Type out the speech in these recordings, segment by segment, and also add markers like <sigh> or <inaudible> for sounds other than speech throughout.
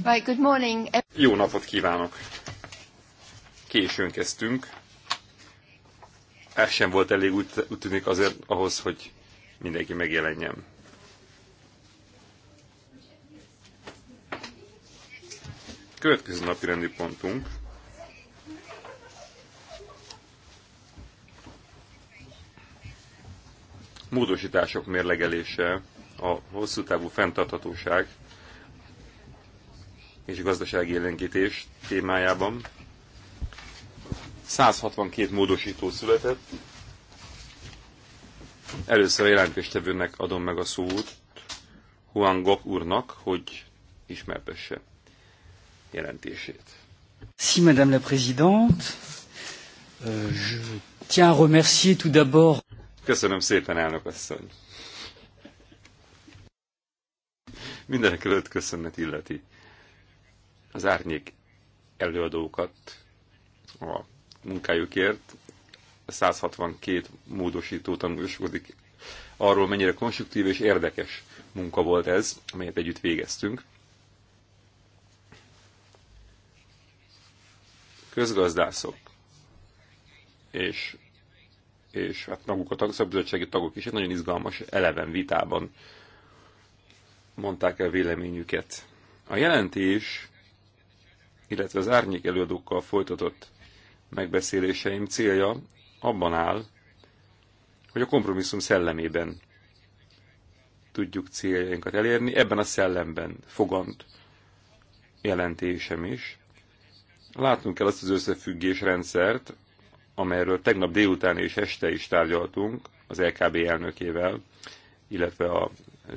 Right, good morning. Jó napot kívánok! Későn kezdtünk. Ez sem volt elég, úgy, úgy tűnik azért ahhoz, hogy mindenki megjelenjen. Következő napi rendi pontunk. Módosítások mérlegelése a hosszú távú fenntarthatóság és gazdasági élénkítés témájában. 162 módosító született. Először a jelentéstevőnek adom meg a szót Huang Gok úrnak, hogy ismertesse jelentését. Si, Madame la Présidente, euh, je tiens à remercier tout d'abord. Köszönöm szépen, elnök asszony. Mindenek előtt köszönet illeti az árnyék előadókat a munkájukért. 162 módosító tanulmányozódik. arról, mennyire konstruktív és érdekes munka volt ez, amelyet együtt végeztünk. Közgazdászok és, és hát maguk a tag, tagok is egy nagyon izgalmas eleven vitában mondták el véleményüket. A jelentés illetve az árnyék előadókkal folytatott megbeszéléseim célja abban áll, hogy a kompromisszum szellemében tudjuk céljainkat elérni, ebben a szellemben fogant jelentésem is. Látnunk kell azt az összefüggés rendszert, amelyről tegnap délután és este is tárgyaltunk az LKB elnökével, illetve az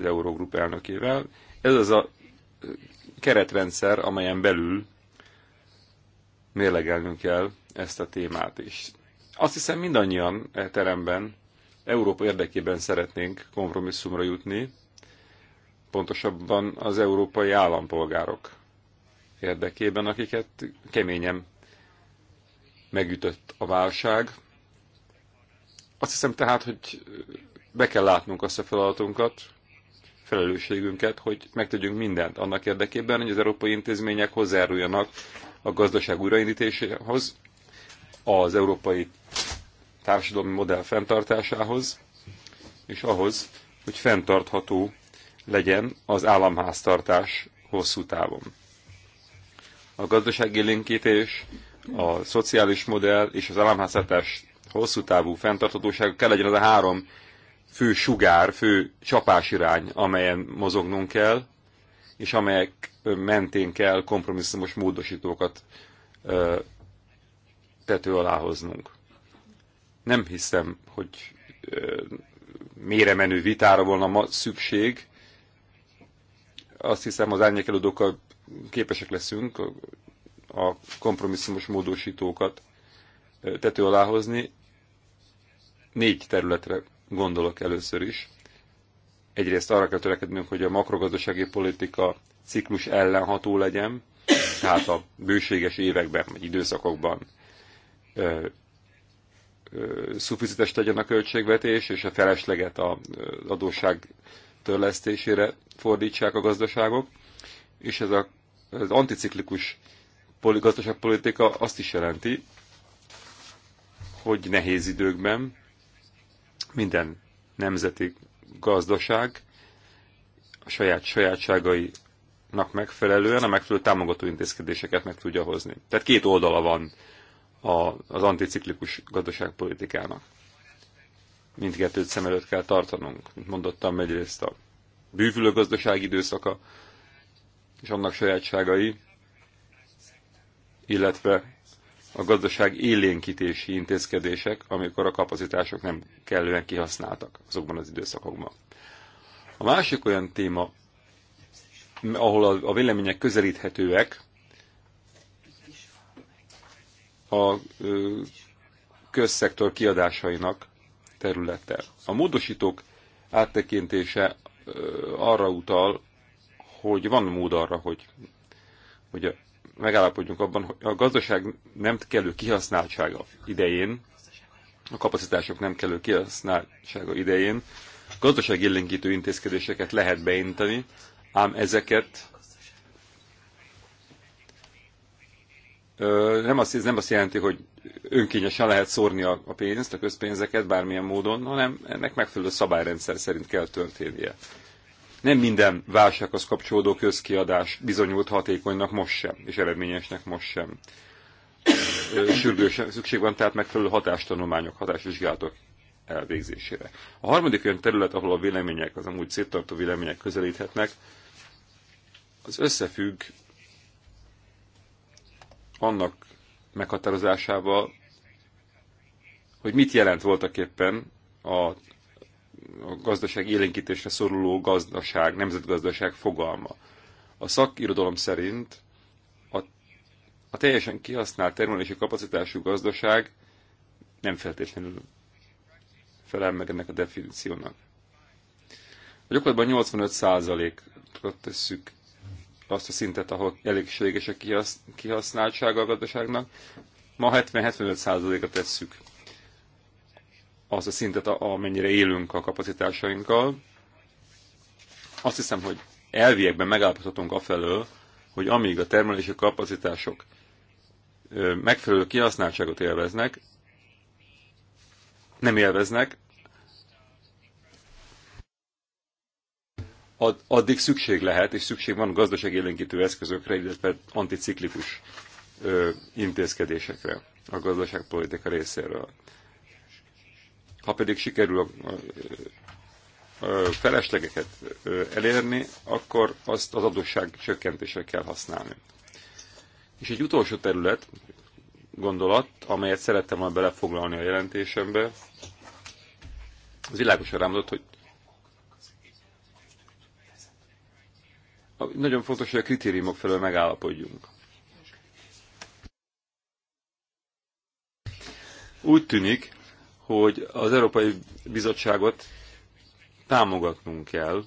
Eurogroup elnökével. Ez az a keretrendszer, amelyen belül mérlegelnünk kell ezt a témát is. Azt hiszem mindannyian e teremben Európa érdekében szeretnénk kompromisszumra jutni, pontosabban az európai állampolgárok érdekében, akiket keményen megütött a válság. Azt hiszem tehát, hogy be kell látnunk azt a feladatunkat, felelősségünket, hogy megtegyünk mindent annak érdekében, hogy az európai intézmények hozzáruljanak a gazdaság újraindítéséhez, az európai társadalmi modell fenntartásához, és ahhoz, hogy fenntartható legyen az államháztartás hosszú távon. A gazdaságélénkítés, a szociális modell és az államháztartás hosszú távú fenntarthatóság kell legyen az a három fő sugár, fő csapásirány, amelyen mozognunk kell, és amelyek mentén kell kompromisszumos módosítókat tető alá hoznunk. Nem hiszem, hogy mélyre menő vitára volna ma szükség. Azt hiszem, az árnyékelődókkal képesek leszünk a kompromisszumos módosítókat tető alá hozni. Négy területre gondolok először is egyrészt arra kell törekednünk, hogy a makrogazdasági politika ciklus ellenható legyen, tehát a bőséges években, vagy időszakokban ö, ö, szuficites legyen a költségvetés, és a felesleget a adósság törlesztésére fordítsák a gazdaságok, és ez a, az anticiklikus poli, gazdaságpolitika azt is jelenti, hogy nehéz időkben minden nemzeti gazdaság a saját sajátságainak megfelelően a megfelelő támogató intézkedéseket meg tudja hozni. Tehát két oldala van a, az anticiklikus gazdaságpolitikának. Mindkettőt szem előtt kell tartanunk. Mint mondottam, egyrészt a bűvülő gazdaság időszaka és annak sajátságai, illetve a gazdaság élénkítési intézkedések, amikor a kapacitások nem kellően kihasználtak azokban az időszakokban. A másik olyan téma, ahol a vélemények közelíthetőek, a közszektor kiadásainak területe. A módosítók áttekintése arra utal, hogy van mód arra, hogy, hogy a megállapodjunk abban, hogy a gazdaság nem kellő kihasználtsága idején, a kapacitások nem kellő kihasználtsága idején gazdaságélénkítő intézkedéseket lehet beinteni, ám ezeket nem azt, ez nem azt jelenti, hogy önkényesen lehet szórni a, a pénzt, a közpénzeket bármilyen módon, hanem ennek megfelelő szabályrendszer szerint kell történnie. Nem minden válsághoz kapcsolódó közkiadás bizonyult hatékonynak most sem, és eredményesnek most sem. Sürgősen szükség van tehát megfelelő hatástanulmányok, hatásvizsgálatok elvégzésére. A harmadik olyan terület, ahol a vélemények, az amúgy széttartó vélemények közelíthetnek, az összefügg annak meghatározásával, hogy mit jelent voltak éppen a a gazdaság élénkítésre szoruló gazdaság, nemzetgazdaság fogalma. A szakirodalom szerint a, a teljesen kihasznált termelési kapacitású gazdaság nem feltétlenül felel meg ennek a definíciónak. A gyakorlatban 85%-ra tesszük azt a szintet, ahol elégséges a kihasználtsága a gazdaságnak, ma 70-75%-ra tesszük az a szintet, amennyire élünk a kapacitásainkkal. Azt hiszem, hogy elviekben megállapodhatunk afelől, hogy amíg a termelési kapacitások megfelelő kihasználtságot élveznek, nem élveznek, addig szükség lehet, és szükség van gazdaságélénkítő eszközökre, illetve anticiklikus intézkedésekre a gazdaságpolitika részéről. Ha pedig sikerül a, a, a feleslegeket elérni, akkor azt az adósság csökkentésre kell használni. És egy utolsó terület, gondolat, amelyet szerettem volna belefoglalni a jelentésembe, az világosan adott, hogy nagyon fontos, hogy a kritériumok felől megállapodjunk. Úgy tűnik, hogy az Európai Bizottságot támogatnunk kell,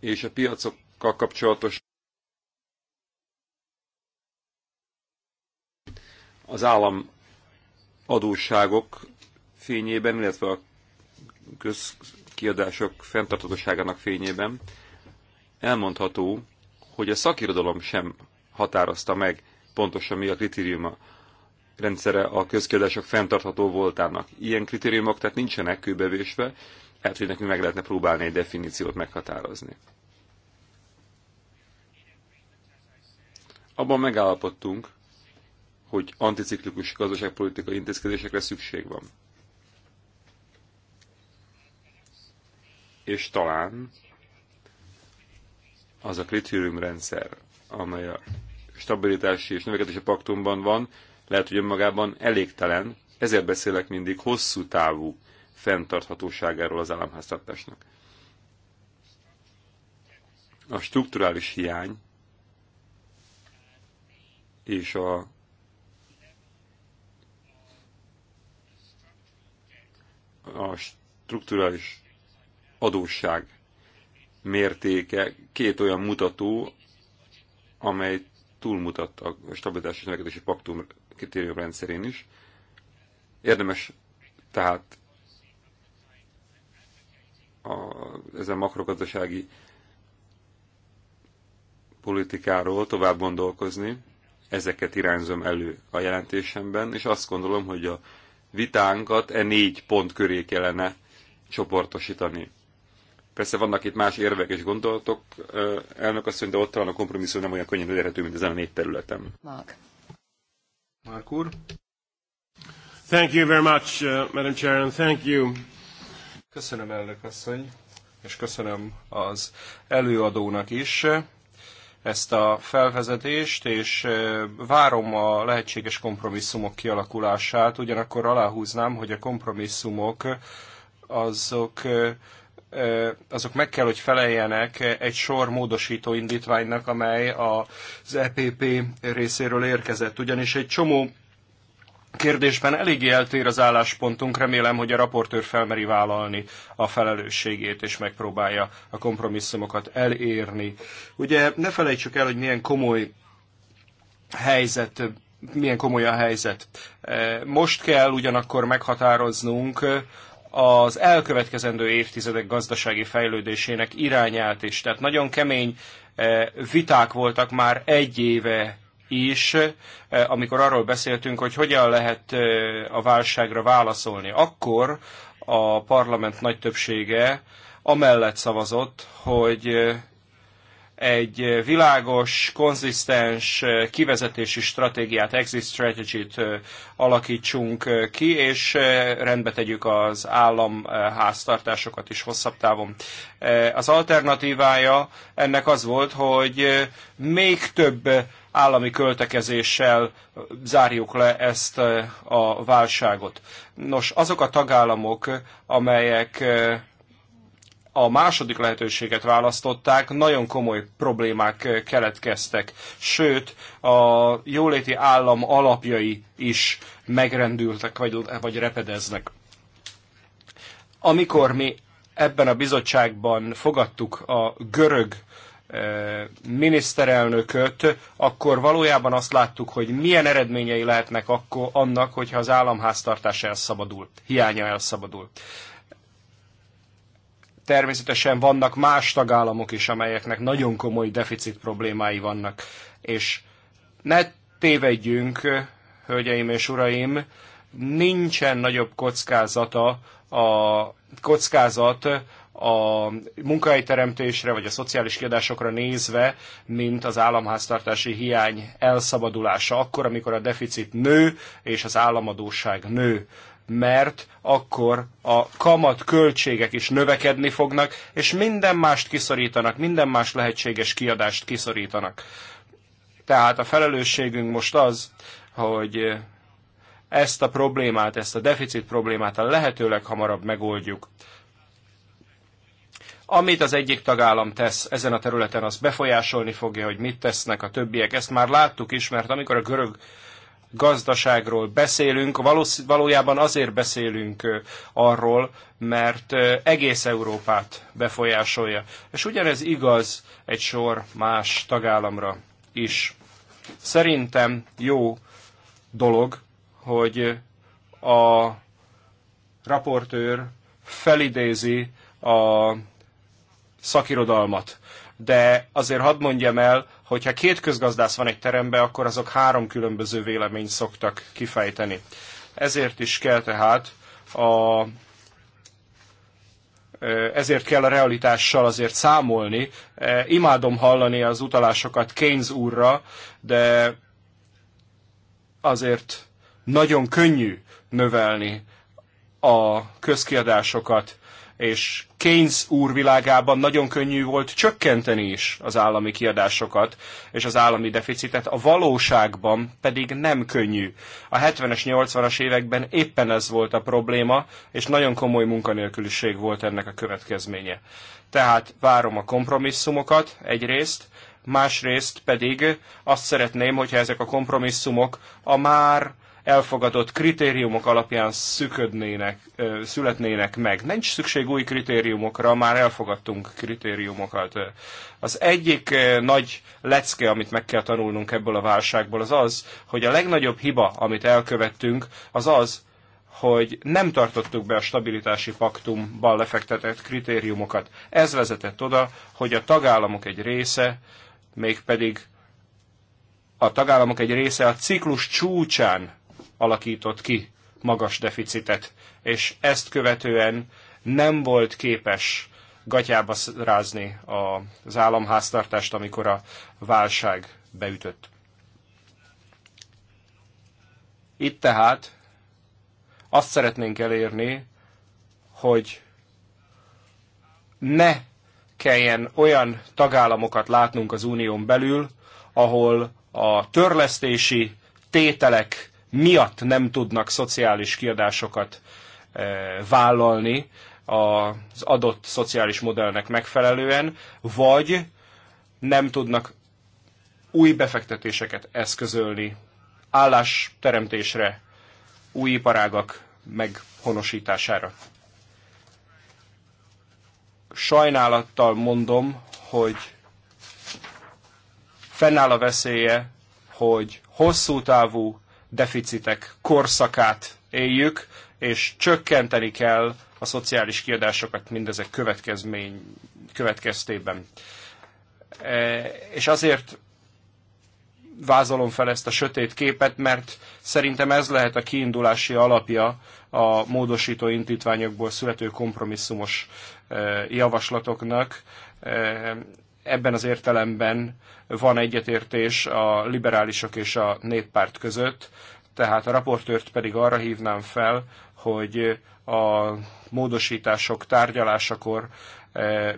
és a piacokkal kapcsolatos az állam adósságok fényében, illetve a közkiadások fenntartatóságának fényében elmondható, hogy a szakirodalom sem határozta meg pontosan mi a kritériuma rendszere a közkiadások fenntartható voltának. Ilyen kritériumok tehát nincsenek kőbevésve, lehet, hogy nekünk meg lehetne próbálni egy definíciót meghatározni. Abban megállapodtunk, hogy anticiklikus gazdaságpolitikai intézkedésekre szükség van. És talán az a kritériumrendszer, amely a stabilitási és növekedési paktumban van, lehet, hogy önmagában elégtelen, ezért beszélek mindig hosszú távú fenntarthatóságáról az államháztartásnak. A strukturális hiány és a a strukturális adósság mértéke két olyan mutató, amely túlmutat a stabilitási növekedési paktum rendszerén is. Érdemes tehát a, ezen makrogazdasági politikáról tovább gondolkozni, ezeket irányzom elő a jelentésemben, és azt gondolom, hogy a vitánkat e négy pont köré kellene csoportosítani. Persze vannak itt más érvek és gondolatok, elnök azt mondja, de ott talán a kompromisszum nem olyan könnyen elérhető, mint ezen a négy területen. Mark úr. Thank you very much, uh, Madam Chair, and thank you. Köszönöm, elnök asszony, és köszönöm az előadónak is uh, ezt a felvezetést, és uh, várom a lehetséges kompromisszumok kialakulását, ugyanakkor aláhúznám, hogy a kompromisszumok azok uh, azok meg kell, hogy feleljenek egy sor módosító indítványnak, amely az EPP részéről érkezett. Ugyanis egy csomó kérdésben eléggé eltér az álláspontunk, remélem, hogy a raportőr felmeri vállalni a felelősségét, és megpróbálja a kompromisszumokat elérni. Ugye ne felejtsük el, hogy milyen komoly helyzet, milyen komoly a helyzet. Most kell ugyanakkor meghatároznunk az elkövetkezendő évtizedek gazdasági fejlődésének irányát is. Tehát nagyon kemény eh, viták voltak már egy éve is, eh, amikor arról beszéltünk, hogy hogyan lehet eh, a válságra válaszolni. Akkor a parlament nagy többsége amellett szavazott, hogy egy világos, konzisztens eh, kivezetési stratégiát, exit strategy-t eh, alakítsunk eh, ki, és rendbe tegyük az államháztartásokat is hosszabb távon. Az alternatívája ennek az volt, hogy még több állami költekezéssel zárjuk le ezt a válságot. Nos, azok a tagállamok, amelyek a második lehetőséget választották, nagyon komoly problémák keletkeztek. Sőt, a jóléti állam alapjai is megrendültek, vagy, vagy repedeznek. Amikor mi ebben a bizottságban fogadtuk a görög e, miniszterelnököt, akkor valójában azt láttuk, hogy milyen eredményei lehetnek akkor annak, hogyha az államháztartás elszabadul, hiánya elszabadul természetesen vannak más tagállamok is, amelyeknek nagyon komoly deficit problémái vannak. És ne tévedjünk, hölgyeim és uraim, nincsen nagyobb kockázata a kockázat a munkahelyteremtésre vagy a szociális kiadásokra nézve, mint az államháztartási hiány elszabadulása, akkor, amikor a deficit nő és az államadóság nő mert akkor a kamat költségek is növekedni fognak, és minden mást kiszorítanak, minden más lehetséges kiadást kiszorítanak. Tehát a felelősségünk most az, hogy ezt a problémát, ezt a deficit problémát a lehetőleg hamarabb megoldjuk. Amit az egyik tagállam tesz ezen a területen, az befolyásolni fogja, hogy mit tesznek a többiek. Ezt már láttuk is, mert amikor a görög gazdaságról beszélünk, valójában azért beszélünk arról, mert egész Európát befolyásolja. És ugyanez igaz egy sor más tagállamra is. Szerintem jó dolog, hogy a raportőr felidézi a szakirodalmat. De azért hadd mondjam el, hogyha két közgazdász van egy teremben, akkor azok három különböző véleményt szoktak kifejteni. Ezért is kell tehát a ezért kell a realitással azért számolni. Imádom hallani az utalásokat Keynes úrra, de azért nagyon könnyű növelni a közkiadásokat és Keynes úr világában nagyon könnyű volt csökkenteni is az állami kiadásokat és az állami deficitet, a valóságban pedig nem könnyű. A 70-es, 80-as években éppen ez volt a probléma, és nagyon komoly munkanélküliség volt ennek a következménye. Tehát várom a kompromisszumokat egyrészt, másrészt pedig azt szeretném, hogyha ezek a kompromisszumok a már elfogadott kritériumok alapján szüködnének, születnének meg. Nincs szükség új kritériumokra, már elfogadtunk kritériumokat. Az egyik nagy lecke, amit meg kell tanulnunk ebből a válságból, az az, hogy a legnagyobb hiba, amit elkövettünk, az az, hogy nem tartottuk be a stabilitási paktumban lefektetett kritériumokat. Ez vezetett oda, hogy a tagállamok egy része, mégpedig a tagállamok egy része a ciklus csúcsán alakított ki magas deficitet, és ezt követően nem volt képes gatyába rázni az államháztartást, amikor a válság beütött. Itt tehát azt szeretnénk elérni, hogy ne kelljen olyan tagállamokat látnunk az unión belül, ahol a törlesztési tételek miatt nem tudnak szociális kiadásokat e, vállalni az adott szociális modellnek megfelelően, vagy nem tudnak új befektetéseket eszközölni állásteremtésre, új iparágak meghonosítására. Sajnálattal mondom, hogy fennáll a veszélye, hogy hosszú távú deficitek korszakát éljük, és csökkenteni kell a szociális kiadásokat mindezek következmény, következtében. E, és azért vázolom fel ezt a sötét képet, mert szerintem ez lehet a kiindulási alapja a módosító intitványokból születő kompromisszumos e, javaslatoknak. E, ebben az értelemben van egyetértés a liberálisok és a néppárt között, tehát a raportőrt pedig arra hívnám fel, hogy a módosítások tárgyalásakor eh,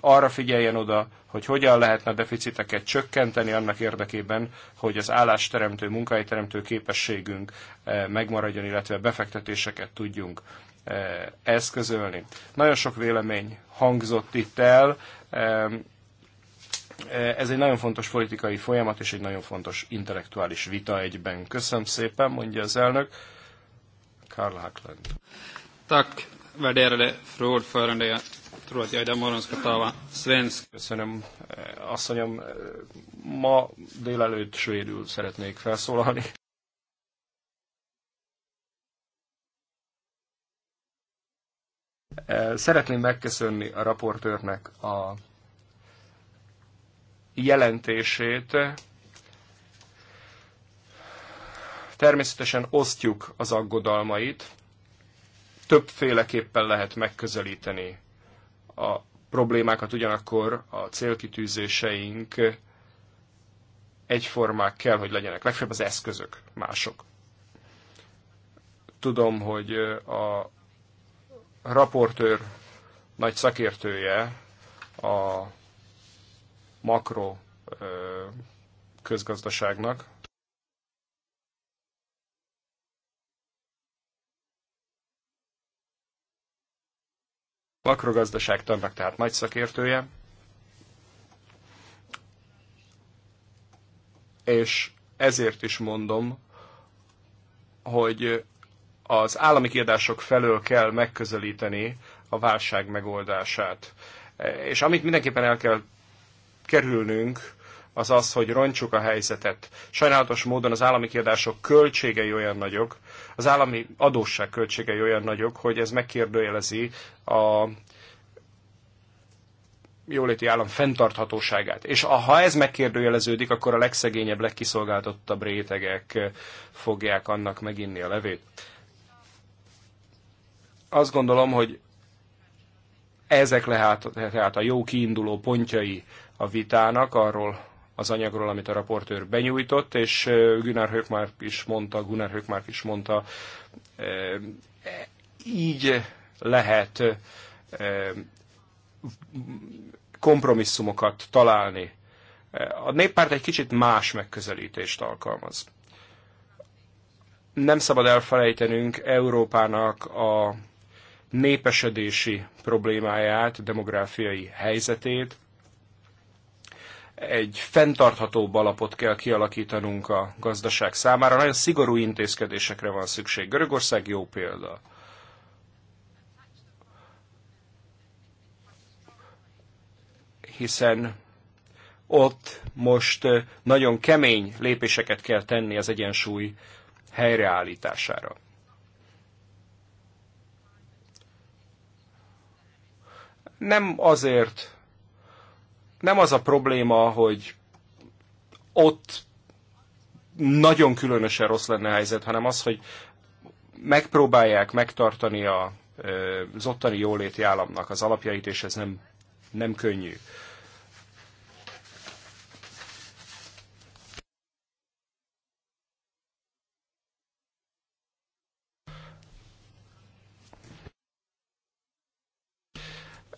arra figyeljen oda, hogy hogyan lehetne a deficiteket csökkenteni annak érdekében, hogy az állásteremtő, munkahelyteremtő képességünk eh, megmaradjon, illetve befektetéseket tudjunk eh, eszközölni. Nagyon sok vélemény hangzott itt el, ez egy nagyon fontos politikai folyamat és egy nagyon fontos intellektuális vita egyben. Köszönöm szépen, mondja az elnök. Karl Hackland. Tak, värderade fru ordförande. Jag tror att jag idag morgon ska tala svensk. Köszönöm, eh, asszonyom. Eh, ma délelőtt svédül szeretnék felszólalni. Eh, szeretném megköszönni a raportőrnek a jelentését természetesen osztjuk az aggodalmait, többféleképpen lehet megközelíteni a problémákat, ugyanakkor a célkitűzéseink egyformák kell, hogy legyenek. Legfeljebb az eszközök mások. Tudom, hogy a raportőr nagy szakértője a makro közgazdaságnak, makrogazdaságtannak, tehát nagy szakértője, és ezért is mondom, hogy az állami kiadások felől kell megközelíteni a válság megoldását. És amit mindenképpen el kell kerülnünk, az az, hogy roncsuk a helyzetet. Sajnálatos módon az állami kiadások költségei olyan nagyok, az állami adósság költségei olyan nagyok, hogy ez megkérdőjelezi a jóléti állam fenntarthatóságát. És ha ez megkérdőjeleződik, akkor a legszegényebb, legkiszolgáltatottabb rétegek fogják annak meginni a levét. Azt gondolom, hogy ezek lehet, lehet a jó kiinduló pontjai a vitának arról az anyagról, amit a raportőr benyújtott, és Gunnar Hökmark is mondta, Gunnar Hökmark is mondta, így lehet kompromisszumokat találni. A néppárt egy kicsit más megközelítést alkalmaz. Nem szabad elfelejtenünk Európának a népesedési problémáját, demográfiai helyzetét, egy fenntarthatóbb alapot kell kialakítanunk a gazdaság számára. Nagyon szigorú intézkedésekre van szükség. Görögország jó példa. Hiszen ott most nagyon kemény lépéseket kell tenni az egyensúly helyreállítására. Nem azért, nem az a probléma, hogy ott nagyon különösen rossz lenne a helyzet, hanem az, hogy megpróbálják megtartani a, az ottani jóléti államnak az alapjait, és ez nem, nem könnyű.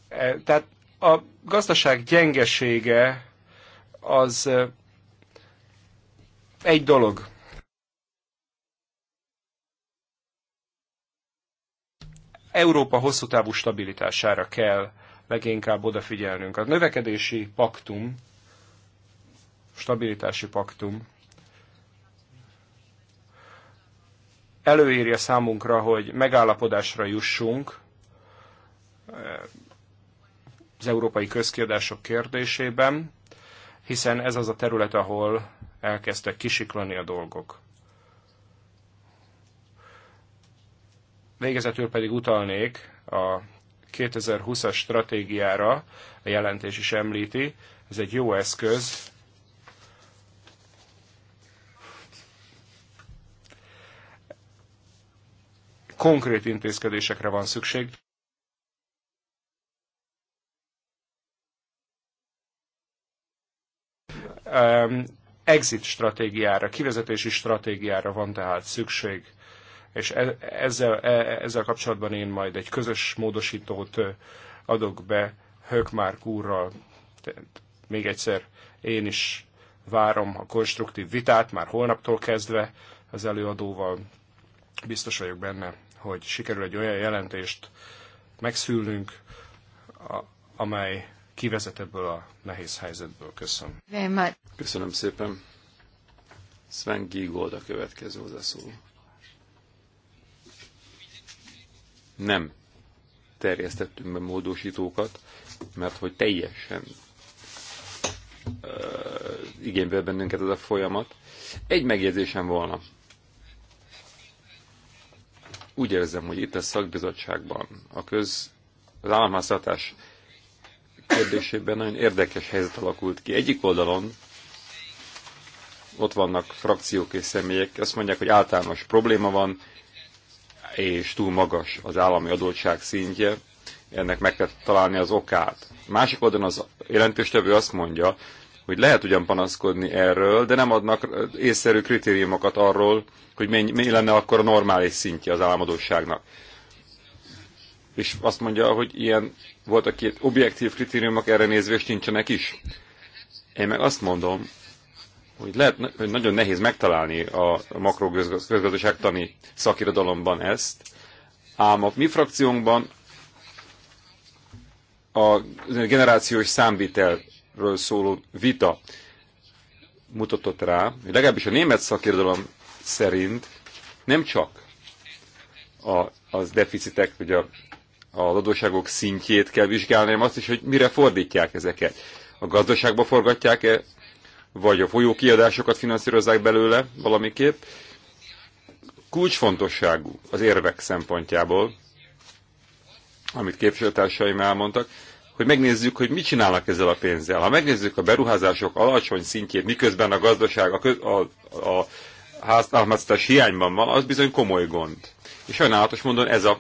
E, tehát a gazdaság gyengesége az egy dolog. Európa hosszú távú stabilitására kell leginkább odafigyelnünk. A növekedési paktum, stabilitási paktum előírja számunkra, hogy megállapodásra jussunk az európai közkiadások kérdésében, hiszen ez az a terület, ahol elkezdtek kisiklani a dolgok. Végezetül pedig utalnék a 2020-as stratégiára, a jelentés is említi, ez egy jó eszköz. Konkrét intézkedésekre van szükség. exit stratégiára, kivezetési stratégiára van tehát szükség, és e, ezzel, e, ezzel kapcsolatban én majd egy közös módosítót adok be Hökmárk úrral. Még egyszer én is várom a konstruktív vitát, már holnaptól kezdve az előadóval. Biztos vagyok benne, hogy sikerül egy olyan jelentést megszülnünk, amely kivezet ebből a nehéz helyzetből. Köszönöm. Köszönöm szépen. Sven Giegold a következő hozzászóló. Nem terjesztettünk be módosítókat, mert hogy teljesen uh, igénybe bennünket ez a folyamat. Egy megjegyzésem volna. Úgy érzem, hogy itt a szakbizottságban a köz, az államháztartás kérdésében nagyon érdekes helyzet alakult ki. Egyik oldalon ott vannak frakciók és személyek, azt mondják, hogy általános probléma van, és túl magas az állami adottság szintje, ennek meg kell találni az okát. Másik oldalon az jelentőstevő azt mondja, hogy lehet ugyan panaszkodni erről, de nem adnak észszerű kritériumokat arról, hogy mi lenne akkor a normális szintje az államadóságnak és azt mondja, hogy ilyen voltak két objektív kritériumok erre nézve, és nincsenek is. Én meg azt mondom, hogy lehet, hogy nagyon nehéz megtalálni a makrogazdaságtani szakirodalomban ezt, ám a mi frakciónkban a generációs számvitelről szóló vita mutatott rá, hogy legalábbis a német szakirodalom szerint nem csak a, az deficitek, vagy a az adósságok szintjét kell vizsgálni, hanem azt is, hogy mire fordítják ezeket. A gazdaságba forgatják-e, vagy a folyókiadásokat finanszírozzák belőle valamiképp. Kulcsfontosságú az érvek szempontjából, amit képviselőtársaim elmondtak, hogy megnézzük, hogy mit csinálnak ezzel a pénzzel. Ha megnézzük a beruházások alacsony szintjét, miközben a gazdaság a, köz, a, a háztámasztás hiányban van, az bizony komoly gond. És sajnálatos mondom, ez a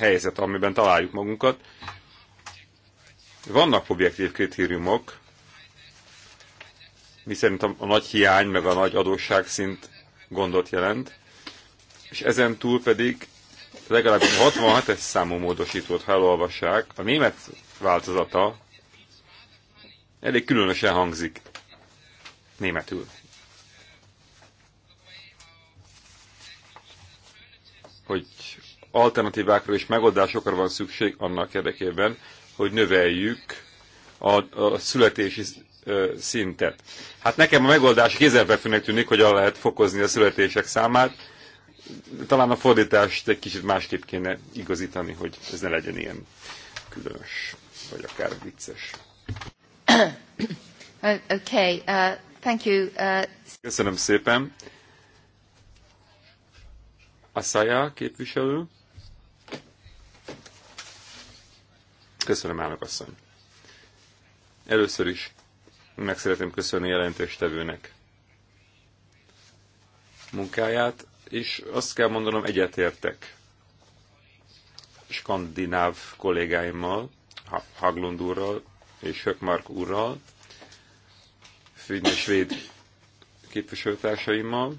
helyzet, amiben találjuk magunkat. Vannak objektív kritériumok, miszerint a, a nagy hiány meg a nagy adósságszint gondot jelent, és ezen túl pedig legalább 67-es számú módosítót, ha elolvassák, a német változata elég különösen hangzik németül. Hogy alternatívákra és megoldásokra van szükség annak érdekében, hogy növeljük a, a születési szintet. Hát nekem a megoldás kézenfekvőnek tűnik, hogy el lehet fokozni a születések számát. Talán a fordítást egy kicsit másképp kéne igazítani, hogy ez ne legyen ilyen különös, vagy akár vicces. <coughs> Oh, okay, uh, thank you. Uh... Köszönöm szépen. Asaya képviselő. Köszönöm, állnak asszony. Először is meg szeretném köszönni jelentéstevőnek munkáját, és azt kell mondanom, egyetértek skandináv kollégáimmal, Haglund úrral és Hökmark úrral, finn svéd képviselőtársaimmal,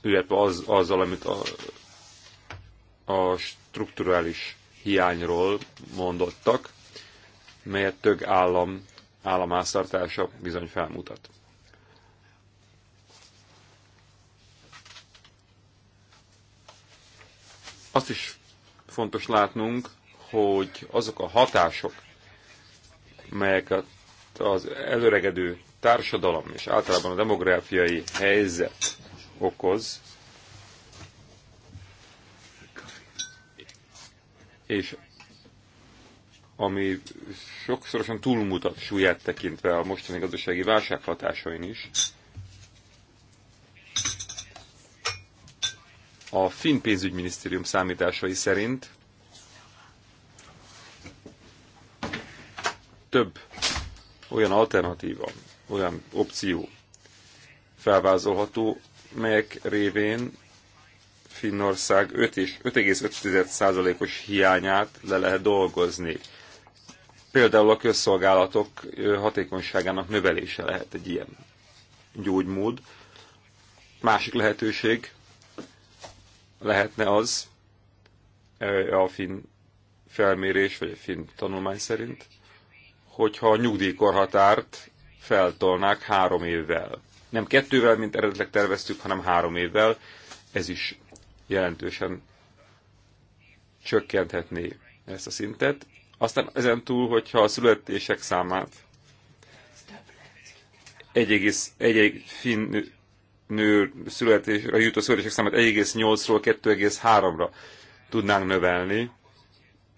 illetve az, azzal, amit a a strukturális hiányról mondottak, melyet több állam államháztartása bizony felmutat. Azt is fontos látnunk, hogy azok a hatások, melyeket az előregedő társadalom és általában a demográfiai helyzet okoz, és ami sokszorosan túlmutat súlyát tekintve a mostani gazdasági válság hatásain is. A finn pénzügyminisztérium számításai szerint több olyan alternatíva, olyan opció felvázolható, melyek révén Finnország 5 és 5,5%-os hiányát le lehet dolgozni. Például a közszolgálatok hatékonyságának növelése lehet egy ilyen gyógymód. Másik lehetőség lehetne az, a finn felmérés, vagy a finn tanulmány szerint, hogyha a nyugdíjkorhatárt feltolnák három évvel. Nem kettővel, mint eredetileg terveztük, hanem három évvel. Ez is jelentősen csökkenthetné ezt a szintet. Aztán ezen túl, hogyha a születések számát egy, egész, egy, egy finn nő születésre jutó születések számát 1,8-ról 2,3-ra tudnánk növelni,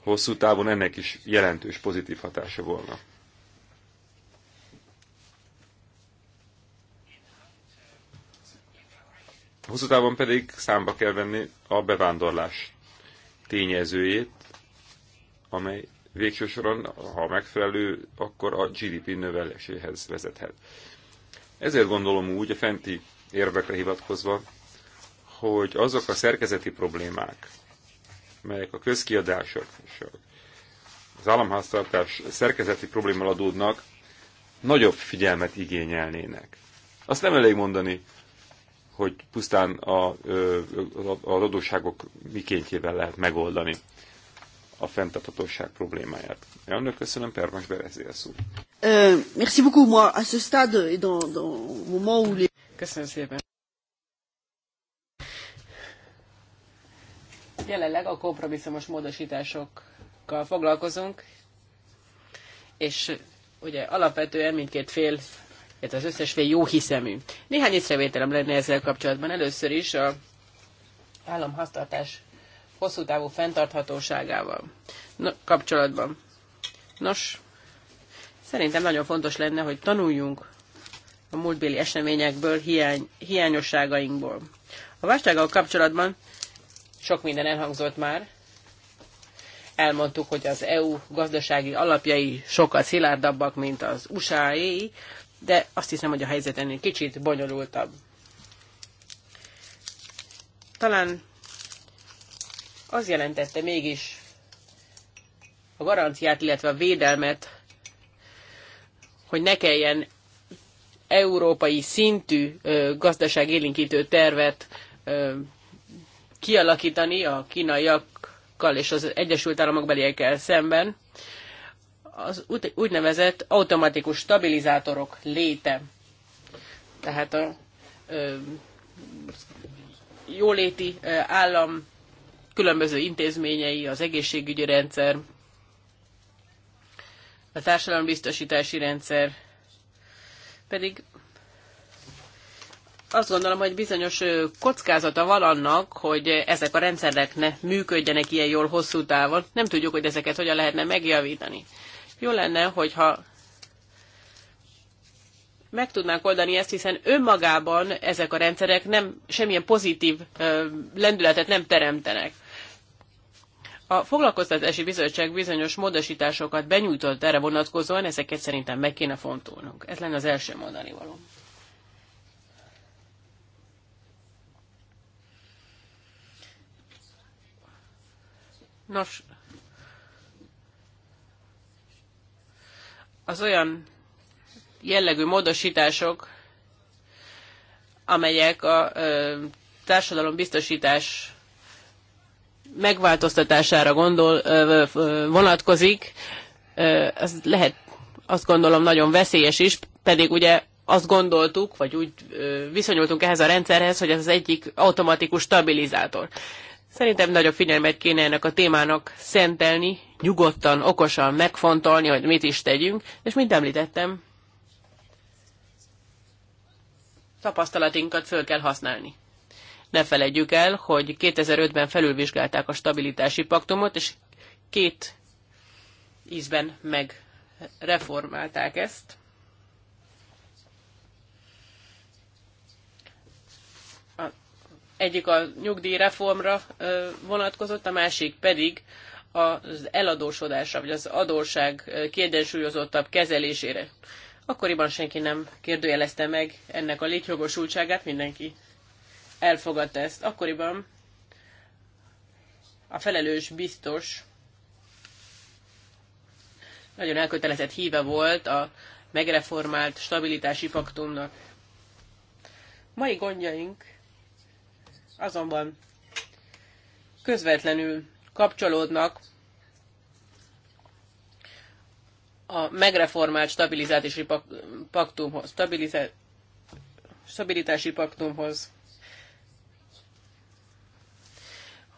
hosszú távon ennek is jelentős pozitív hatása volna. Hosszú távon pedig számba kell venni a bevándorlás tényezőjét, amely végső soron, ha megfelelő, akkor a GDP növeléséhez vezethet. Ezért gondolom úgy, a fenti érvekre hivatkozva, hogy azok a szerkezeti problémák, melyek a közkiadások és az államháztartás szerkezeti problémával adódnak, nagyobb figyelmet igényelnének. Azt nem elég mondani, hogy pusztán a, a a adósságok mikéntjével lehet megoldani a fenntarthatóság problémáját. Elnök, köszönöm, Permas Berezél szó. Merci beaucoup, moi, à ce stade et dans, dans moment où les... Köszönöm szépen. Jelenleg a kompromisszumos módosításokkal foglalkozunk, és ugye alapvetően mindkét fél ez az összes fél jó hiszemű. Néhány észrevételem lenne ezzel kapcsolatban. Először is a államháztartás hosszú távú fenntarthatóságával Na, kapcsolatban. Nos, szerintem nagyon fontos lenne, hogy tanuljunk a múltbéli eseményekből, hiány, hiányosságainkból. A válsággal kapcsolatban sok minden elhangzott már. Elmondtuk, hogy az EU gazdasági alapjai sokkal szilárdabbak, mint az usa de azt hiszem, hogy a helyzet ennél kicsit bonyolultabb. Talán az jelentette mégis a garanciát, illetve a védelmet, hogy ne kelljen európai szintű gazdaságélinkítő tervet kialakítani a kínaiakkal és az Egyesült Államok beliekkel szemben az úgynevezett automatikus stabilizátorok léte. Tehát a ö, jóléti állam különböző intézményei, az egészségügyi rendszer, a társadalombiztosítási rendszer, pedig azt gondolom, hogy bizonyos kockázata van annak, hogy ezek a rendszerek ne működjenek ilyen jól hosszú távon. Nem tudjuk, hogy ezeket hogyan lehetne megjavítani. Jó lenne, hogyha meg tudnánk oldani ezt, hiszen önmagában ezek a rendszerek nem, semmilyen pozitív ö, lendületet nem teremtenek. A foglalkoztatási bizottság bizonyos módosításokat benyújtott erre vonatkozóan, ezeket szerintem meg kéne fontolnunk. Ez lenne az első mondani való. Nos, az olyan jellegű módosítások, amelyek a társadalombiztosítás megváltoztatására gondol, vonatkozik, ez lehet, azt gondolom, nagyon veszélyes is, pedig ugye azt gondoltuk, vagy úgy viszonyultunk ehhez a rendszerhez, hogy ez az egyik automatikus stabilizátor. Szerintem nagyobb figyelmet kéne ennek a témának szentelni, nyugodtan, okosan megfontolni, hogy mit is tegyünk, és mint említettem, tapasztalatinkat föl kell használni. Ne feledjük el, hogy 2005-ben felülvizsgálták a stabilitási paktumot, és két ízben megreformálták ezt. Egyik a nyugdíjreformra vonatkozott, a másik pedig az eladósodásra, vagy az adóság kiegyensúlyozottabb kezelésére. Akkoriban senki nem kérdőjelezte meg ennek a létjogosultságát, mindenki elfogadta ezt. Akkoriban a felelős biztos nagyon elkötelezett híve volt a megreformált stabilitási paktumnak. Mai gondjaink azonban közvetlenül kapcsolódnak a megreformált stabilizási paktumhoz, stabilizá... stabilitási paktumhoz.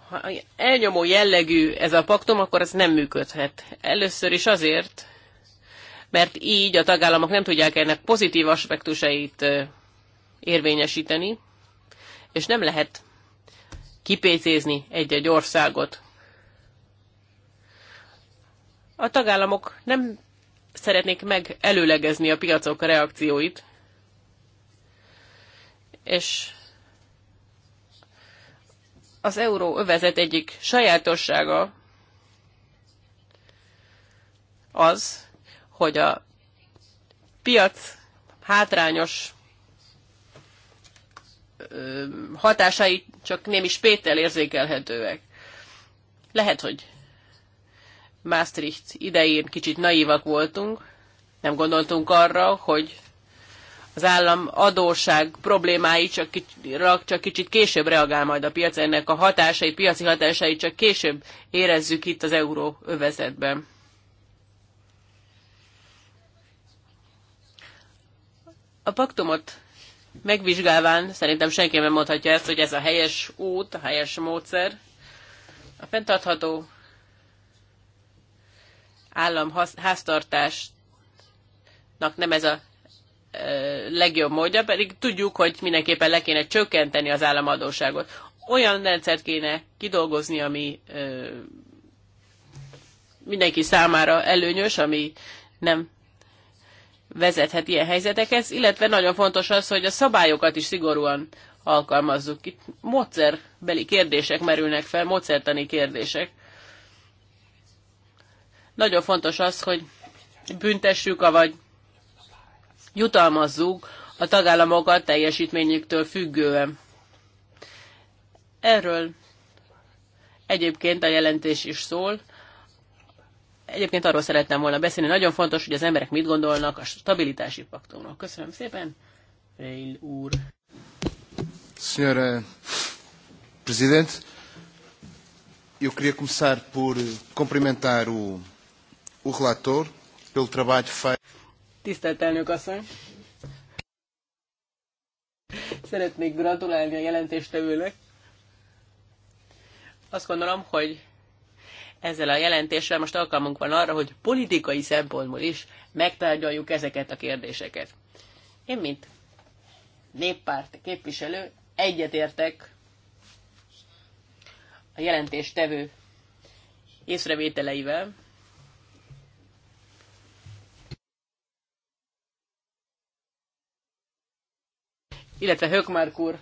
Ha elnyomó jellegű ez a paktum, akkor ez nem működhet. Először is azért, mert így a tagállamok nem tudják ennek pozitív aspektusait érvényesíteni, és nem lehet kipécézni egy-egy országot. A tagállamok nem szeretnék meg előlegezni a piacok reakcióit, és az euró övezet egyik sajátossága az, hogy a piac hátrányos hatásai csak némi péter érzékelhetőek. Lehet, hogy Maastricht idején kicsit naívak voltunk, nem gondoltunk arra, hogy az állam adóság problémái csak, csak kicsit később reagál majd a piac, ennek a hatásai, piaci hatásai csak később érezzük itt az euró övezetben. A paktumot megvizsgálván szerintem senki nem mondhatja ezt, hogy ez a helyes út, a helyes módszer. A fenntartható államháztartásnak nem ez a legjobb módja, pedig tudjuk, hogy mindenképpen le kéne csökkenteni az államadóságot. Olyan rendszert kéne kidolgozni, ami mindenki számára előnyös, ami nem vezethet ilyen helyzetekhez, illetve nagyon fontos az, hogy a szabályokat is szigorúan alkalmazzuk. Itt módszerbeli kérdések merülnek fel, módszertani kérdések. Nagyon fontos az, hogy büntessük, vagy jutalmazzuk a tagállamokat teljesítményüktől függően. Erről egyébként a jelentés is szól. Egyébként arról szerettem volna beszélni, nagyon fontos, hogy az emberek mit gondolnak a stabilitási paktumról. Köszönöm szépen, Reil úr. Sr. President, eu queria começar por cumprimentar o, o relator pelo trabalho feito. Tisztelt elnök asszony! Szeretnék gratulálni a jelentéstevőnek. Azt gondolom, hogy ezzel a jelentéssel most alkalmunk van arra, hogy politikai szempontból is megtárgyaljuk ezeket a kérdéseket. Én, mint néppárt képviselő, egyetértek a jelentéstevő észrevételeivel, illetve Hökmark úr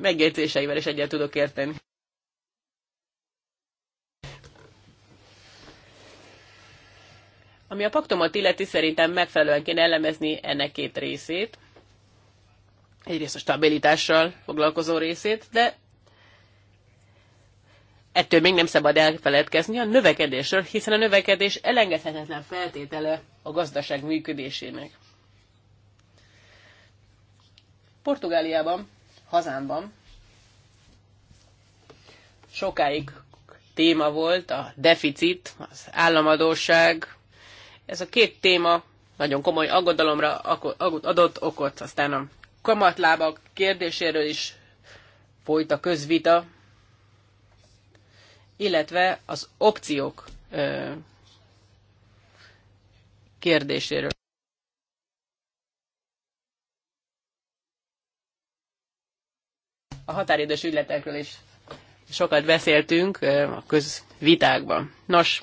megjegyzéseivel is egyet tudok érteni. Ami a paktumot illeti, szerintem megfelelően kéne elemezni ennek két részét. Egyrészt a stabilitással foglalkozó részét, de ettől még nem szabad elfeledkezni a növekedésről, hiszen a növekedés elengedhetetlen feltétele a gazdaság működésének. Portugáliában, hazámban sokáig téma volt a deficit, az államadóság, ez a két téma nagyon komoly aggodalomra adott okot. Aztán a kamatlábak kérdéséről is folyt a közvita, illetve az opciók kérdéséről. A határidős ügyletekről is sokat beszéltünk a közvitákban. Nos,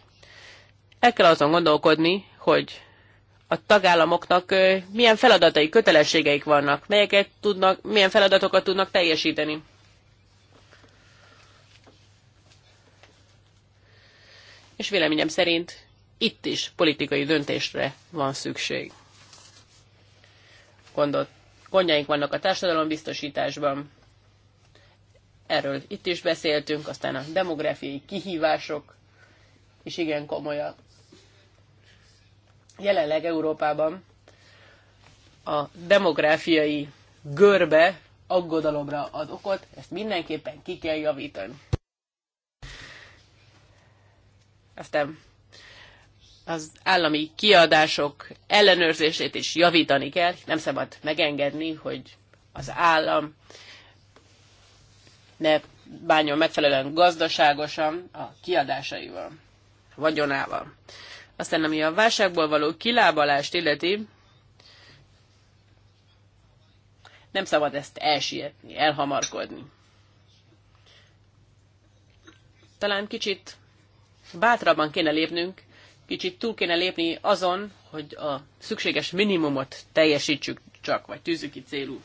el kell azon gondolkodni, hogy a tagállamoknak milyen feladatai, kötelességeik vannak, melyeket tudnak, milyen feladatokat tudnak teljesíteni. És véleményem szerint itt is politikai döntésre van szükség. Gondot, gondjaink vannak a társadalombiztosításban, erről itt is beszéltünk, aztán a demográfiai kihívások is igen komolyak. Jelenleg Európában a demográfiai görbe aggodalomra ad okot, ezt mindenképpen ki kell javítani. Aztán az állami kiadások ellenőrzését is javítani kell, nem szabad megengedni, hogy az állam ne bánjon megfelelően gazdaságosan a kiadásaival, vagyonával. Aztán ami a válságból való kilábalást illeti, nem szabad ezt elsietni, elhamarkodni. Talán kicsit bátrabban kéne lépnünk, kicsit túl kéne lépni azon, hogy a szükséges minimumot teljesítsük csak, vagy tűzzük ki célul.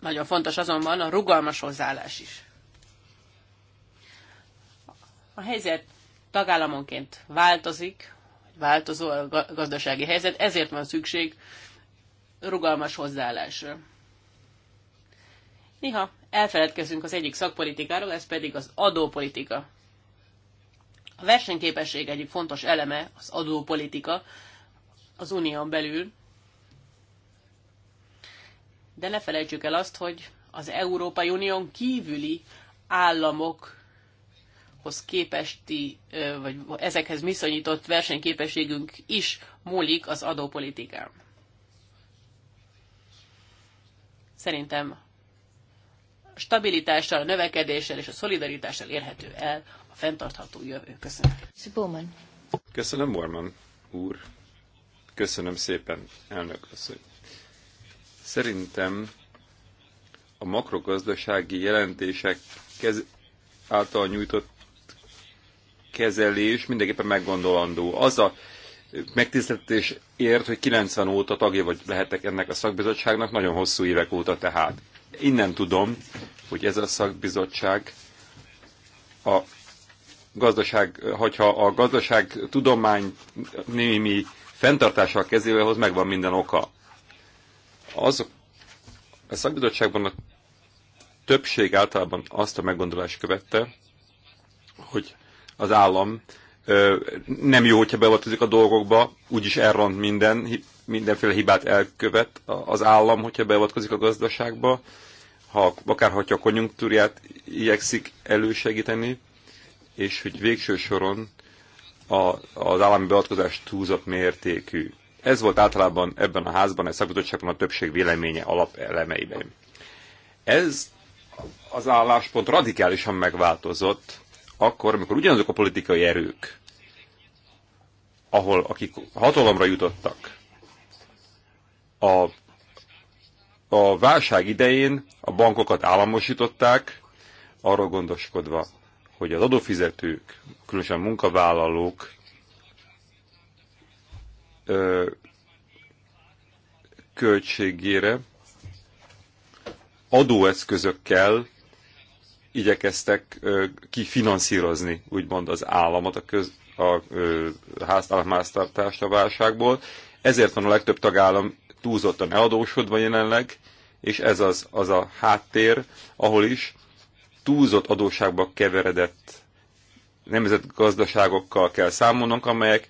Nagyon fontos azonban a rugalmas hozzáállás is. A helyzet tagállamonként változik, változó a gazdasági helyzet, ezért van szükség rugalmas hozzáállásra. Néha elfeledkezünk az egyik szakpolitikáról, ez pedig az adópolitika. A versenyképesség egyik fontos eleme az adópolitika az unión belül, de ne felejtsük el azt, hogy az Európai Unión kívüli államok azokhoz képesti, vagy ezekhez viszonyított versenyképességünk is múlik az adópolitikán. Szerintem stabilitással, a növekedéssel és a szolidaritással érhető el a fenntartható jövő. Köszönöm. Bowman. Köszönöm, Borman úr. Köszönöm szépen, elnök asszony. Szerintem a makrogazdasági jelentések kez által nyújtott kezelés mindenképpen meggondolandó. Az a megtiszteltetés ért, hogy 90 óta tagja vagy lehetek ennek a szakbizottságnak, nagyon hosszú évek óta tehát. Innen tudom, hogy ez a szakbizottság a gazdaság, hogyha a gazdaság tudomány némi fenntartással kezével hoz megvan minden oka. Azok a szakbizottságban a többség általában azt a meggondolást követte, hogy az állam nem jó, hogyha beavatkozik a dolgokba, úgyis elront minden, mindenféle hibát elkövet az állam, hogyha beavatkozik a gazdaságba, ha, akár ha a konjunktúrját igyekszik elősegíteni, és hogy végső soron a, az állami beavatkozás túlzott mértékű. Ez volt általában ebben a házban, egy szakbizottságban a többség véleménye alapelemeiben. Ez az álláspont radikálisan megváltozott akkor, amikor ugyanazok a politikai erők, ahol akik hatalomra jutottak, a, a válság idején a bankokat államosították, arról gondoskodva, hogy az adófizetők, különösen munkavállalók ö, költségére adóeszközökkel igyekeztek kifinanszírozni, úgymond az államot a, köz, a háztartást a válságból. Ezért van a legtöbb tagállam túlzottan eladósodva jelenleg, és ez az, az a háttér, ahol is túlzott adósságba keveredett nemzetgazdaságokkal kell számolnunk, amelyek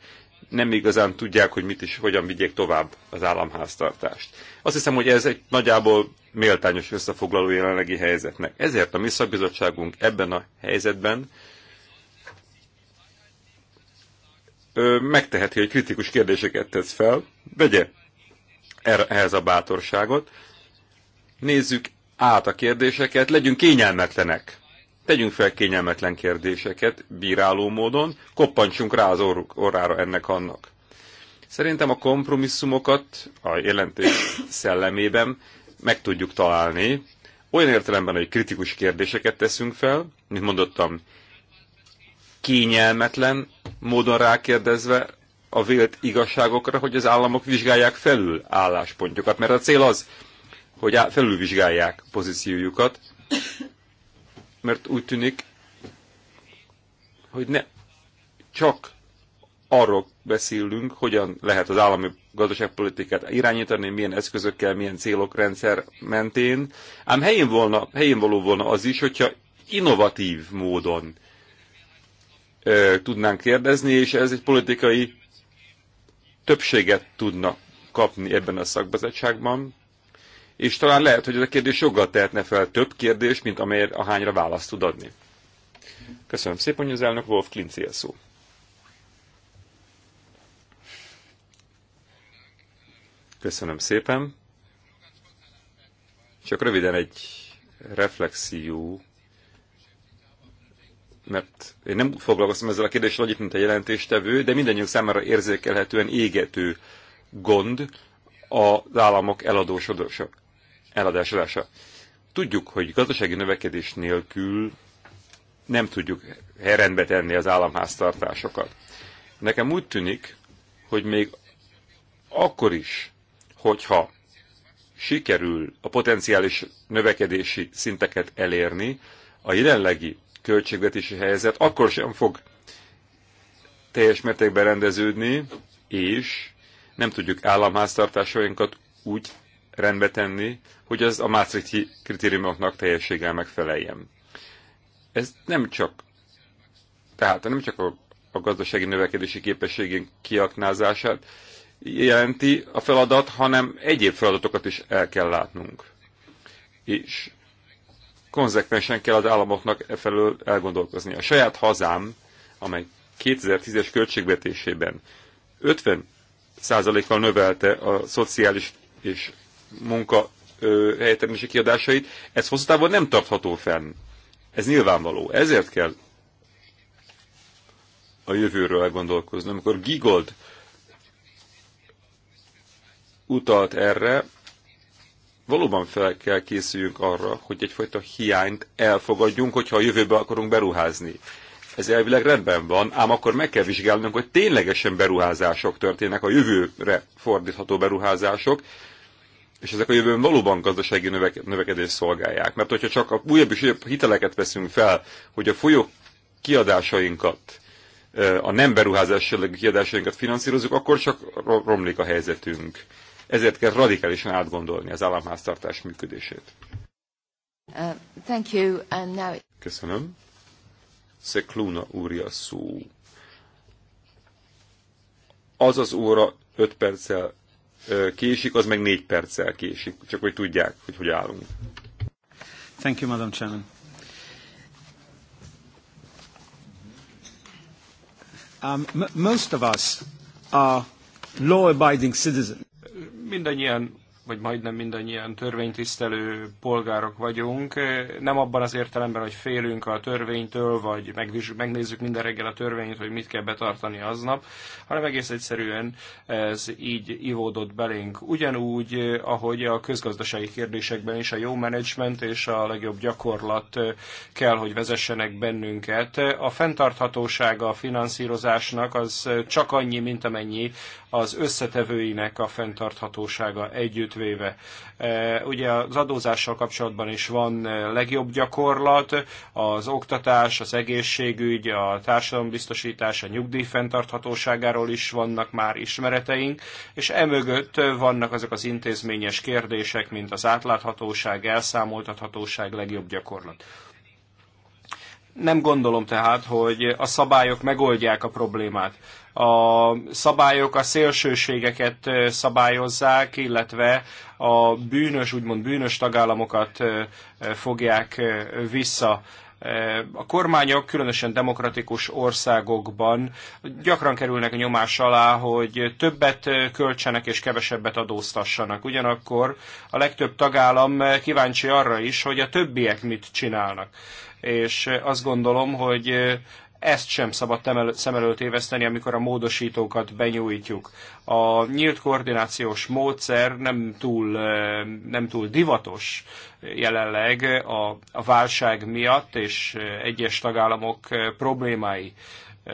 nem igazán tudják, hogy mit is, hogyan vigyék tovább az államháztartást. Azt hiszem, hogy ez egy nagyjából méltányos összefoglaló jelenlegi helyzetnek. Ezért a mi szakbizottságunk ebben a helyzetben ö, megteheti, hogy kritikus kérdéseket tesz fel, vegye er-, ehhez a bátorságot, nézzük át a kérdéseket, legyünk kényelmetlenek Tegyünk fel kényelmetlen kérdéseket bíráló módon, koppantsunk rá az or- orrára ennek-annak. Szerintem a kompromisszumokat a jelentés szellemében meg tudjuk találni, olyan értelemben, hogy kritikus kérdéseket teszünk fel, mint mondottam, kényelmetlen módon rákérdezve a vélt igazságokra, hogy az államok vizsgálják felül álláspontjukat, mert a cél az, hogy felülvizsgálják pozíciójukat, mert úgy tűnik, hogy ne csak arról beszélünk, hogyan lehet az állami gazdaságpolitikát irányítani, milyen eszközökkel, milyen célok rendszer mentén. Ám helyén, volna, helyén való volna az is, hogyha innovatív módon ö, tudnánk kérdezni, és ez egy politikai többséget tudna kapni ebben a szakbizottságban, és talán lehet, hogy ez a kérdés joggal tehetne fel több kérdés, mint amelyre a hányra választ tud adni. Köszönöm szépen, hogy az elnök Wolf Klinci a szó. Köszönöm szépen. Csak röviden egy reflexió, mert én nem foglalkoztam ezzel a kérdéssel itt, mint a jelentéstevő, de mindannyiunk számára érzékelhetően égető gond az államok eladósodása eladásolása. Tudjuk, hogy gazdasági növekedés nélkül nem tudjuk rendbe tenni az államháztartásokat. Nekem úgy tűnik, hogy még akkor is, hogyha sikerül a potenciális növekedési szinteket elérni, a jelenlegi költségvetési helyzet akkor sem fog teljes mértékben rendeződni, és nem tudjuk államháztartásainkat úgy rendbe tenni, hogy az a Maastrichti kritériumoknak teljességgel megfeleljen. Ez nem csak, tehát nem csak a, a gazdasági növekedési képességén kiaknázását jelenti a feladat, hanem egyéb feladatokat is el kell látnunk. És konzekvensen kell az államoknak e felől elgondolkozni. A saját hazám, amely 2010-es költségvetésében 50 százalékkal növelte a szociális és munka helyettemesi kiadásait, ez hosszú távon nem tartható fenn. Ez nyilvánvaló. Ezért kell a jövőről elgondolkozni. Amikor Gigold utalt erre, valóban fel kell készüljünk arra, hogy egyfajta hiányt elfogadjunk, hogyha a jövőbe akarunk beruházni. Ez elvileg rendben van, ám akkor meg kell vizsgálnunk, hogy ténylegesen beruházások történnek, a jövőre fordítható beruházások, és ezek a jövőben valóban gazdasági növekedés növekedést szolgálják. Mert hogyha csak a újabb és újabb hiteleket veszünk fel, hogy a folyó kiadásainkat, a nem beruházás kiadásainkat finanszírozunk, akkor csak romlik a helyzetünk. Ezért kell radikálisan átgondolni az államháztartás működését. Uh, thank you, and now... Köszönöm. Szekluna úrja szó. Az az óra 5 perccel késik, az meg négy perccel késik. Csak hogy tudják, hogy hogy állunk. Thank you, Madam Chairman. Um, most of us are law-abiding citizens. Mindannyian vagy majdnem mindannyian törvénytisztelő polgárok vagyunk. Nem abban az értelemben, hogy félünk a törvénytől, vagy megnézzük minden reggel a törvényt, hogy mit kell betartani aznap, hanem egész egyszerűen ez így ivódott belénk. Ugyanúgy, ahogy a közgazdasági kérdésekben is a jó menedzsment és a legjobb gyakorlat kell, hogy vezessenek bennünket. A fenntarthatósága a finanszírozásnak az csak annyi, mint amennyi az összetevőinek a fenntarthatósága együtt véve. E, ugye az adózással kapcsolatban is van e, legjobb gyakorlat, az oktatás, az egészségügy, a társadalombiztosítás, a nyugdíj fenntarthatóságáról is vannak már ismereteink, és emögött vannak azok az intézményes kérdések, mint az átláthatóság, elszámoltathatóság, legjobb gyakorlat. Nem gondolom tehát, hogy a szabályok megoldják a problémát. A szabályok a szélsőségeket szabályozzák, illetve a bűnös, úgymond bűnös tagállamokat fogják vissza. A kormányok, különösen demokratikus országokban gyakran kerülnek a nyomás alá, hogy többet költsenek és kevesebbet adóztassanak. Ugyanakkor a legtöbb tagállam kíváncsi arra is, hogy a többiek mit csinálnak és azt gondolom, hogy ezt sem szabad szem előtt éveszteni, amikor a módosítókat benyújtjuk. A nyílt koordinációs módszer nem túl, nem túl divatos jelenleg a, a válság miatt és egyes tagállamok problémái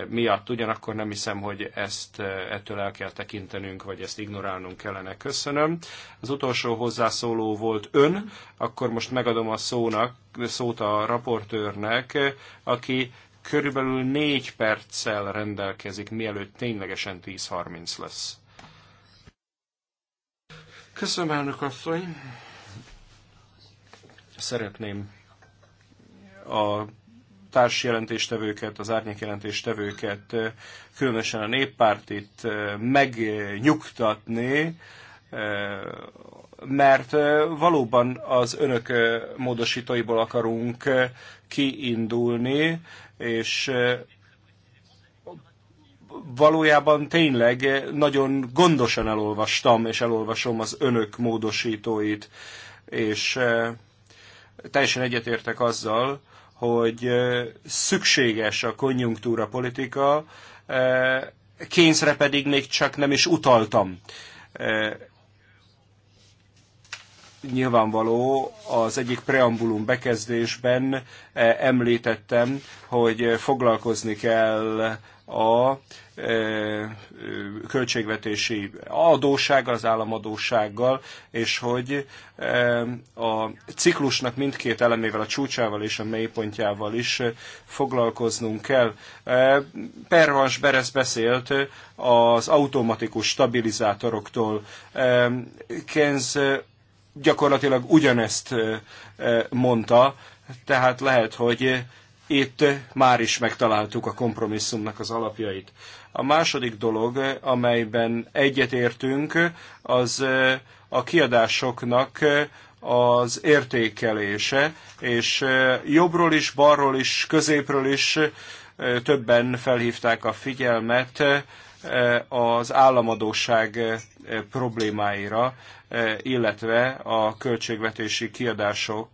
miatt. Ugyanakkor nem hiszem, hogy ezt e, ettől el kell tekintenünk, vagy ezt ignorálnunk kellene. Köszönöm. Az utolsó hozzászóló volt ön, akkor most megadom a szónak, szót a raportőrnek, aki körülbelül négy perccel rendelkezik, mielőtt ténylegesen 10.30 lesz. Köszönöm, elnök asszony! Szeretném a társjelentéstevőket, az árnyékjelentéstevőket, különösen a néppártit megnyugtatni, mert valóban az önök módosítóiból akarunk kiindulni, és valójában tényleg nagyon gondosan elolvastam, és elolvasom az önök módosítóit, és teljesen egyetértek azzal, hogy szükséges a konjunktúra politika, kényszre pedig még csak nem is utaltam. Nyilvánvaló az egyik preambulum bekezdésben említettem, hogy foglalkozni kell a költségvetési adóság az államadósággal, és hogy a ciklusnak mindkét elemével, a csúcsával és a mélypontjával is foglalkoznunk kell. Pervans Beres beszélt az automatikus stabilizátoroktól. Kenz gyakorlatilag ugyanezt mondta, tehát lehet, hogy itt már is megtaláltuk a kompromisszumnak az alapjait. A második dolog, amelyben egyetértünk, az a kiadásoknak az értékelése, és jobbról is, balról is, középről is többen felhívták a figyelmet az államadóság problémáira, illetve a költségvetési kiadások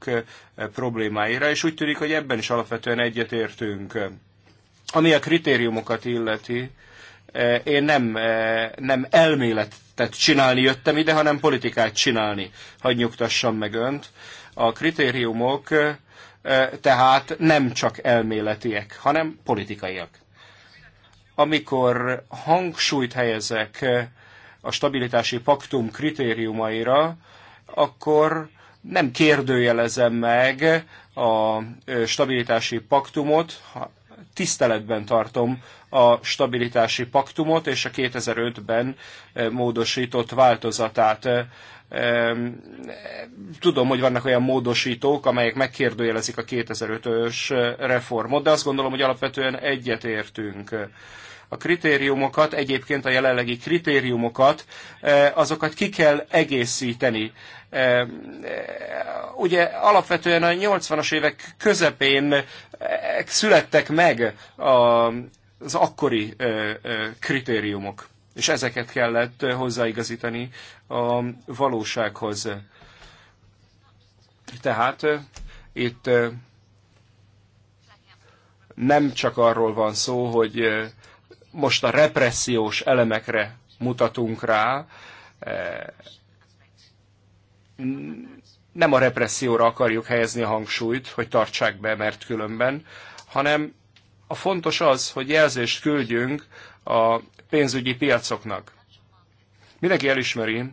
problémáira, és úgy tűnik, hogy ebben is alapvetően egyetértünk. Ami a kritériumokat illeti, én nem, nem elméletet csinálni jöttem ide, hanem politikát csinálni. Hagy nyugtassam meg önt. A kritériumok tehát nem csak elméletiek, hanem politikaiak. Amikor hangsúlyt helyezek a stabilitási paktum kritériumaira, akkor nem kérdőjelezem meg a stabilitási paktumot, tiszteletben tartom a stabilitási paktumot és a 2005-ben eh, módosított változatát. Eh, tudom, hogy vannak olyan módosítók, amelyek megkérdőjelezik a 2005-ös eh, reformot, de azt gondolom, hogy alapvetően egyetértünk a kritériumokat, egyébként a jelenlegi kritériumokat, azokat ki kell egészíteni. Ugye alapvetően a 80-as évek közepén születtek meg a az akkori kritériumok, és ezeket kellett hozzáigazítani a valósághoz. Tehát itt nem csak arról van szó, hogy most a repressziós elemekre mutatunk rá, nem a represszióra akarjuk helyezni a hangsúlyt, hogy tartsák be, mert különben, hanem a fontos az, hogy jelzést küldjünk a pénzügyi piacoknak. Mindenki elismeri,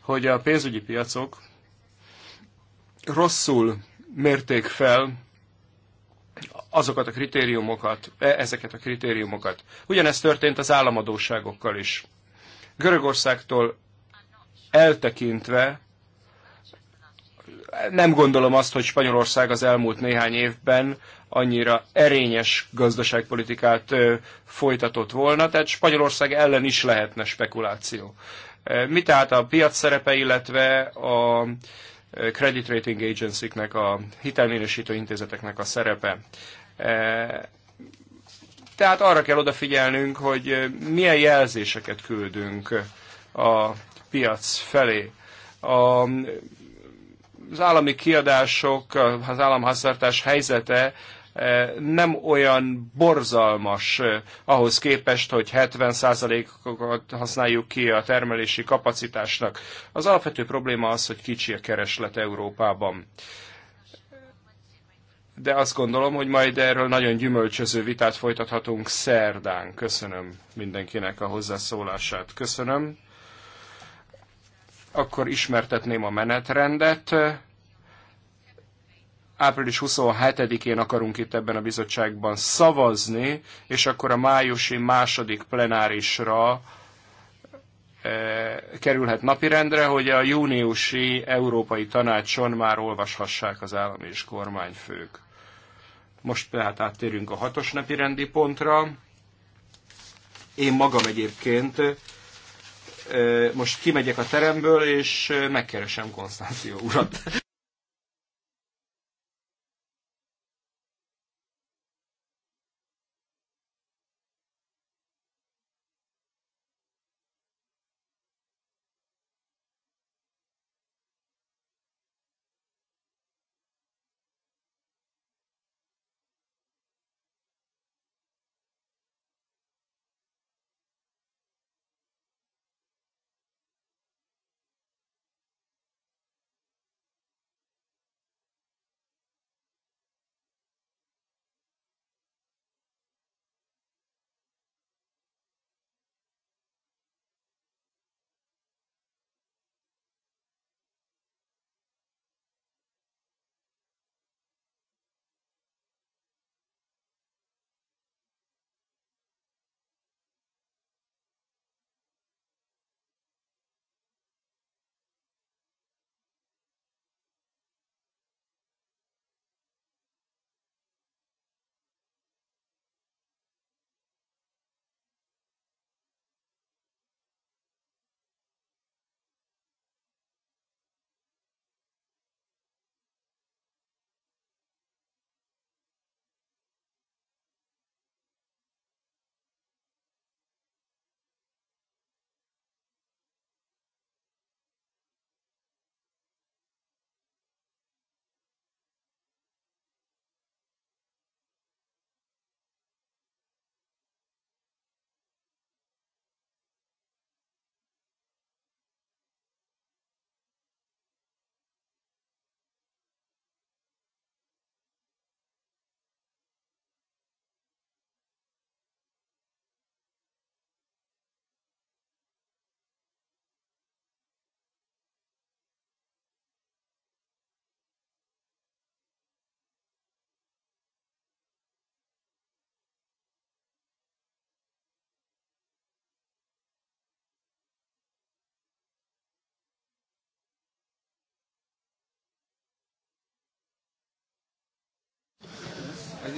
hogy a pénzügyi piacok rosszul mérték fel azokat a kritériumokat, e, ezeket a kritériumokat. Ugyanezt történt az államadóságokkal is. Görögországtól eltekintve nem gondolom azt, hogy Spanyolország az elmúlt néhány évben annyira erényes gazdaságpolitikát folytatott volna, tehát Spanyolország ellen is lehetne spekuláció. Mi tehát a piac szerepe, illetve a credit rating agency a hitelminősítő intézeteknek a szerepe? Tehát arra kell odafigyelnünk, hogy milyen jelzéseket küldünk a piac felé. A az állami kiadások, az államháztartás helyzete eh, nem olyan borzalmas eh, ahhoz képest, hogy 70%-okat használjuk ki a termelési kapacitásnak. Az alapvető probléma az, hogy kicsi a kereslet Európában. De azt gondolom, hogy majd erről nagyon gyümölcsöző vitát folytathatunk szerdán. Köszönöm mindenkinek a hozzászólását. Köszönöm akkor ismertetném a menetrendet. Április 27-én akarunk itt ebben a bizottságban szavazni, és akkor a májusi második plenárisra eh, kerülhet napirendre, hogy a júniusi Európai Tanácson már olvashassák az állam és kormányfők. Most tehát áttérünk a hatos napirendi pontra. Én magam egyébként most kimegyek a teremből, és megkeresem Konstanció urat.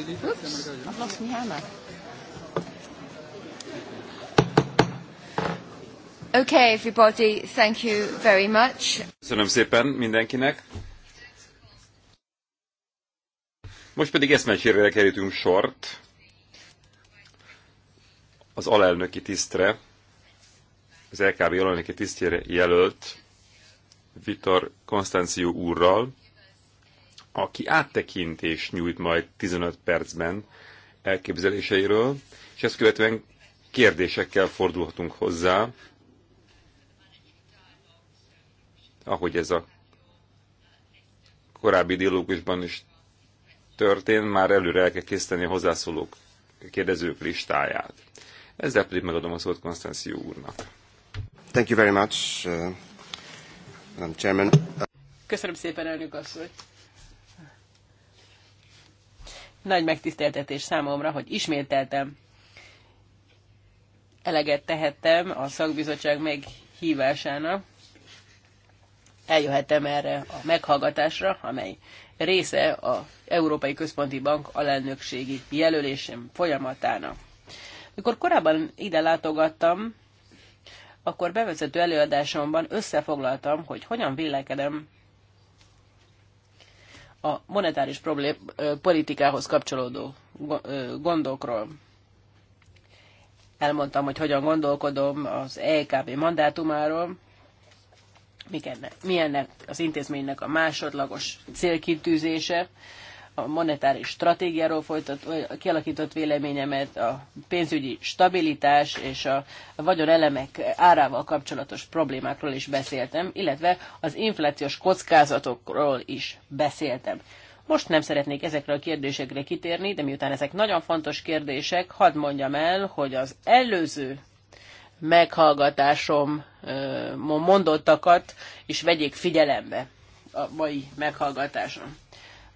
Oops, I've lost my hammer. Okay, everybody, thank you very much. Köszönöm szépen mindenkinek. Most pedig eszmecsérvére kerítünk sort az alelnöki tisztre, az LKB alelnöki tisztjére jelölt Vitor Konstanciu úrral, aki áttekintést nyújt majd 15 percben elképzeléseiről, és ezt követően kérdésekkel fordulhatunk hozzá, ahogy ez a korábbi dialógusban is történt, már előre el kell készíteni a hozzászólók a kérdezők listáját. Ezzel pedig megadom a szót Konstanció úrnak. Thank you very much, uh, Chairman. Köszönöm szépen, elnök asszony. Nagy megtiszteltetés számomra, hogy ismételtem. Eleget tehettem a szakbizottság meghívásának. Eljöhettem erre a meghallgatásra, amely része a Európai Központi Bank alelnökségi jelölésem folyamatának. Mikor korábban ide látogattam, akkor bevezető előadásomban összefoglaltam, hogy hogyan vélekedem a monetáris problém, politikához kapcsolódó gondokról. Elmondtam, hogy hogyan gondolkodom az EKB mandátumáról, Milyennek, ennek, mi ennek az intézménynek a másodlagos célkitűzése a monetáris stratégiáról folytat, kialakított véleményemet, a pénzügyi stabilitás és a vagyon elemek árával kapcsolatos problémákról is beszéltem, illetve az inflációs kockázatokról is beszéltem. Most nem szeretnék ezekre a kérdésekre kitérni, de miután ezek nagyon fontos kérdések, hadd mondjam el, hogy az előző meghallgatásom mondottakat is vegyék figyelembe a mai meghallgatáson.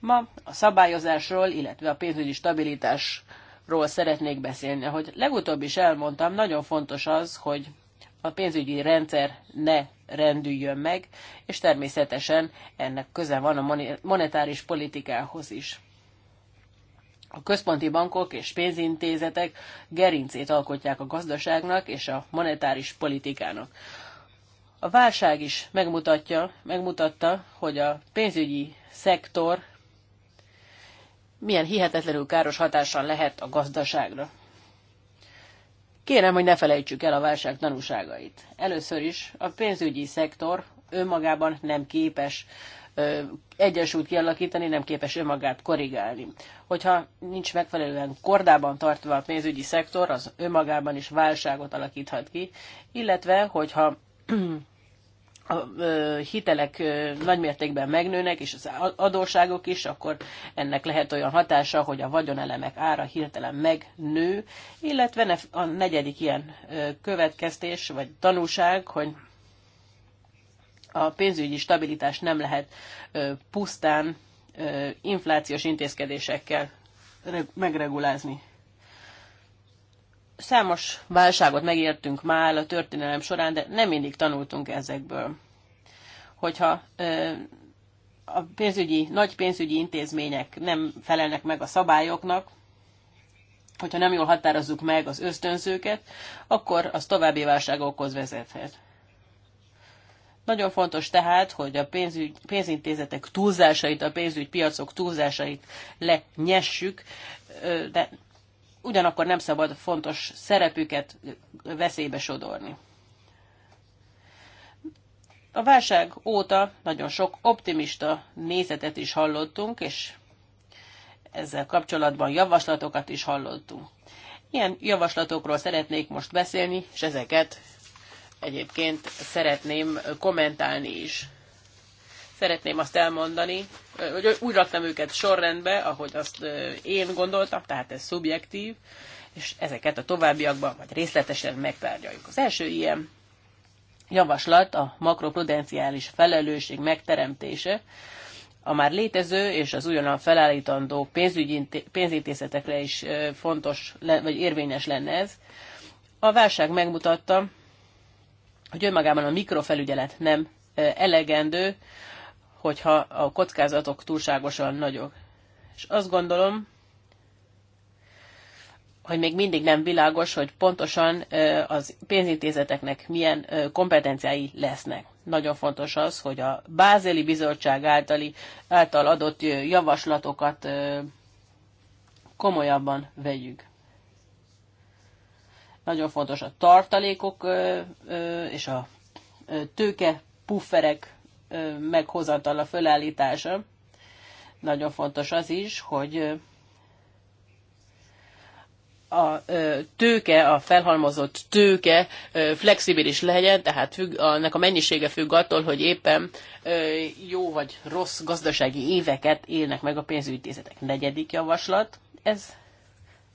Ma a szabályozásról, illetve a pénzügyi stabilitásról szeretnék beszélni. Ahogy legutóbb is elmondtam, nagyon fontos az, hogy a pénzügyi rendszer ne rendüljön meg, és természetesen ennek köze van a monetáris politikához is. A központi bankok és pénzintézetek gerincét alkotják a gazdaságnak és a monetáris politikának. A válság is megmutatja, megmutatta, hogy a pénzügyi szektor milyen hihetetlenül káros hatással lehet a gazdaságra. Kérem, hogy ne felejtsük el a válság tanúságait. Először is a pénzügyi szektor önmagában nem képes egyensúlyt kialakítani, nem képes önmagát korrigálni. Hogyha nincs megfelelően kordában tartva a pénzügyi szektor, az önmagában is válságot alakíthat ki, illetve hogyha a hitelek nagymértékben megnőnek, és az adóságok is, akkor ennek lehet olyan hatása, hogy a vagyonelemek ára hirtelen megnő, illetve a negyedik ilyen következtés, vagy tanúság, hogy a pénzügyi stabilitás nem lehet pusztán inflációs intézkedésekkel megregulázni. Számos válságot megértünk már a történelem során, de nem mindig tanultunk ezekből. Hogyha a pénzügyi, nagy pénzügyi intézmények nem felelnek meg a szabályoknak, hogyha nem jól határozzuk meg az ösztönzőket, akkor az további válságokhoz vezethet. Nagyon fontos tehát, hogy a pénzügy, pénzintézetek túlzásait, a pénzügypiacok túlzásait lenyessük, de ugyanakkor nem szabad fontos szerepüket veszélybe sodorni. A válság óta nagyon sok optimista nézetet is hallottunk, és ezzel kapcsolatban javaslatokat is hallottunk. Ilyen javaslatokról szeretnék most beszélni, és ezeket egyébként szeretném kommentálni is. Szeretném azt elmondani, hogy úgy raktam őket sorrendbe, ahogy azt én gondoltam, tehát ez szubjektív, és ezeket a továbbiakban majd részletesen megtárgyaljuk. Az első ilyen javaslat a makroprudenciális felelősség megteremtése, a már létező és az újonnan felállítandó pénzintézetekre is fontos, vagy érvényes lenne ez. A válság megmutatta, hogy önmagában a mikrofelügyelet nem elegendő, hogyha a kockázatok túlságosan nagyok. És azt gondolom, hogy még mindig nem világos, hogy pontosan az pénzintézeteknek milyen kompetenciái lesznek. Nagyon fontos az, hogy a Bázeli Bizottság általi, által adott javaslatokat komolyabban vegyük. Nagyon fontos a tartalékok és a tőke pufferek a fölállítása. Nagyon fontos az is, hogy a tőke, a felhalmozott tőke flexibilis legyen, tehát függ, annak a mennyisége függ attól, hogy éppen jó vagy rossz gazdasági éveket élnek meg a pénzügyintézetek. Negyedik javaslat, ez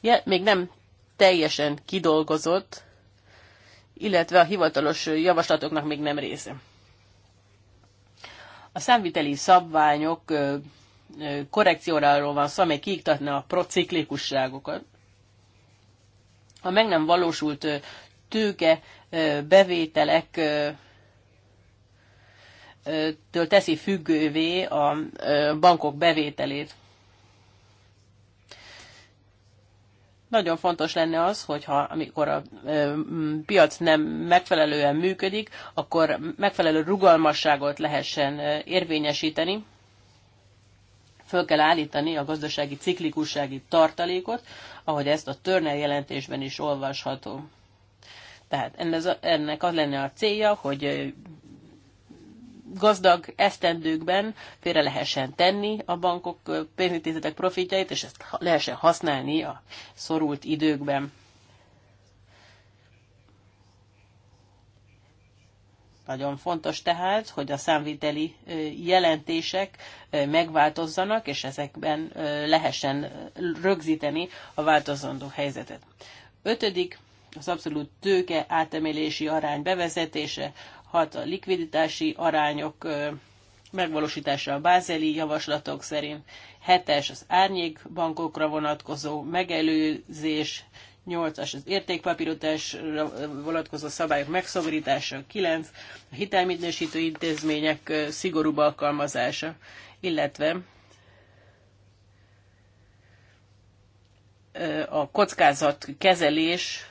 ja, még nem teljesen kidolgozott, illetve a hivatalos javaslatoknak még nem része. A számviteli szabványok korrekcióráról van szó, amely kiiktatna a prociklikusságokat. A meg nem valósult tőke bevételek től teszi függővé a bankok bevételét. Nagyon fontos lenne az, hogyha amikor a piac nem megfelelően működik, akkor megfelelő rugalmasságot lehessen érvényesíteni. Föl kell állítani a gazdasági ciklikussági tartalékot, ahogy ezt a Turner jelentésben is olvasható. Tehát ennek az lenne a célja, hogy gazdag esztendőkben félre lehessen tenni a bankok pénzintézetek profitjait, és ezt lehessen használni a szorult időkben. Nagyon fontos tehát, hogy a számviteli jelentések megváltozzanak, és ezekben lehessen rögzíteni a változandó helyzetet. Ötödik, az abszolút tőke átemelési arány bevezetése, hat a likviditási arányok megvalósítása a bázeli javaslatok szerint, hetes az árnyék bankokra vonatkozó megelőzés, 8-as az értékpapírotásra vonatkozó szabályok megszomorítása, 9 a hitelminősítő intézmények szigorúbb alkalmazása, illetve a kockázatkezelés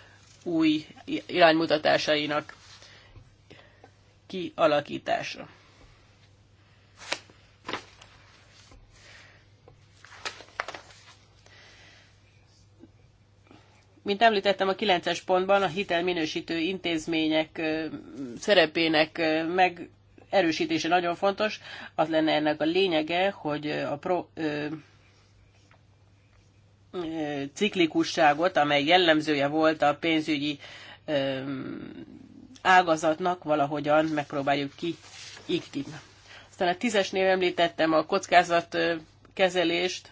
új iránymutatásainak kialakítása. Mint említettem, a 9-es pontban a hitelminősítő intézmények szerepének meg erősítése nagyon fontos. Az lenne ennek a lényege, hogy a pro, ö, ö, ciklikusságot, amely jellemzője volt a pénzügyi ö, ágazatnak valahogyan megpróbáljuk kiikni. Aztán a tízesnél említettem a kockázat kezelést.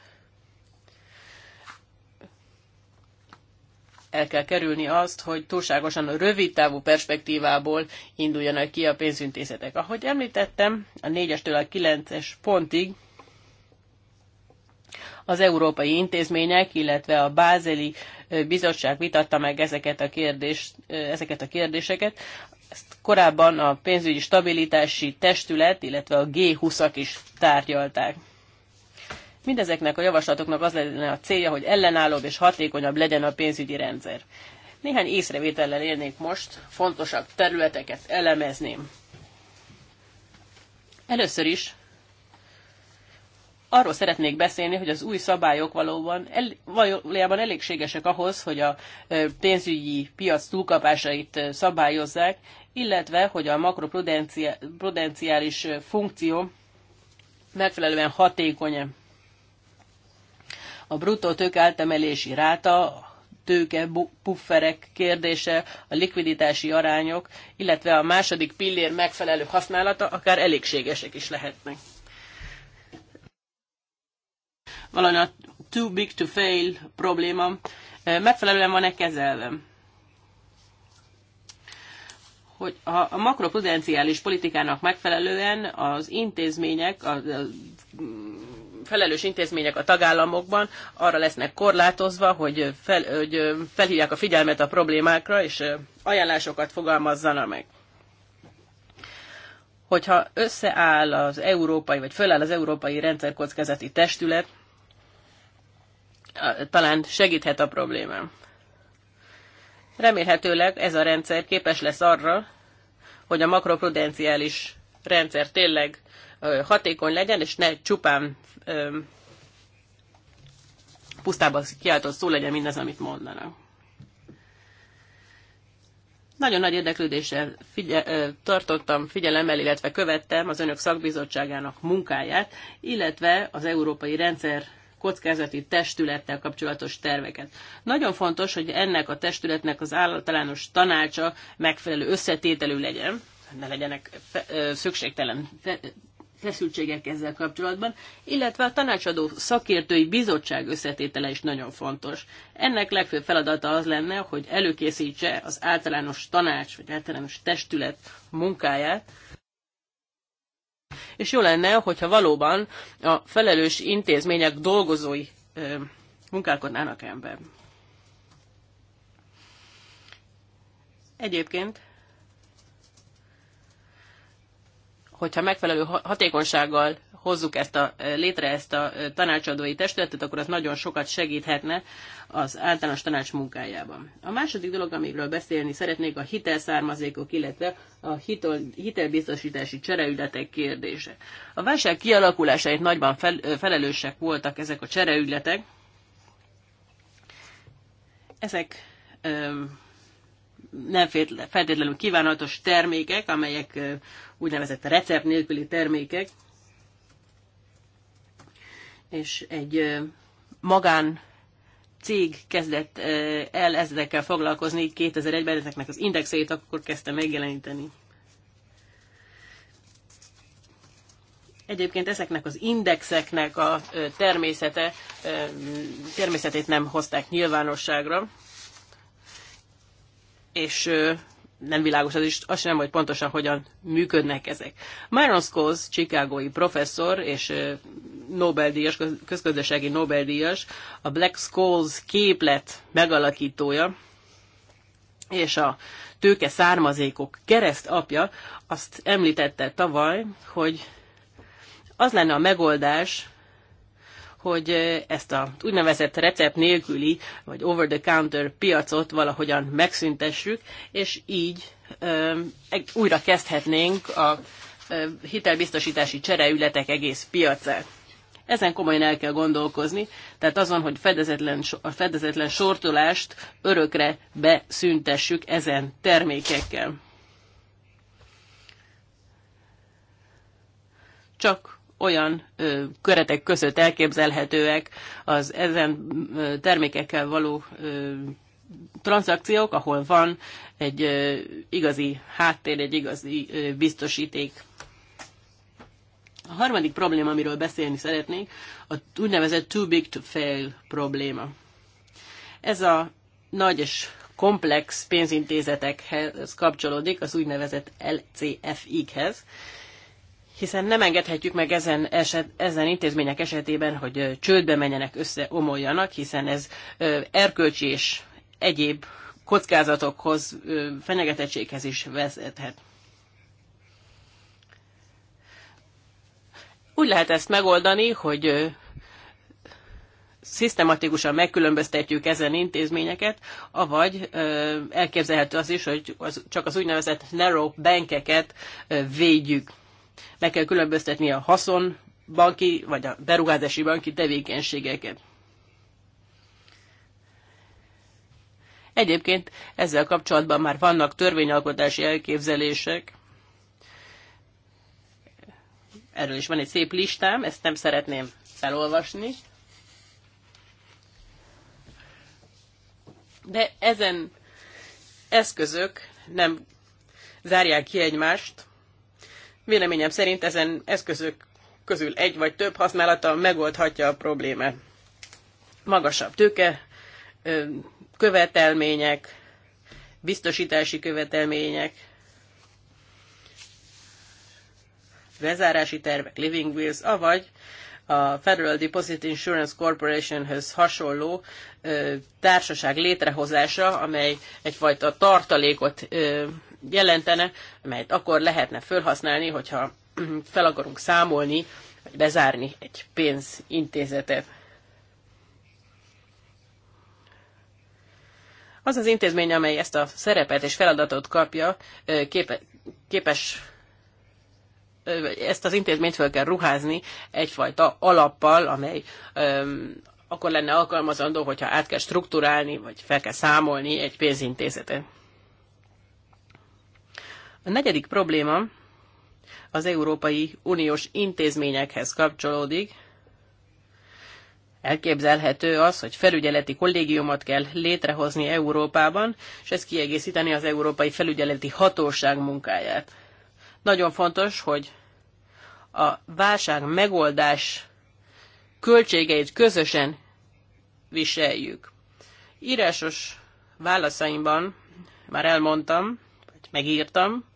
El kell kerülni azt, hogy túlságosan a rövid távú perspektívából induljanak ki a pénzintézetek. Ahogy említettem, a négyestől a kilences pontig az európai intézmények, illetve a Bázeli Bizottság vitatta meg ezeket a, kérdés, ezeket a kérdéseket. Ezt korábban a pénzügyi stabilitási testület, illetve a G20-ak is tárgyalták. Mindezeknek a javaslatoknak az lenne a célja, hogy ellenállóbb és hatékonyabb legyen a pénzügyi rendszer. Néhány észrevétellel élnék most, fontosabb területeket elemezném. Először is arról szeretnék beszélni, hogy az új szabályok valóban el, valójában elégségesek ahhoz, hogy a pénzügyi piac túlkapásait szabályozzák, illetve hogy a makroprudenciális funkció megfelelően hatékony. -e. A bruttó tők áltemelési ráta, tőke pufferek kérdése, a likviditási arányok, illetve a második pillér megfelelő használata akár elégségesek is lehetnek valami a too big to fail probléma megfelelően van-e kezelve. Hogy a, a makroprudenciális politikának megfelelően az intézmények, a, a felelős intézmények a tagállamokban arra lesznek korlátozva, hogy, fel, hogy felhívják a figyelmet a problémákra, és ajánlásokat fogalmazzanak meg. Hogyha összeáll az európai, vagy föláll az európai rendszerkockázati testület, talán segíthet a problémám. Remélhetőleg ez a rendszer képes lesz arra, hogy a makroprudenciális rendszer tényleg hatékony legyen, és ne csupán pusztában kiáltott szó legyen mindez, amit mondanak. Nagyon nagy érdeklődéssel figye- tartottam figyelemmel, illetve követtem az önök szakbizottságának munkáját, illetve az európai rendszer kockázati testülettel kapcsolatos terveket. Nagyon fontos, hogy ennek a testületnek az általános tanácsa megfelelő összetételű legyen, ne legyenek szükségtelen feszültségek ezzel kapcsolatban, illetve a tanácsadó szakértői bizottság összetétele is nagyon fontos. Ennek legfőbb feladata az lenne, hogy előkészítse az általános tanács vagy általános testület munkáját, és jó lenne, hogyha valóban a felelős intézmények dolgozói ö, munkálkodnának ember. Egyébként, hogyha megfelelő hatékonysággal hozzuk ezt a, létre ezt a tanácsadói testületet, akkor az nagyon sokat segíthetne az általános tanács munkájában. A második dolog, amiről beszélni szeretnék, a hitelszármazékok, illetve a hitel, hitelbiztosítási csereügyletek kérdése. A válság kialakulásait nagyban fel, felelősek voltak ezek a csereügyletek. Ezek öm, nem feltétlenül kívánatos termékek, amelyek úgynevezett recept nélküli termékek, és egy magán cég kezdett el ezekkel foglalkozni 2001-ben, ezeknek az indexeit akkor kezdte megjeleníteni. Egyébként ezeknek az indexeknek a természete, természetét nem hozták nyilvánosságra, és nem világos az is, azt sem, hogy pontosan hogyan működnek ezek. Myron Scholes, chicagói professzor és Nobel-díjas, közgazdasági Nobel-díjas, a Black Scholes képlet megalakítója, és a tőke származékok kereszt apja azt említette tavaly, hogy az lenne a megoldás, hogy ezt a úgynevezett recept nélküli, vagy over-the-counter piacot valahogyan megszüntessük, és így újra kezdhetnénk a hitelbiztosítási csereületek egész piacát. Ezen komolyan el kell gondolkozni, tehát azon, hogy fedezetlen, a fedezetlen sortolást örökre beszüntessük ezen termékekkel. Csak olyan ö, köretek között elképzelhetőek az ezen ö, termékekkel való ö, tranzakciók, ahol van egy ö, igazi háttér, egy igazi ö, biztosíték. A harmadik probléma, amiről beszélni szeretnék, a úgynevezett too big to fail probléma. Ez a nagy és komplex pénzintézetekhez kapcsolódik, az úgynevezett LCFI-hez, hiszen nem engedhetjük meg ezen, eset, ezen intézmények esetében, hogy csődbe menjenek, összeomoljanak, hiszen ez erkölcsi és egyéb kockázatokhoz, fenyegetettséghez is vezethet. Úgy lehet ezt megoldani, hogy szisztematikusan megkülönböztetjük ezen intézményeket, avagy elképzelhető az is, hogy csak az úgynevezett narrow bankeket védjük. Meg kell különböztetni a haszon banki, vagy a beruházási banki tevékenységeket. Egyébként ezzel kapcsolatban már vannak törvényalkotási elképzelések. Erről is van egy szép listám, ezt nem szeretném felolvasni. De ezen eszközök nem zárják ki egymást, Véleményem szerint ezen eszközök közül egy vagy több használata megoldhatja a problémát. Magasabb tőke, követelmények, biztosítási követelmények, bezárási tervek, living wills, avagy a Federal Deposit Insurance Corporationhöz hasonló ö, társaság létrehozása, amely egyfajta tartalékot ö, jelentene, amelyet akkor lehetne felhasználni, hogyha <clears throat> fel akarunk számolni, vagy bezárni egy pénzintézetet. Az az intézmény, amely ezt a szerepet és feladatot kapja, képe, képes ezt az intézményt fel kell ruházni egyfajta alappal, amely öm, akkor lenne alkalmazandó, hogyha át kell struktúrálni, vagy fel kell számolni egy pénzintézetet. A negyedik probléma az Európai Uniós intézményekhez kapcsolódik. Elképzelhető az, hogy felügyeleti kollégiumot kell létrehozni Európában, és ezt kiegészíteni az Európai Felügyeleti Hatóság munkáját. Nagyon fontos, hogy a válság megoldás költségeit közösen viseljük. Írásos válaszaimban már elmondtam, vagy megírtam,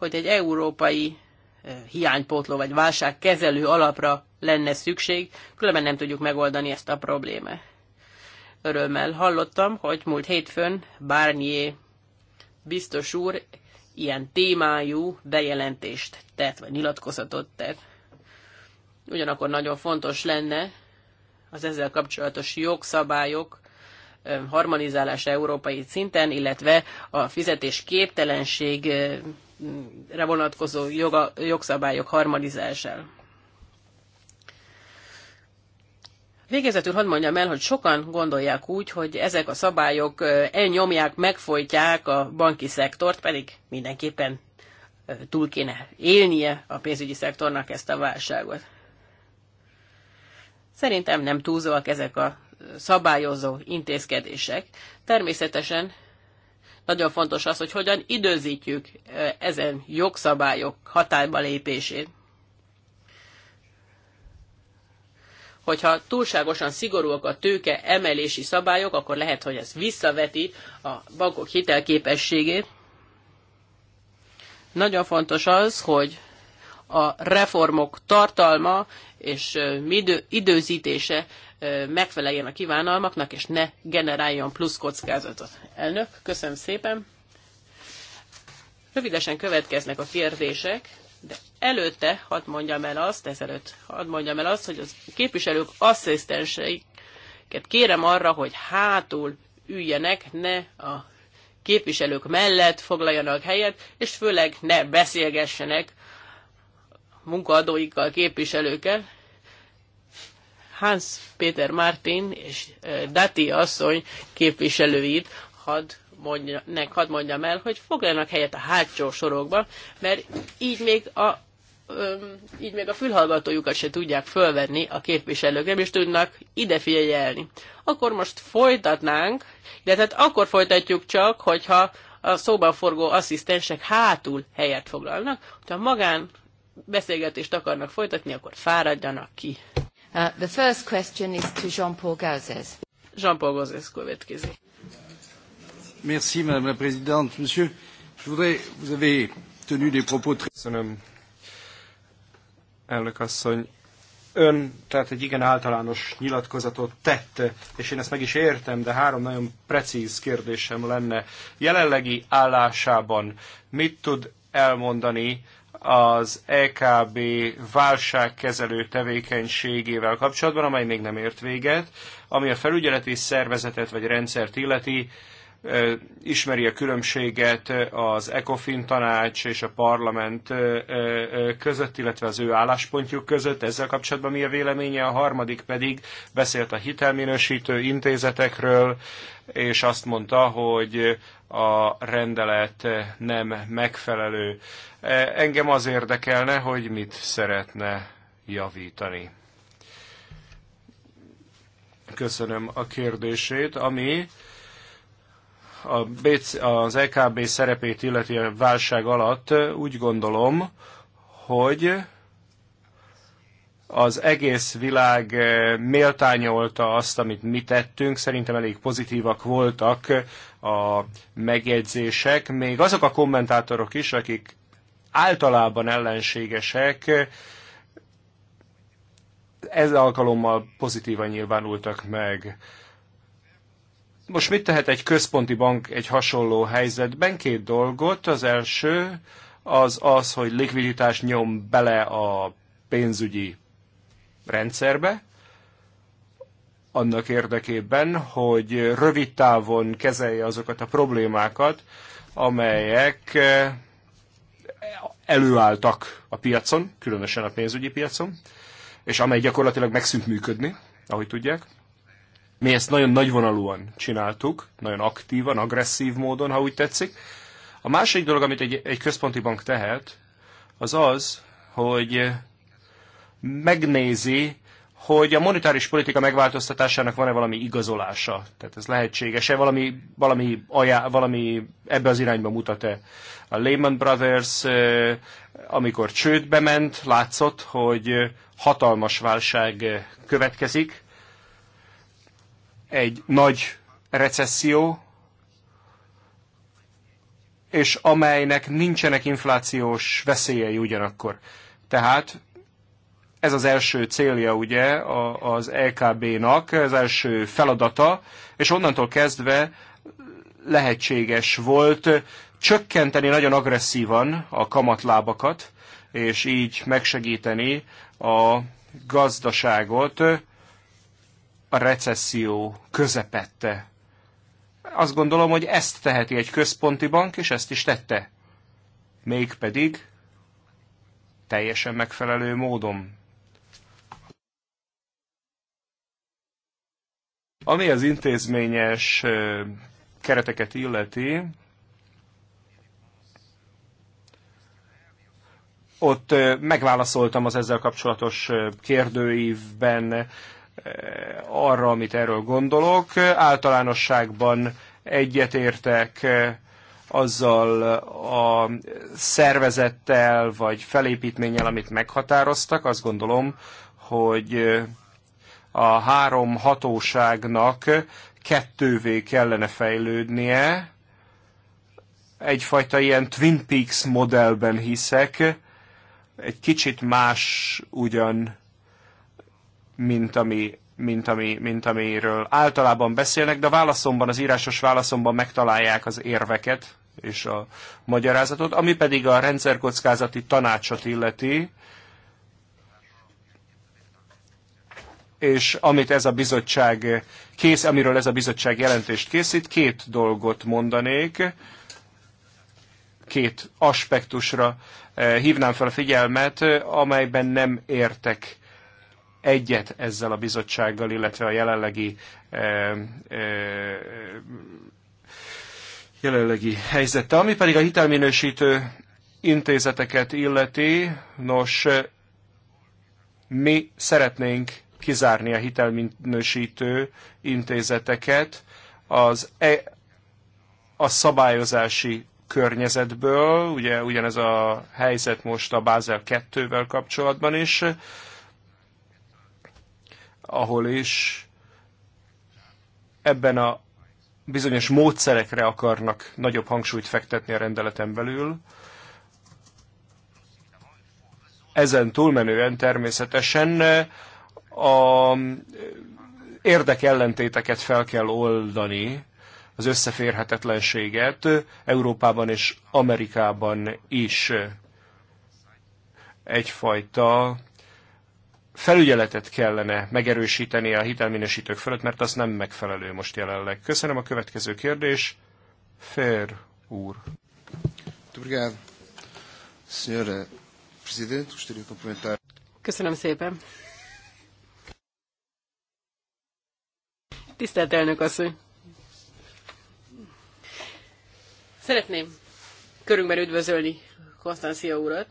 hogy egy európai eh, hiánypótló vagy válságkezelő alapra lenne szükség, különben nem tudjuk megoldani ezt a problémát. Örömmel hallottam, hogy múlt hétfőn Barnier biztos úr ilyen témájú bejelentést tett, vagy nyilatkozatot tett. Ugyanakkor nagyon fontos lenne az ezzel kapcsolatos jogszabályok eh, harmonizálása európai szinten, illetve a fizetés képtelenség eh, vonatkozó joga, jogszabályok harmonizálásával. Végezetül hadd mondjam el, hogy sokan gondolják úgy, hogy ezek a szabályok elnyomják, megfolytják a banki szektort, pedig mindenképpen túl kéne élnie a pénzügyi szektornak ezt a válságot. Szerintem nem túlzóak ezek a szabályozó intézkedések. Természetesen nagyon fontos az, hogy hogyan időzítjük ezen jogszabályok hatályba lépését. hogyha túlságosan szigorúak a tőke emelési szabályok, akkor lehet, hogy ez visszaveti a bankok hitelképességét. Nagyon fontos az, hogy a reformok tartalma és idő, időzítése megfeleljen a kívánalmaknak, és ne generáljon plusz kockázatot. Elnök, köszönöm szépen. Rövidesen következnek a kérdések, de előtte hadd mondjam el azt, ezelőtt hadd mondjam el azt, hogy az képviselők asszisztenseiket kérem arra, hogy hátul üljenek, ne a képviselők mellett foglaljanak helyet, és főleg ne beszélgessenek munkaadóikkal, képviselőkkel, Hans Péter Martin és Dati asszony képviselőit had mondja, nek, hadd mondjam el, hogy foglalnak helyet a hátsó sorokba, mert így még a így még a fülhallgatójukat se tudják fölvenni a képviselők, nem is tudnak ide figyelni. Akkor most folytatnánk, de tehát akkor folytatjuk csak, hogyha a szóban forgó asszisztensek hátul helyet foglalnak, hogyha magán beszélgetést akarnak folytatni, akkor fáradjanak ki. Uh, the first question is to Jean-Paul Gauzes. Jean-Paul Gauzes következik. Merci, Madame la Présidente. Monsieur, je voudrais, vous avez tenu des propos très... Köszönöm, elnök asszony. Ön tehát egy igen általános nyilatkozatot tett, és én ezt meg is értem, de három nagyon precíz kérdésem lenne. Jelenlegi állásában mit tud elmondani az EKB válságkezelő tevékenységével kapcsolatban, amely még nem ért véget, ami a felügyeleti szervezetet vagy rendszert illeti, ismeri a különbséget az ECOFIN tanács és a parlament között, illetve az ő álláspontjuk között. Ezzel kapcsolatban mi a véleménye? A harmadik pedig beszélt a hitelminősítő intézetekről, és azt mondta, hogy a rendelet nem megfelelő. E, engem az érdekelne, hogy mit szeretne javítani. Köszönöm a kérdését, ami a BC, az EKB szerepét illeti a válság alatt úgy gondolom, hogy az egész világ e, méltányolta azt, amit mi tettünk, szerintem elég pozitívak voltak a megjegyzések, még azok a kommentátorok is, akik általában ellenségesek, ez alkalommal pozitívan nyilvánultak meg. Most mit tehet egy központi bank egy hasonló helyzetben? Két dolgot. Az első az az, hogy likviditás nyom bele a pénzügyi rendszerbe, annak érdekében, hogy rövid távon kezelje azokat a problémákat, amelyek eh, előálltak a piacon, különösen a pénzügyi piacon, és amely gyakorlatilag megszűnt működni, ahogy tudják. Mi ezt nagyon nagyvonalúan csináltuk, nagyon aktívan, agresszív módon, ha úgy tetszik. A másik dolog, amit egy, egy központi bank tehet, az az, hogy megnézi hogy a monetáris politika megváltoztatásának van-e valami igazolása? Tehát ez lehetséges-e? Valami, valami, ajá, valami ebbe az irányba mutat-e? A Lehman Brothers, amikor csődbe ment, látszott, hogy hatalmas válság következik, egy nagy recesszió, és amelynek nincsenek inflációs veszélyei ugyanakkor. Tehát ez az első célja ugye az LKB-nak, e az első feladata, és onnantól kezdve lehetséges volt csökkenteni nagyon agresszívan a kamatlábakat, és így megsegíteni a gazdaságot a recesszió közepette. Azt gondolom, hogy ezt teheti egy központi bank, és ezt is tette. Mégpedig teljesen megfelelő módon. Ami az intézményes kereteket illeti, ott megválaszoltam az ezzel kapcsolatos kérdőívben arra, amit erről gondolok. Általánosságban egyetértek azzal a szervezettel vagy felépítménnyel, amit meghatároztak. Azt gondolom, hogy a három hatóságnak kettővé kellene fejlődnie. Egyfajta ilyen Twin Peaks modellben hiszek, egy kicsit más ugyan, mint ami mint, ami, mint amiről általában beszélnek, de a válaszomban, az írásos válaszomban megtalálják az érveket és a magyarázatot, ami pedig a rendszerkockázati tanácsot illeti. és amit ez a bizottság kész, amiről ez a bizottság jelentést készít, két dolgot mondanék, két aspektusra eh, hívnám fel a figyelmet, amelyben nem értek egyet ezzel a bizottsággal, illetve a jelenlegi eh, eh, jelenlegi helyzette. Ami pedig a hitelminősítő intézeteket illeti, nos, mi szeretnénk kizárni a hitelminősítő intézeteket az e, a szabályozási környezetből, ugye ugyanez a helyzet most a Bázel 2-vel kapcsolatban is, ahol is ebben a bizonyos módszerekre akarnak nagyobb hangsúlyt fektetni a rendeleten belül. Ezen túlmenően természetesen a eh, érdekellentéteket fel kell oldani, az összeférhetetlenséget eh, Európában és Amerikában is eh, egyfajta felügyeletet kellene megerősíteni a hitelminősítők fölött, mert az nem megfelelő most jelenleg. Köszönöm a következő kérdés. Fér úr. Köszönöm szépen. Tisztelt elnök asszony! Szeretném körünkben üdvözölni Konstancia urat.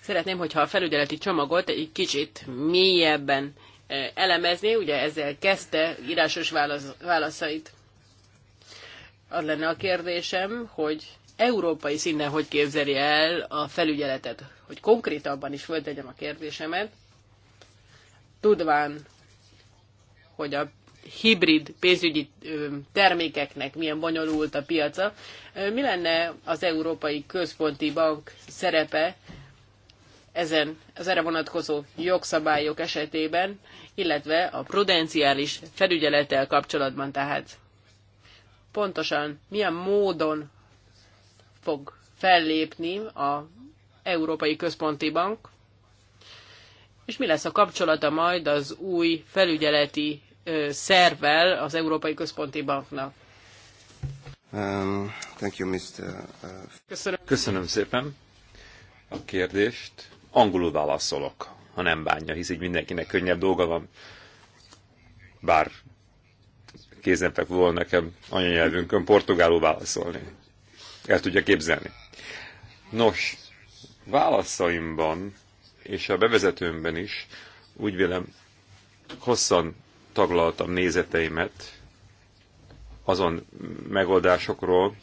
Szeretném, hogyha a felügyeleti csomagot egy kicsit mélyebben e, elemezni, ugye ezzel kezdte írásos válasz, válaszait. Az lenne a kérdésem, hogy európai szinten hogy képzeli el a felügyeletet, hogy konkrétabban is föltegyem a kérdésemet, tudván, hogy a hibrid pénzügyi termékeknek milyen bonyolult a piaca. Mi lenne az Európai Központi Bank szerepe ezen, az erre vonatkozó jogszabályok esetében, illetve a prudenciális felügyelettel kapcsolatban tehát pontosan milyen módon fog fellépni az Európai Központi Bank, és mi lesz a kapcsolata majd az új felügyeleti szervvel az Európai Központi Banknak. Um, thank you, Mr. Uh, Köszönöm. Köszönöm szépen a kérdést. Angolul válaszolok, ha nem bánja, hisz így mindenkinek könnyebb dolga van. Bár kézenfekvő volna nekem anyanyelvünkön portugálul válaszolni. El tudja képzelni. Nos, válaszaimban és a bevezetőmben is úgy vélem hosszan taglaltam nézeteimet azon megoldásokról,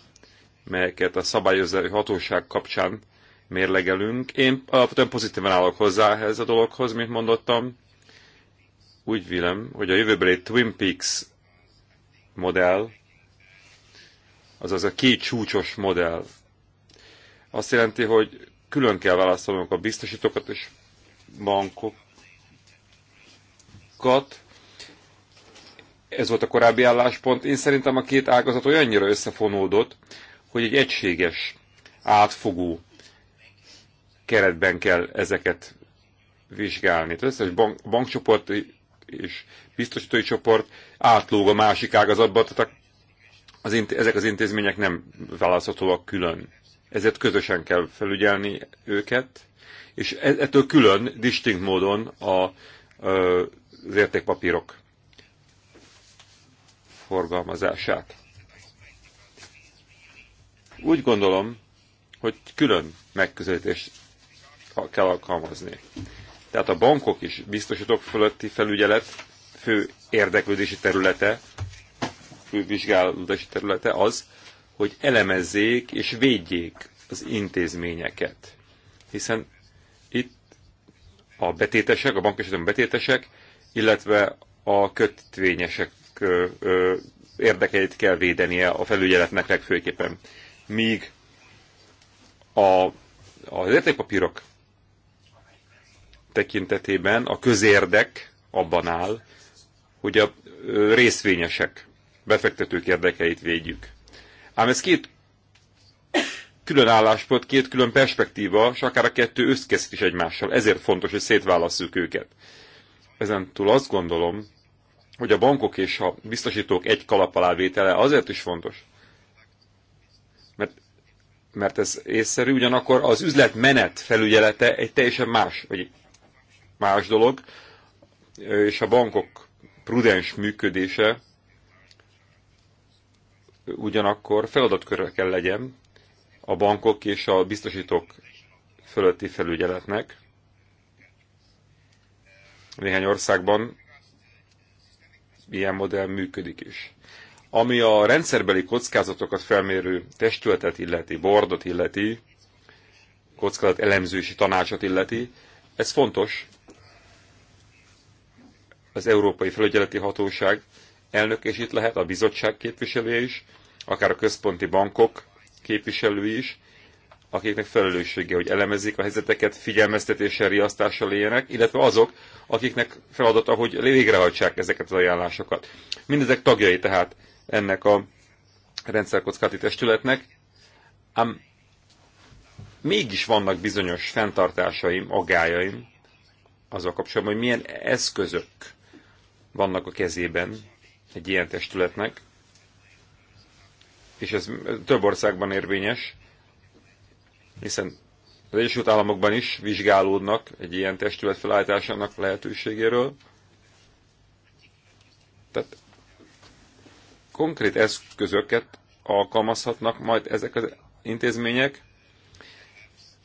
melyeket a szabályozói hatóság kapcsán mérlegelünk. Én alapvetően pozitívan állok hozzá ehhez a dologhoz, mint mondottam. Úgy vélem, hogy a jövőbeli Twin Peaks modell, azaz a két csúcsos modell, azt jelenti, hogy külön kell választanunk a biztosítókat és bankokat, ez volt a korábbi álláspont. Én szerintem a két ágazat olyannyira összefonódott, hogy egy egységes, átfogó keretben kell ezeket vizsgálni. Az összes bank, bankcsoport és biztosítói csoport átlóg a másik ágazatba, tehát az, ezek az intézmények nem választhatóak külön. Ezért közösen kell felügyelni őket, és e- ettől külön, distinkt módon a, az értékpapírok forgalmazását. Úgy gondolom, hogy külön megközelítést kell alkalmazni. Tehát a bankok is biztosítók fölötti felügyelet fő érdeklődési területe, fő vizsgálódási területe az, hogy elemezzék és védjék az intézményeket. Hiszen itt a betétesek, a bank esetben betétesek, illetve a kötvényesek érdekeit kell védenie a felügyeletnek legfőképpen. Míg a, az értékpapírok tekintetében a közérdek abban áll, hogy a részvényesek, befektetők érdekeit védjük. Ám ez két külön álláspont, két külön perspektíva, és akár a kettő összkezd is egymással. Ezért fontos, hogy szétválasszuk őket. Ezen túl azt gondolom, hogy a bankok és a biztosítók egy kalap alá vétele azért is fontos, mert, mert ez észszerű, ugyanakkor az menet felügyelete egy teljesen más, vagy más dolog, és a bankok prudens működése ugyanakkor feladatkörre kell legyen a bankok és a biztosítók fölötti felügyeletnek. Néhány országban ilyen modell működik is. Ami a rendszerbeli kockázatokat felmérő testületet illeti, bordot illeti, kockázat elemzősi tanácsot illeti, ez fontos. Az Európai Felügyeleti Hatóság elnök, és itt lehet a bizottság képviselője is, akár a központi bankok képviselői is, akiknek felelőssége, hogy elemezzék a helyzeteket, figyelmeztetéssel, riasztással éljenek, illetve azok, akiknek feladata, hogy végrehajtsák ezeket az ajánlásokat. Mindezek tagjai tehát ennek a rendszerkockáti testületnek, ám mégis vannak bizonyos fenntartásaim, aggájaim azzal kapcsolatban, hogy milyen eszközök vannak a kezében egy ilyen testületnek, és ez több országban érvényes, hiszen az Egyesült Államokban is vizsgálódnak egy ilyen testület felállításának lehetőségéről. Tehát konkrét eszközöket alkalmazhatnak majd ezek az intézmények,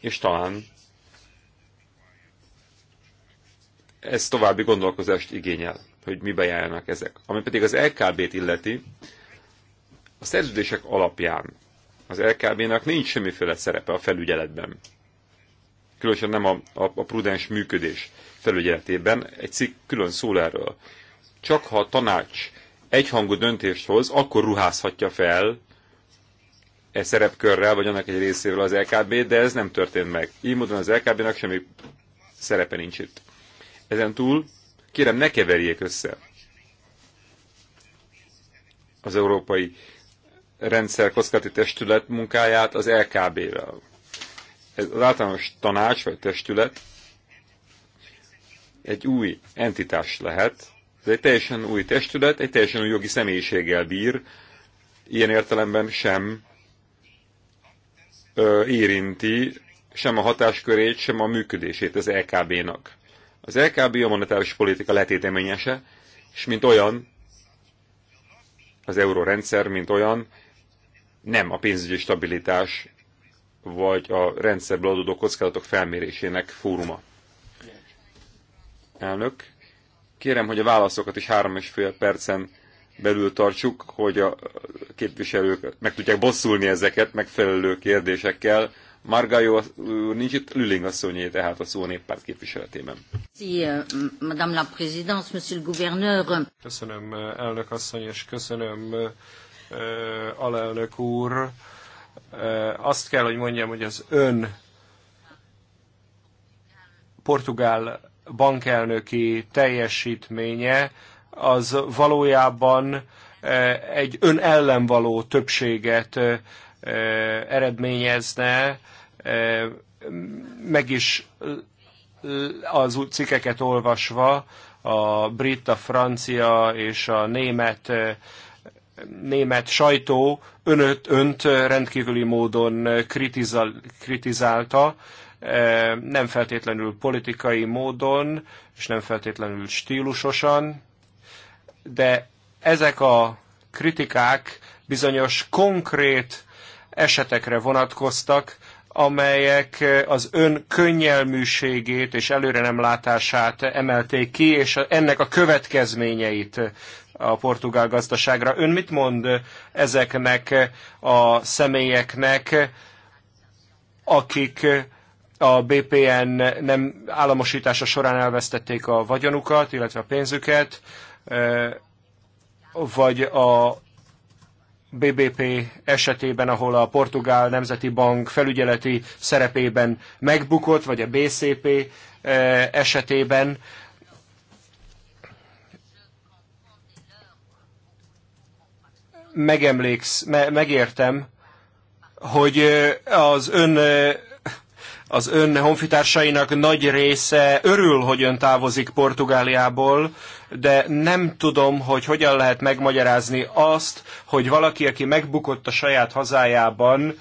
és talán ez további gondolkozást igényel, hogy mibe járnak ezek. Ami pedig az LKB-t illeti, a szerződések alapján az LKB-nak nincs semmiféle szerepe a felügyeletben. Különösen nem a, a, a prudens működés felügyeletében. Egy cikk külön szól erről. Csak ha a tanács egyhangú döntést hoz, akkor ruházhatja fel e szerepkörrel, vagy annak egy részével az LKB, de ez nem történt meg. Így módon az LKB-nak semmi szerepe nincs itt. Ezen túl, kérem, ne keverjék össze az európai rendszer kockázati testület munkáját az LKB-vel. Ez az általános tanács vagy testület egy új entitás lehet, ez egy teljesen új testület, egy teljesen új jogi személyiséggel bír, ilyen értelemben sem ö, érinti sem a hatáskörét, sem a működését az LKB-nak. Az LKB a monetáris politika letéteményese, és mint olyan, az eurórendszer, mint olyan, nem a pénzügyi stabilitás vagy a rendszerből adódó kockázatok felmérésének fóruma. Elnök, kérem, hogy a válaszokat is három és fél percen belül tartsuk, hogy a képviselők meg tudják bosszulni ezeket megfelelő kérdésekkel. Margajó úr nincs itt, Lüling asszonyé tehát a szó néppárt képviseletében. Euh, madame la Monsieur le Gouverneur. Köszönöm elnök asszony, és köszönöm alelnök úr, azt kell, hogy mondjam, hogy az ön portugál bankelnöki teljesítménye az valójában egy ön ellen való többséget eredményezne, meg is az új cikkeket olvasva a brit, a francia és a német német sajtó önöt, önt rendkívüli módon kritizál, kritizálta, e, nem feltétlenül politikai módon, és nem feltétlenül stílusosan, de ezek a kritikák bizonyos konkrét esetekre vonatkoztak, amelyek az ön könnyelműségét és előre nem látását emelték ki, és ennek a következményeit a portugál gazdaságra. Ön mit mond ezeknek a személyeknek, akik a BPN nem államosítása során elvesztették a vagyonukat, illetve a pénzüket, eh, vagy a BBP esetében, ahol a Portugál Nemzeti Bank felügyeleti szerepében megbukott, vagy a BCP eh, esetében megemléksz, me, megértem, hogy az ön az ön honfitársainak nagy része örül, hogy ön távozik Portugáliából, de nem tudom, hogy hogyan lehet megmagyarázni azt, hogy valaki, aki megbukott a saját hazájában,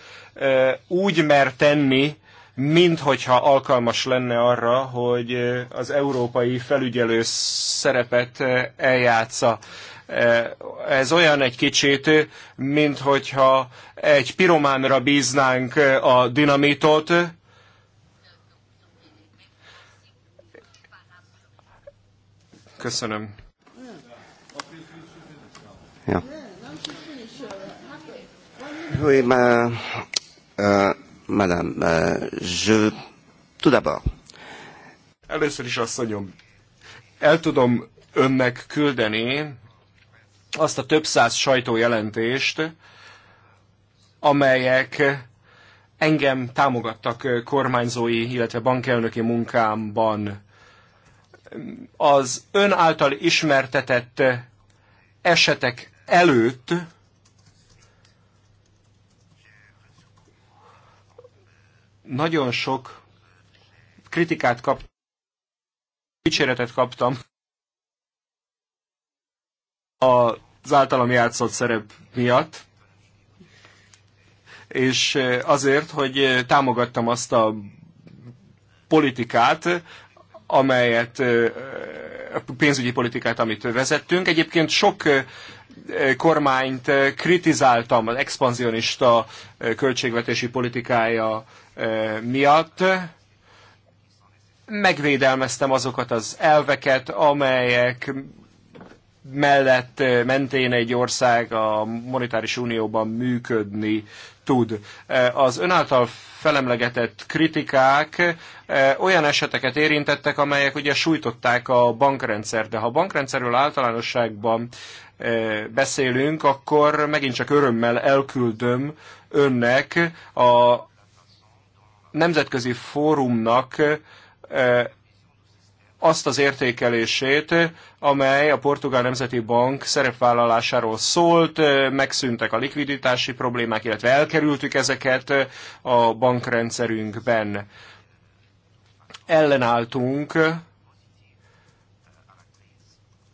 úgy mer tenni, mint hogyha alkalmas lenne arra, hogy az európai felügyelő szerepet eljátsza. Ez olyan egy kicsit, mint hogyha egy pirománra bíznánk a dinamitot, Köszönöm. Ja. ma, Madame, euh, je... Tout d'abord. Először is asszonyom, el tudom önnek küldeni azt a több száz sajtójelentést, amelyek engem támogattak kormányzói, illetve bankelnöki munkámban. Az ön által ismertetett esetek előtt nagyon sok kritikát kaptam, kicséretet kaptam az általam játszott szerep miatt, és azért, hogy támogattam azt a politikát, amelyet, a pénzügyi politikát, amit vezettünk. Egyébként sok kormányt kritizáltam az expanzionista költségvetési politikája miatt megvédelmeztem azokat az elveket, amelyek mellett mentén egy ország a monetáris unióban működni tud. Az önáltal felemlegetett kritikák olyan eseteket érintettek, amelyek ugye sújtották a bankrendszer, de ha a bankrendszerről általánosságban beszélünk, akkor megint csak örömmel elküldöm önnek a nemzetközi fórumnak azt az értékelését, amely a Portugál Nemzeti Bank szerepvállalásáról szólt, megszűntek a likviditási problémák, illetve elkerültük ezeket a bankrendszerünkben. Ellenálltunk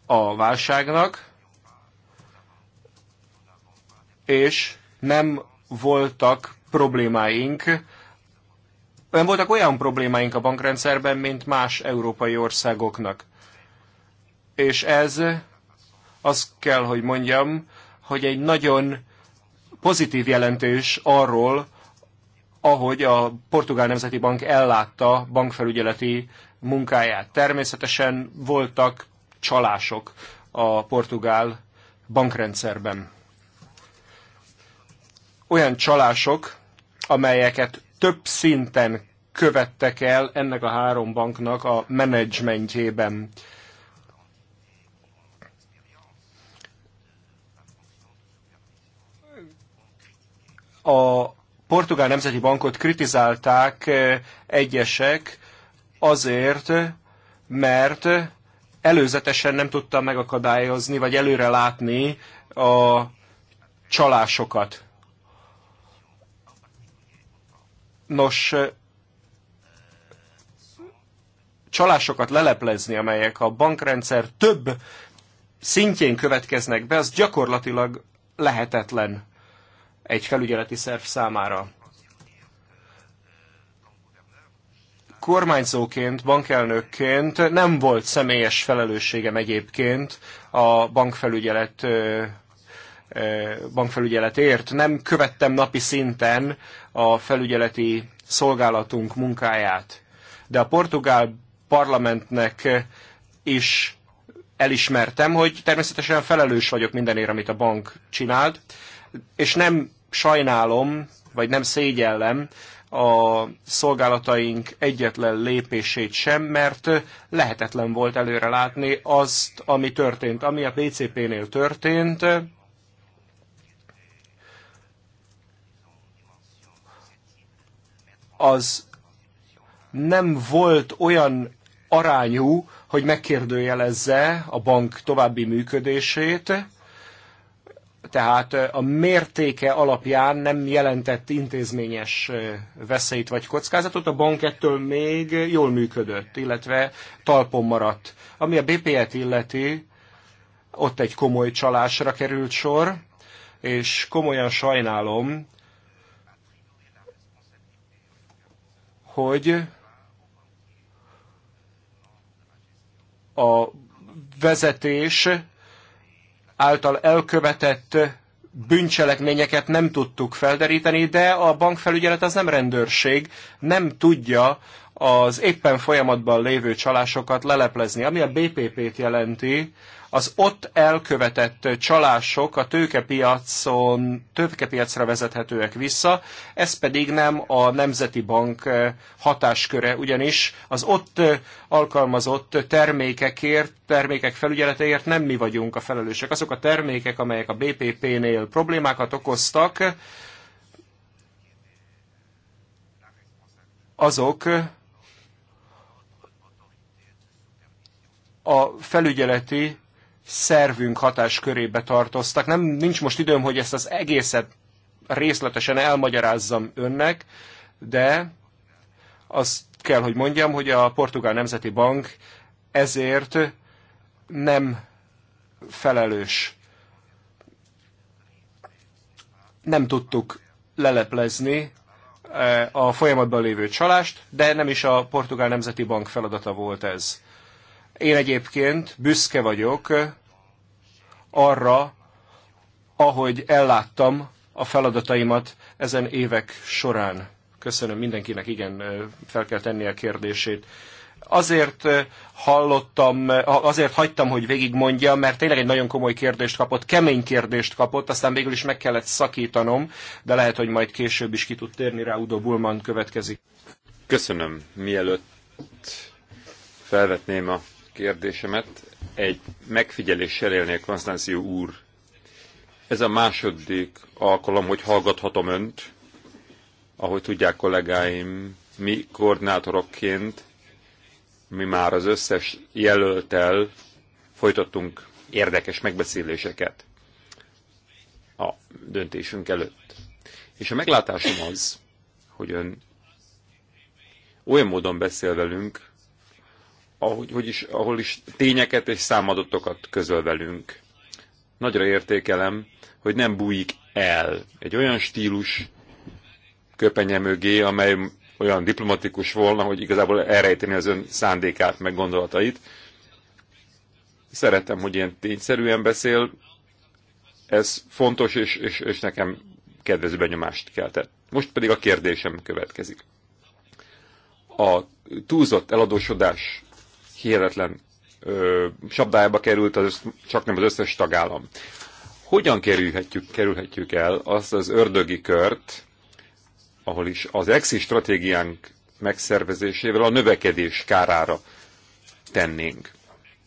a válságnak, és nem voltak problémáink olyan voltak olyan problémáink a bankrendszerben, mint más európai országoknak. És ez, azt kell, hogy mondjam, hogy egy nagyon pozitív jelentés arról, ahogy a Portugál Nemzeti Bank ellátta bankfelügyeleti munkáját. Természetesen voltak csalások a portugál bankrendszerben. Olyan csalások, amelyeket több szinten követtek el ennek a három banknak a menedzsmentjében. A Portugál Nemzeti Bankot kritizálták eh, egyesek azért, mert előzetesen nem tudta megakadályozni, vagy előre látni a csalásokat. Nos, csalásokat leleplezni, amelyek a bankrendszer több szintjén következnek be, az gyakorlatilag lehetetlen egy felügyeleti szerv számára. Kormányzóként, bankelnökként nem volt személyes felelősségem egyébként a bankfelügyelet bankfelügyeletért. Nem követtem napi szinten a felügyeleti szolgálatunk munkáját. De a portugál parlamentnek is elismertem, hogy természetesen felelős vagyok mindenért, amit a bank csinált, és nem sajnálom, vagy nem szégyellem a szolgálataink egyetlen lépését sem, mert lehetetlen volt előre látni azt, ami történt. Ami a PCP-nél történt, az nem volt olyan arányú, hogy megkérdőjelezze a bank további működését, tehát a mértéke alapján nem jelentett intézményes veszélyt vagy kockázatot, a bank ettől még jól működött, illetve talpon maradt. Ami a BPE-t illeti, ott egy komoly csalásra került sor, és komolyan sajnálom, hogy a vezetés által elkövetett bűncselekményeket nem tudtuk felderíteni, de a bankfelügyelet az nem rendőrség, nem tudja az éppen folyamatban lévő csalásokat leleplezni. Ami a BPP-t jelenti, az ott elkövetett csalások a tőkepiacon, tőkepiacra vezethetőek vissza, ez pedig nem a Nemzeti Bank eh, hatásköre, ugyanis az ott eh, alkalmazott termékekért, termékek felügyeleteért nem mi vagyunk a felelősek. Azok a termékek, amelyek a BPP-nél problémákat okoztak, azok eh, a felügyeleti szervünk hatáskörébe tartoztak. Nem, nincs most időm, hogy ezt az egészet részletesen elmagyarázzam önnek, de azt kell, hogy mondjam, hogy a Portugál Nemzeti Bank ezért nem felelős. Nem tudtuk leleplezni eh, a folyamatban lévő csalást, de nem is a Portugál Nemzeti Bank feladata volt ez. Én egyébként büszke vagyok arra, ahogy elláttam a feladataimat ezen évek során. Köszönöm mindenkinek, igen, fel kell tenni a kérdését. Azért hallottam, azért hagytam, hogy végigmondja, mert tényleg egy nagyon komoly kérdést kapott, kemény kérdést kapott, aztán végül is meg kellett szakítanom, de lehet, hogy majd később is ki tud térni rá, Udo Bullman következik. Köszönöm. Mielőtt felvetném a kérdésemet egy megfigyeléssel élnék, Konstanció úr. Ez a második alkalom, hogy hallgathatom önt. Ahogy tudják kollégáim, mi koordinátorokként, mi már az összes jelöltel folytattunk érdekes megbeszéléseket a döntésünk előtt. És a meglátásom az, hogy ön olyan módon beszél velünk, ahogy, hogy is, ahol is tényeket és számadatokat közöl velünk. Nagyra értékelem, hogy nem bújik el egy olyan stílus köpenye mögé, amely olyan diplomatikus volna, hogy igazából elrejteni az ön szándékát, meg gondolatait. Szeretem, hogy ilyen tényszerűen beszél, ez fontos, és, és, és nekem kedvező benyomást keltett. Most pedig a kérdésem következik. A túlzott eladósodás hihetetlen ö, csapdájába került az, csak nem az összes tagállam. Hogyan kerülhetjük, kerülhetjük el azt az ördögi kört, ahol is az exi stratégiánk megszervezésével a növekedés kárára tennénk?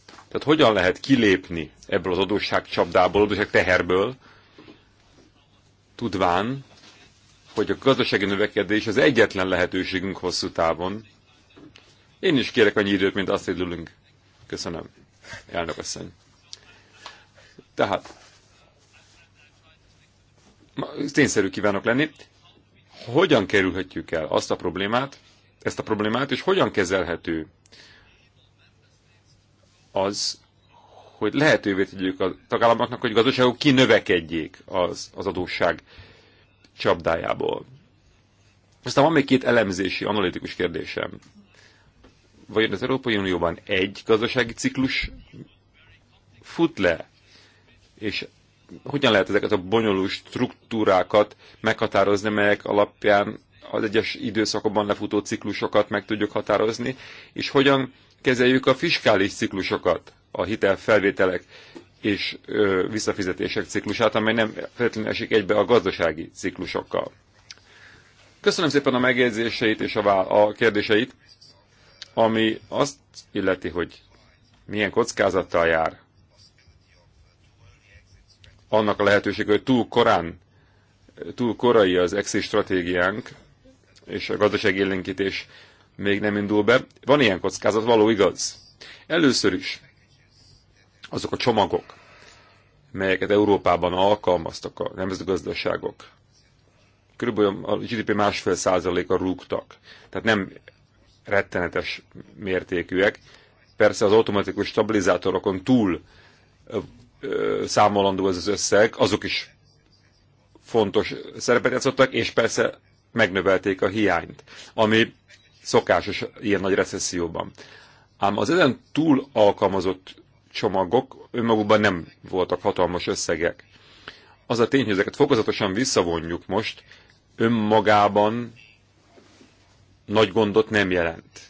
Tehát hogyan lehet kilépni ebből az adósság csapdából, adósság teherből, tudván, hogy a gazdasági növekedés az egyetlen lehetőségünk hosszú távon, én is kérek annyi időt, mint azt időlünk. Köszönöm, elnök asszony. Tehát, tényszerű kívánok lenni. Hogyan kerülhetjük el azt a problémát, ezt a problémát, és hogyan kezelhető az, hogy lehetővé tegyük a tagállamoknak, hogy gazdaságok kinövekedjék az, az adósság csapdájából. Aztán van még két elemzési, analitikus kérdésem vajon az Európai Unióban egy gazdasági ciklus fut le? És hogyan lehet ezeket a bonyolult struktúrákat meghatározni, melyek alapján az egyes időszakokban lefutó ciklusokat meg tudjuk határozni, és hogyan kezeljük a fiskális ciklusokat, a hitelfelvételek és ö, visszafizetések ciklusát, amely nem feltétlenül esik egybe a gazdasági ciklusokkal. Köszönöm szépen a megjegyzéseit és a, a kérdéseit. Ami azt illeti, hogy milyen kockázattal jár annak a lehetőség, hogy túl korán, túl korai az exit stratégiánk, és a gazdasági élénkítés még nem indul be. Van ilyen kockázat, való igaz. Először is azok a csomagok, melyeket Európában alkalmaztak a nemzetgazdaságok, körülbelül a GDP másfél százaléka rúgtak. Tehát nem rettenetes mértékűek. Persze az automatikus stabilizátorokon túl számolandó ez az összeg, azok is fontos szerepet játszottak, és persze megnövelték a hiányt, ami szokásos ilyen nagy recesszióban. Ám az ezen túl alkalmazott csomagok önmagukban nem voltak hatalmas összegek. Az a tény, hogy ezeket fokozatosan visszavonjuk most, önmagában nagy gondot nem jelent.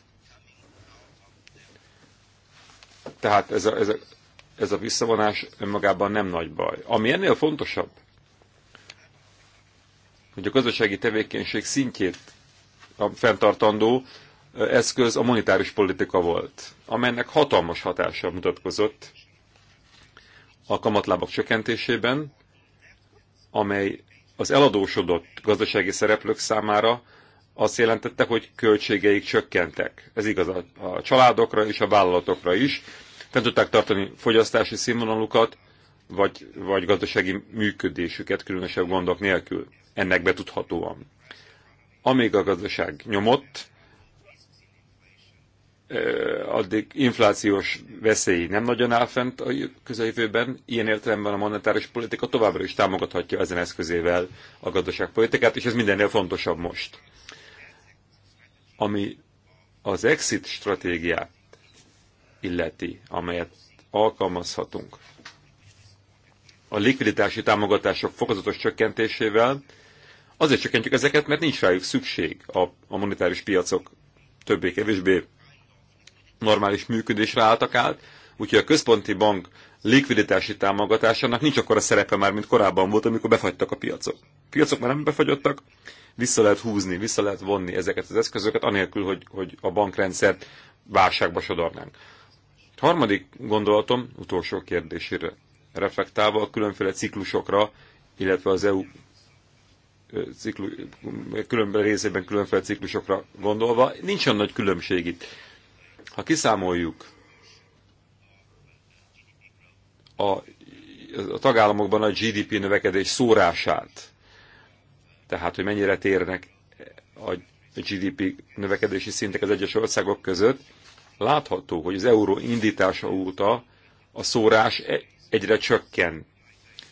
Tehát ez a, ez a, ez a visszavonás önmagában nem nagy baj. Ami ennél fontosabb, hogy a gazdasági tevékenység szintjét a fenntartandó eszköz a monetáris politika volt, amelynek hatalmas hatása mutatkozott a kamatlábak csökkentésében, amely az eladósodott gazdasági szereplők számára azt jelentette, hogy költségeik csökkentek. Ez igaz a, családokra és a vállalatokra is. Fent tudták tartani fogyasztási színvonalukat, vagy, vagy gazdasági működésüket különösebb gondok nélkül. Ennek betudhatóan. Amíg a gazdaság nyomott, addig inflációs veszély nem nagyon áll fent a közeljövőben. Ilyen értelemben a monetáris politika továbbra is támogathatja ezen eszközével a gazdaságpolitikát, és ez mindennél fontosabb most. Ami az exit stratégiát illeti, amelyet alkalmazhatunk a likviditási támogatások fokozatos csökkentésével, azért csökkentjük ezeket, mert nincs rájuk szükség a, a monetáris piacok többé-kevésbé normális működésre álltak át, úgyhogy a központi bank likviditási támogatásának nincs akkora szerepe már, mint korábban volt, amikor befagytak a piacok. A piacok már nem befagyottak, vissza lehet húzni, vissza lehet vonni ezeket az eszközöket, anélkül, hogy, hogy a bankrendszert válságba sodornánk. Harmadik gondolatom, utolsó kérdésére reflektálva a különféle ciklusokra, illetve az EU ciklu, különböző részében különféle ciklusokra gondolva, nincs olyan nagy különbség itt. Ha kiszámoljuk a, a tagállamokban a GDP növekedés szórását, tehát hogy mennyire térnek a GDP növekedési szintek az egyes országok között, látható, hogy az euró indítása óta a szórás e- egyre csökken.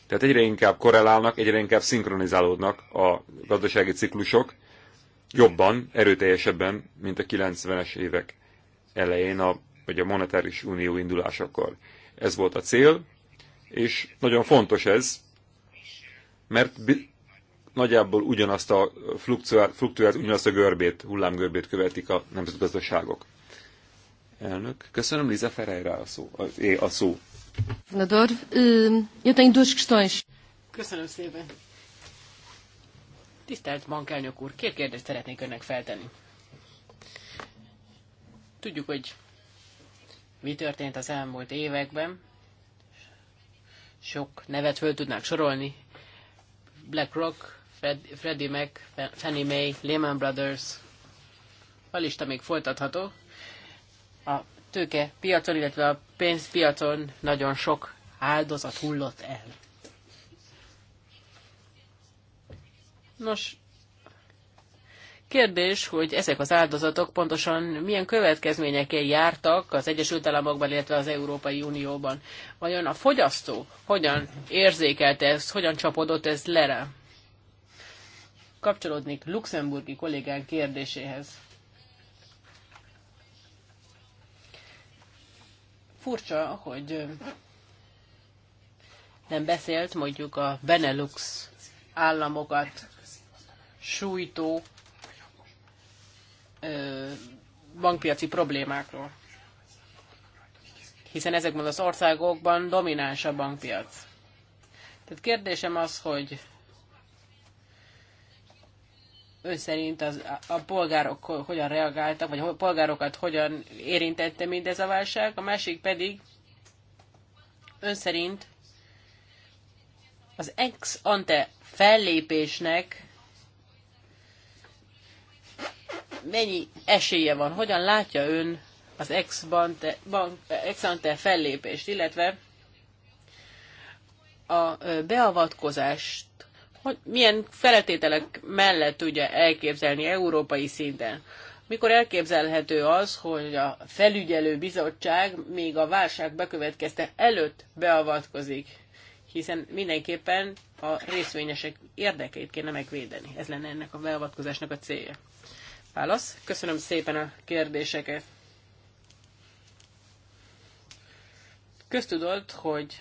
Tehát egyre inkább korrelálnak, egyre inkább szinkronizálódnak a gazdasági ciklusok, jobban, erőteljesebben, mint a 90-es évek elején, a, vagy a monetáris unió indulásakor. Ez volt a cél, és nagyon fontos ez, mert nagyjából ugyanazt a fluktuált, ugyanazt a görbét, hullámgörbét követik a nemzetgazdaságok. Elnök, köszönöm Liza Ferreira a szó. A, a szó. Nador, eu tenho duas questões. Köszönöm szépen. Tisztelt bankelnök úr, két kérdést szeretnék önnek feltenni. Tudjuk, hogy mi történt az elmúlt években. Sok nevet föl tudnák sorolni. BlackRock, Fred, Freddie Mac, Fannie Mae, Lehman Brothers, a lista még folytatható. A tőke piacon, illetve a pénzpiacon nagyon sok áldozat hullott el. Nos, kérdés, hogy ezek az áldozatok pontosan milyen következményekkel jártak az Egyesült Államokban, illetve az Európai Unióban. Vajon a fogyasztó hogyan érzékelte ezt, hogyan csapodott ez le rá? kapcsolódnék luxemburgi kollégán kérdéséhez. Furcsa, hogy nem beszélt mondjuk a Benelux államokat sújtó bankpiaci problémákról. Hiszen ezekben az országokban domináns a bankpiac. Tehát kérdésem az, hogy ön szerint az, a polgárok hogyan reagáltak, vagy a polgárokat hogyan érintette mindez a válság, a másik pedig ön szerint az ex ante fellépésnek mennyi esélye van, hogyan látja ön az ex, bante, bank, ex ante fellépést, illetve a beavatkozást hogy milyen feltételek mellett tudja elképzelni európai szinten. Mikor elképzelhető az, hogy a felügyelő bizottság még a válság bekövetkezte előtt beavatkozik, hiszen mindenképpen a részvényesek érdekeit kéne megvédeni. Ez lenne ennek a beavatkozásnak a célja. Válasz. Köszönöm szépen a kérdéseket. Köztudott, hogy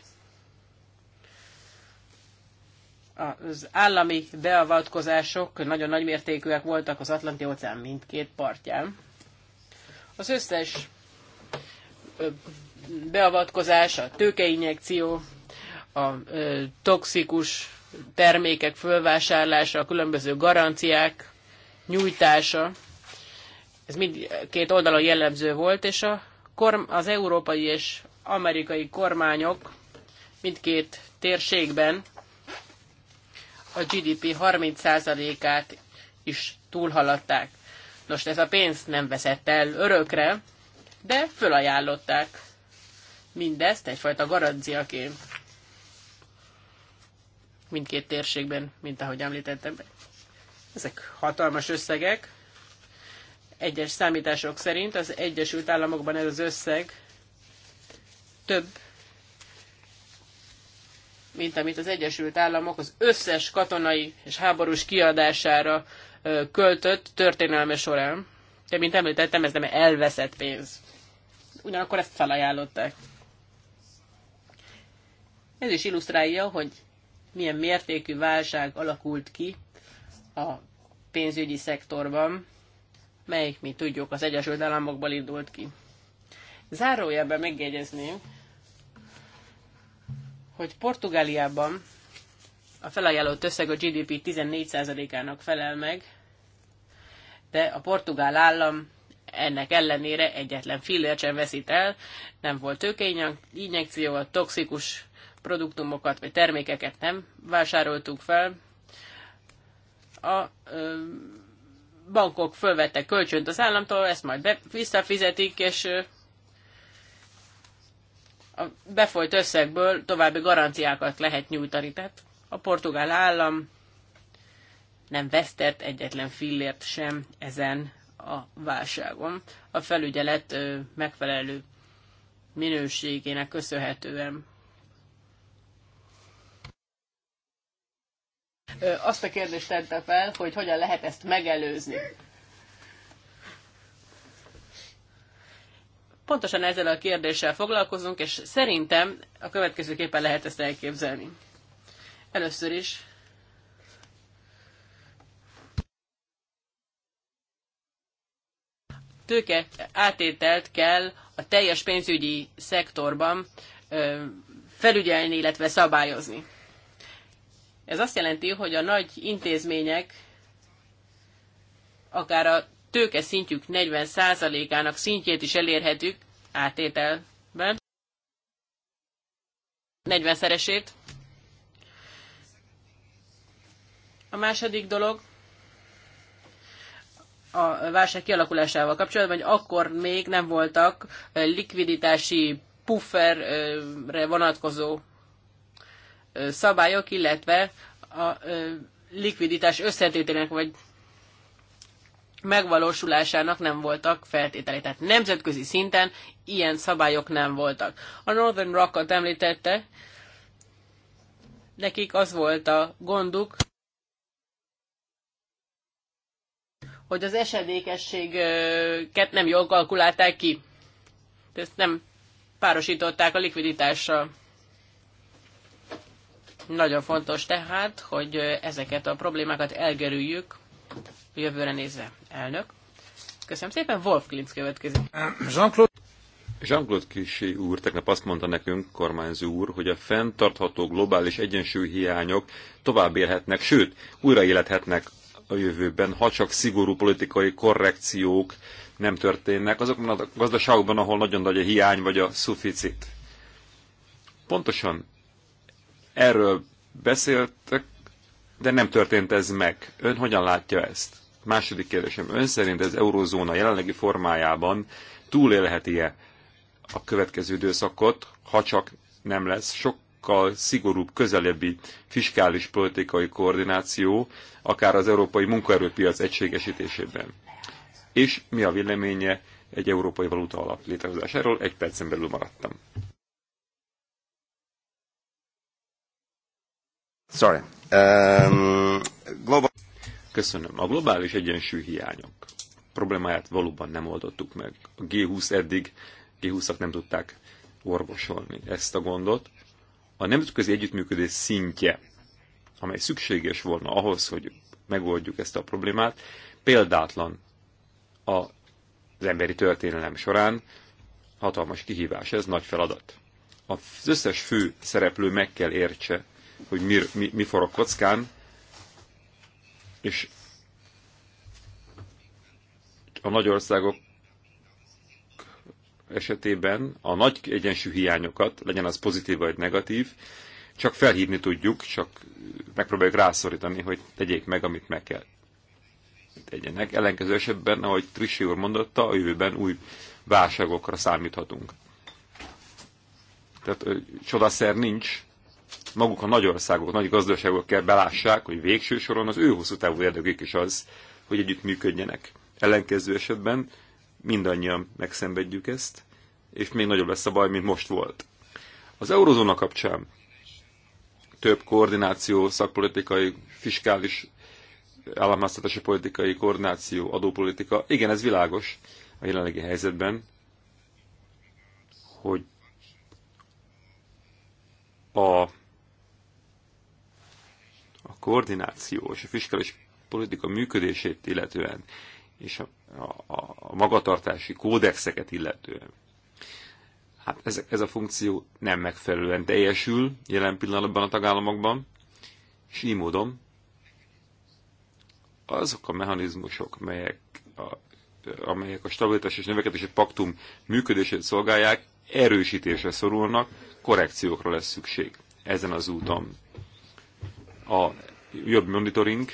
az állami beavatkozások nagyon nagy mértékűek voltak az Atlanti óceán mindkét partján. Az összes beavatkozás, a tőkeinjekció, a toxikus termékek fölvásárlása, a különböző garanciák nyújtása, ez mindkét oldalon jellemző volt, és a korm, az európai és amerikai kormányok mindkét térségben a GDP 30%-át is túlhaladták. Nos, ez a pénz nem veszett el örökre, de fölajánlották mindezt egyfajta garanciaként mindkét térségben, mint ahogy említettem. Ezek hatalmas összegek. Egyes számítások szerint az Egyesült Államokban ez az összeg több mint amit az Egyesült Államok az összes katonai és háborús kiadására költött történelme során. De, mint említettem, ez nem elveszett pénz. Ugyanakkor ezt felajánlották. Ez is illusztrálja, hogy milyen mértékű válság alakult ki a pénzügyi szektorban, melyik, mi tudjuk, az Egyesült Államokból indult ki. Zárójelben megjegyezném, hogy Portugáliában a felajánlott összeg a GDP 14%-ának felel meg, de a portugál állam ennek ellenére egyetlen fillért sem veszít el, nem volt tőkeinjekció, a toxikus produktumokat vagy termékeket nem vásároltuk fel. A ö, bankok fölvettek kölcsönt az államtól, ezt majd be, visszafizetik, és ö, a befolyt összegből további garanciákat lehet nyújtani. Tehát a portugál állam nem vesztett egyetlen fillért sem ezen a válságon. A felügyelet megfelelő minőségének köszönhetően. Azt a kérdést tette fel, hogy hogyan lehet ezt megelőzni. Pontosan ezzel a kérdéssel foglalkozunk, és szerintem a következőképpen lehet ezt elképzelni. Először is tőke átételt kell a teljes pénzügyi szektorban felügyelni, illetve szabályozni. Ez azt jelenti, hogy a nagy intézmények, akár a tőke szintjük 40%-ának szintjét is elérhetjük átételben. 40-szeresét. A második dolog a válság kialakulásával kapcsolatban, hogy akkor még nem voltak likviditási pufferre vonatkozó szabályok, illetve a likviditás összetételének vagy megvalósulásának nem voltak feltételei. Tehát nemzetközi szinten ilyen szabályok nem voltak. A Northern Rock-ot említette, nekik az volt a gonduk, hogy az esedékességet nem jól kalkulálták ki. Ezt nem párosították a likviditással. Nagyon fontos tehát, hogy ezeket a problémákat elgerüljük jövőre nézve. Elnök. Köszönöm szépen, Wolf Klintz következik. Jean-Claude Jean-Claude Kissé úr tegnap azt mondta nekünk, kormányzó úr, hogy a fenntartható globális hiányok tovább élhetnek, sőt, újraélethetnek a jövőben, ha csak szigorú politikai korrekciók nem történnek azokban a gazdaságokban, ahol nagyon nagy a hiány vagy a szuficit. Pontosan erről beszéltek, de nem történt ez meg. Ön hogyan látja ezt? Második kérdésem, ön szerint ez eurozóna jelenlegi formájában túlélheti-e a következő időszakot, ha csak nem lesz sokkal szigorúbb, közelebbi fiskális politikai koordináció, akár az európai munkaerőpiac egységesítésében? És mi a véleménye egy európai valuta alap létrehozásáról? Egy percen belül maradtam. Sorry. Um, global... Köszönöm. A globális egyensúly hiányok problémáját valóban nem oldottuk meg. A G20 eddig, G20-ak nem tudták orvosolni ezt a gondot. A nemzetközi együttműködés szintje, amely szükséges volna ahhoz, hogy megoldjuk ezt a problémát, példátlan az emberi történelem során hatalmas kihívás, ez nagy feladat. Az összes fő szereplő meg kell értse, hogy mi, mi, mi forog kockán, és a nagy országok esetében a nagy egyensúly hiányokat, legyen az pozitív vagy negatív, csak felhívni tudjuk, csak megpróbáljuk rászorítani, hogy tegyék meg, amit meg kell tegyenek. Ellenkező esetben, ahogy Trissi úr mondotta, a jövőben új válságokra számíthatunk. Tehát csodaszer nincs, maguk a nagy országok, nagy gazdaságok kell belássák, hogy végső soron az ő hosszú távú érdekük is az, hogy együtt működjenek. Ellenkező esetben mindannyian megszenvedjük ezt, és még nagyobb lesz a baj, mint most volt. Az eurozóna kapcsán több koordináció, szakpolitikai, fiskális, államháztatási politikai koordináció, adópolitika. Igen, ez világos a jelenlegi helyzetben, hogy a koordináció és a fiskális politika működését illetően, és a, a, a magatartási kódexeket illetően. Hát ez, ez a funkció nem megfelelően teljesül jelen pillanatban a tagállamokban, és így módon azok a mechanizmusok, melyek a, amelyek a stabilitás és növekedési paktum működését szolgálják, erősítésre szorulnak, korrekciókra lesz szükség ezen az úton. A jobb monitoring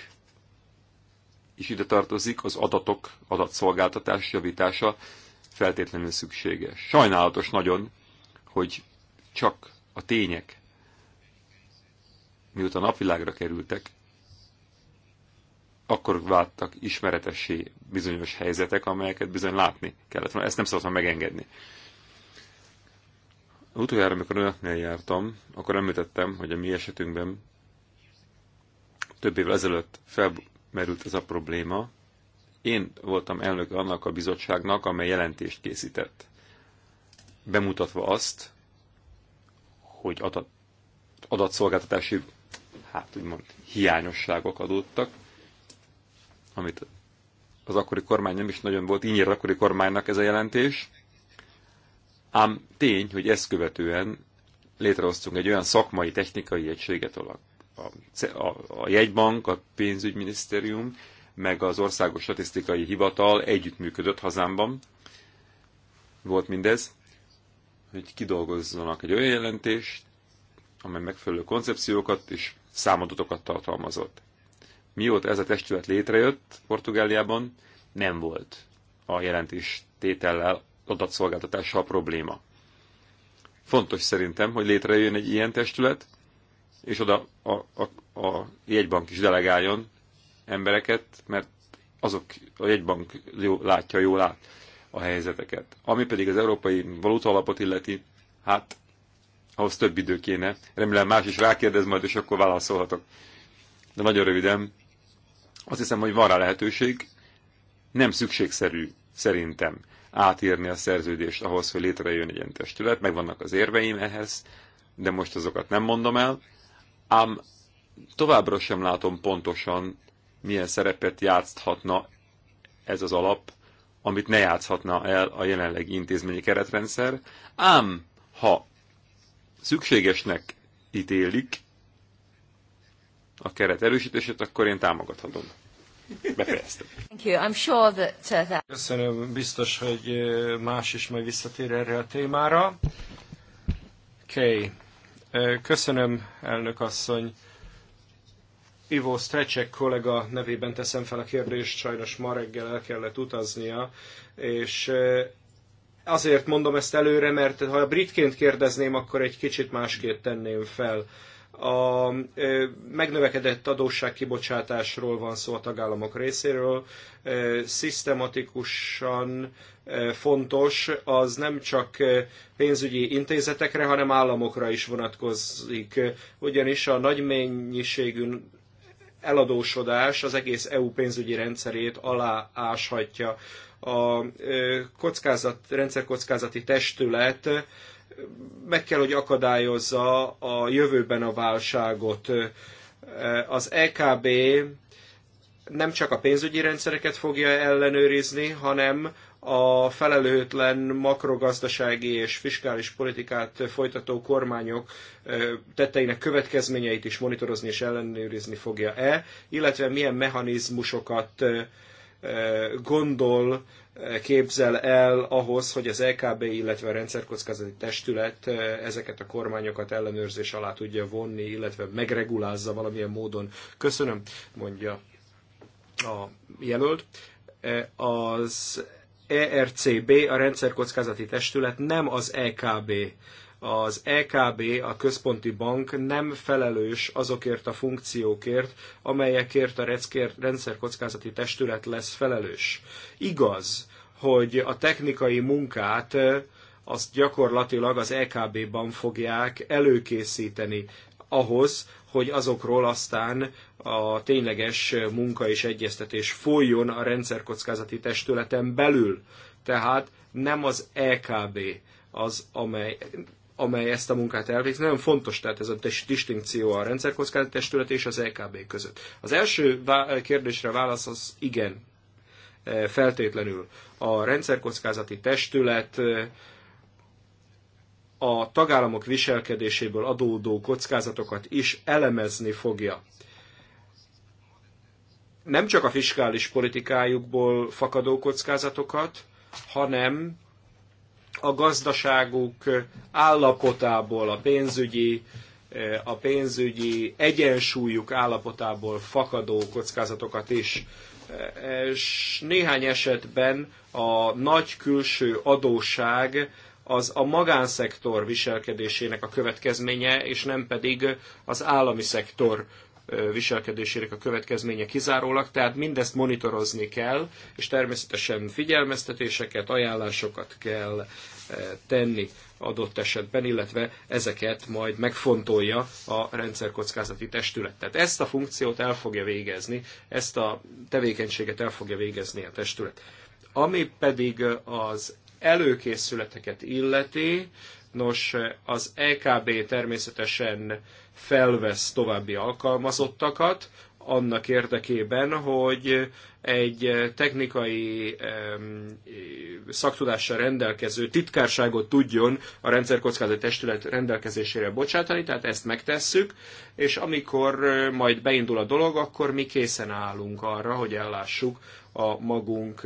is ide tartozik, az adatok, adatszolgáltatás javítása feltétlenül szükséges. Sajnálatos nagyon, hogy csak a tények, miután napvilágra kerültek, akkor váltak ismeretessé bizonyos helyzetek, amelyeket bizony látni kellett volna. Ezt nem szabad megengedni. Utoljára, amikor önöknél jártam, akkor említettem, hogy a mi esetünkben több évvel ezelőtt felmerült ez a probléma. Én voltam elnök annak a bizottságnak, amely jelentést készített, bemutatva azt, hogy adat, adatszolgáltatási, hát úgymond hiányosságok adódtak, amit az akkori kormány nem is nagyon volt, így az akkori kormánynak ez a jelentés. Ám tény, hogy ezt követően létrehoztunk egy olyan szakmai, technikai egységet, ahol a a, a jegybank, a pénzügyminisztérium, meg az Országos Statisztikai Hivatal együttműködött hazámban. Volt mindez, hogy kidolgozzanak egy olyan jelentést, amely megfelelő koncepciókat és számadatokat tartalmazott. Mióta ez a testület létrejött Portugáliában, nem volt a jelentés tétellel, adatszolgáltatással probléma. Fontos szerintem, hogy létrejön egy ilyen testület, és oda a, a, a jegybank is delegáljon embereket, mert azok a jegybank jó, látja jól át a helyzeteket. Ami pedig az európai alapot illeti, hát ahhoz több idő kéne. Remélem más is rákérdez majd, és akkor válaszolhatok. De nagyon röviden, azt hiszem, hogy van rá lehetőség, nem szükségszerű szerintem átírni a szerződést ahhoz, hogy létrejön egy ilyen testület, meg vannak az érveim ehhez, de most azokat nem mondom el ám továbbra sem látom pontosan, milyen szerepet játszhatna ez az alap, amit ne játszhatna el a jelenlegi intézményi keretrendszer, ám ha szükségesnek ítélik a keret erősítését, akkor én támogathatom. Befejeztem. Thank you. I'm sure that, uh, Köszönöm, biztos, hogy uh, más is majd visszatér erre a témára. Okay. Köszönöm, elnök asszony. Ivo Strecek kollega nevében teszem fel a kérdést, sajnos ma reggel el kellett utaznia, és eh, azért mondom ezt előre, mert ha a britként kérdezném, akkor egy kicsit másképp tenném fel. A eh, megnövekedett adósságkibocsátásról van szó a tagállamok részéről, eh, szisztematikusan fontos, az nem csak pénzügyi intézetekre, hanem államokra is vonatkozik. Ugyanis a nagy mennyiségű eladósodás az egész EU pénzügyi rendszerét alááshatja. A kockázat, rendszerkockázati testület meg kell, hogy akadályozza a jövőben a válságot. Az EKB nem csak a pénzügyi rendszereket fogja ellenőrizni, hanem a felelőtlen makrogazdasági és fiskális politikát folytató kormányok tetteinek következményeit is monitorozni és ellenőrizni fogja-e, illetve milyen mechanizmusokat gondol, képzel el ahhoz, hogy az LKB, e illetve a rendszerkockázati testület ezeket a kormányokat ellenőrzés alá tudja vonni, illetve megregulázza valamilyen módon. Köszönöm, mondja a jelölt. Az ERCB, a rendszerkockázati testület, nem az EKB. Az EKB, a központi bank nem felelős azokért a funkciókért, amelyekért a rendszerkockázati testület lesz felelős. Igaz, hogy a technikai munkát azt gyakorlatilag az EKB-ban fogják előkészíteni ahhoz, hogy azokról aztán a tényleges munka és egyeztetés folyjon a rendszerkockázati testületen belül. Tehát nem az EKB az, amely amely ezt a munkát elvégzi. Nagyon fontos tehát ez a distinkció a rendszerkockázati testület és az EKB között. Az első kérdésre válasz az igen, e, feltétlenül. A rendszerkockázati testület e, a tagállamok viselkedéséből adódó kockázatokat is elemezni fogja. Nem csak a fiskális politikájukból fakadó kockázatokat, hanem a gazdaságuk állapotából, a pénzügyi, a pénzügyi egyensúlyuk állapotából fakadó kockázatokat is. És néhány esetben a nagy külső adóság az a magánszektor viselkedésének a következménye, és nem pedig az állami szektor viselkedésének a következménye kizárólag, tehát mindezt monitorozni kell, és természetesen figyelmeztetéseket, ajánlásokat kell tenni adott esetben, illetve ezeket majd megfontolja a rendszerkockázati testület. Tehát ezt a funkciót el fogja végezni, ezt a tevékenységet el fogja végezni a testület. Ami pedig az előkészületeket illeti, nos, az EKB természetesen felvesz további alkalmazottakat, annak érdekében, hogy egy technikai szaktudással rendelkező titkárságot tudjon a rendszerkockázat testület rendelkezésére bocsátani, tehát ezt megtesszük, és amikor majd beindul a dolog, akkor mi készen állunk arra, hogy ellássuk a magunk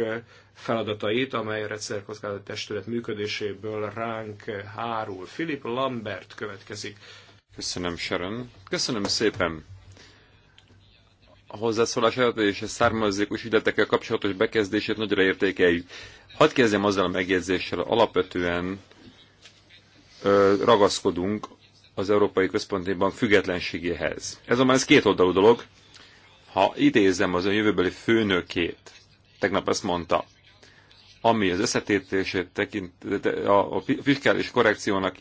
feladatait, amely a rendszerkockázati testület működéséből ránk hárul. Philip Lambert következik. Köszönöm, Sharon. Köszönöm szépen. A hozzászólás és a származékos ügyletekkel kapcsolatos bekezdését nagyra értékeljük. Hadd kezdjem azzal a megjegyzéssel, alapvetően ö, ragaszkodunk az Európai Központi Bank függetlenségéhez. Ez a ez két oldalú dolog. Ha idézem az a jövőbeli főnökét, tegnap ezt mondta, ami az összetétését tekint, a, a fiskális korrekciónak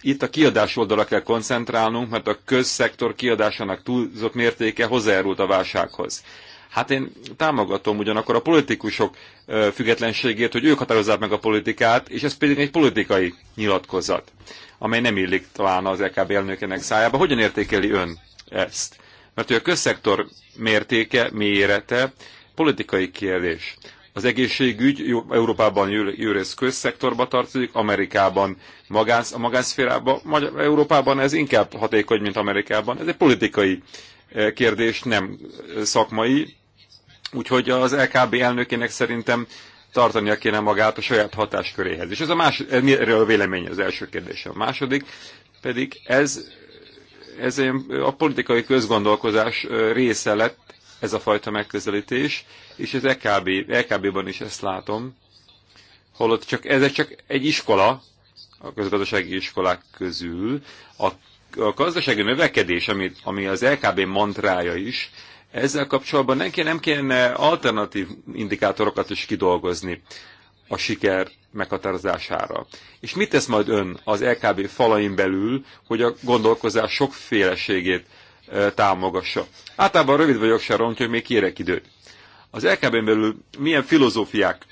itt a kiadás oldalra kell koncentrálnunk, mert a közszektor kiadásának túlzott mértéke hozzájárult a válsághoz. Hát én támogatom ugyanakkor a politikusok függetlenségét, hogy ők határozzák meg a politikát, és ez pedig egy politikai nyilatkozat, amely nem illik talán az LKB e elnökének szájába. Hogyan értékeli ön ezt? Mert hogy a közszektor mértéke, mérete politikai kérdés. Az egészségügy Európában rész közszektorba tartozik, Amerikában magánsz, a magánszférában, Európában ez inkább hatékony, mint Amerikában. Ez egy politikai eh, kérdés, nem eh, szakmai, úgyhogy az LKB elnökének szerintem tartania kéne magát a saját hatásköréhez. És ez a második, eh, vélemény az első kérdés. A második pedig ez, ez a politikai közgondolkozás része lett ez a fajta megközelítés, és az LKB-ban e e LKB is ezt látom, holott csak, ez csak egy iskola, a közgazdasági iskolák közül, a, a gazdasági növekedés, ami, ami az LKB e mantrája is, ezzel kapcsolatban nem kéne, nem kéne alternatív indikátorokat is kidolgozni a siker meghatározására. És mit tesz majd ön az LKB falain belül, hogy a gondolkozás sokféleségét támogassa. Általában rövid vagyok, rontja, hogy még kérek időt. Az lkb belül milyen filozófiák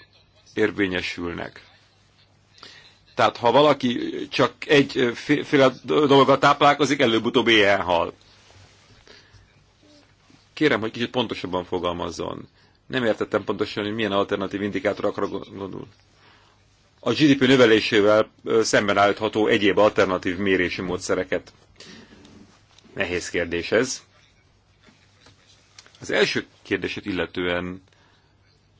érvényesülnek? Tehát ha valaki csak egy féle dologgal táplálkozik, előbb-utóbb éhen hal. Kérem, hogy kicsit pontosabban fogalmazzon. Nem értettem pontosan, hogy milyen alternatív indikátorokra gondol. A GDP növelésével szemben állítható egyéb alternatív mérési módszereket Nehéz kérdés ez. Az első kérdését illetően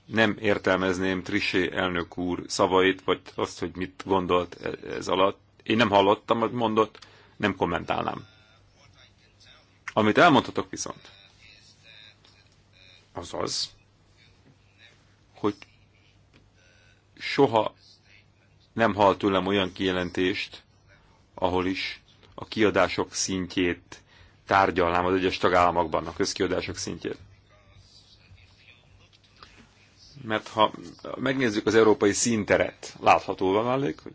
nem értelmezném Trisé elnök úr szavait, vagy azt, hogy mit gondolt ez alatt. Én nem hallottam, hogy mondott, nem kommentálnám. Amit elmondhatok viszont, az az, hogy soha nem hall tőlem olyan kijelentést, ahol is a kiadások szintjét tárgyalnám az egyes tagállamokban, a közkiadások szintjét. Mert ha megnézzük az európai színteret, láthatóvá válik, hogy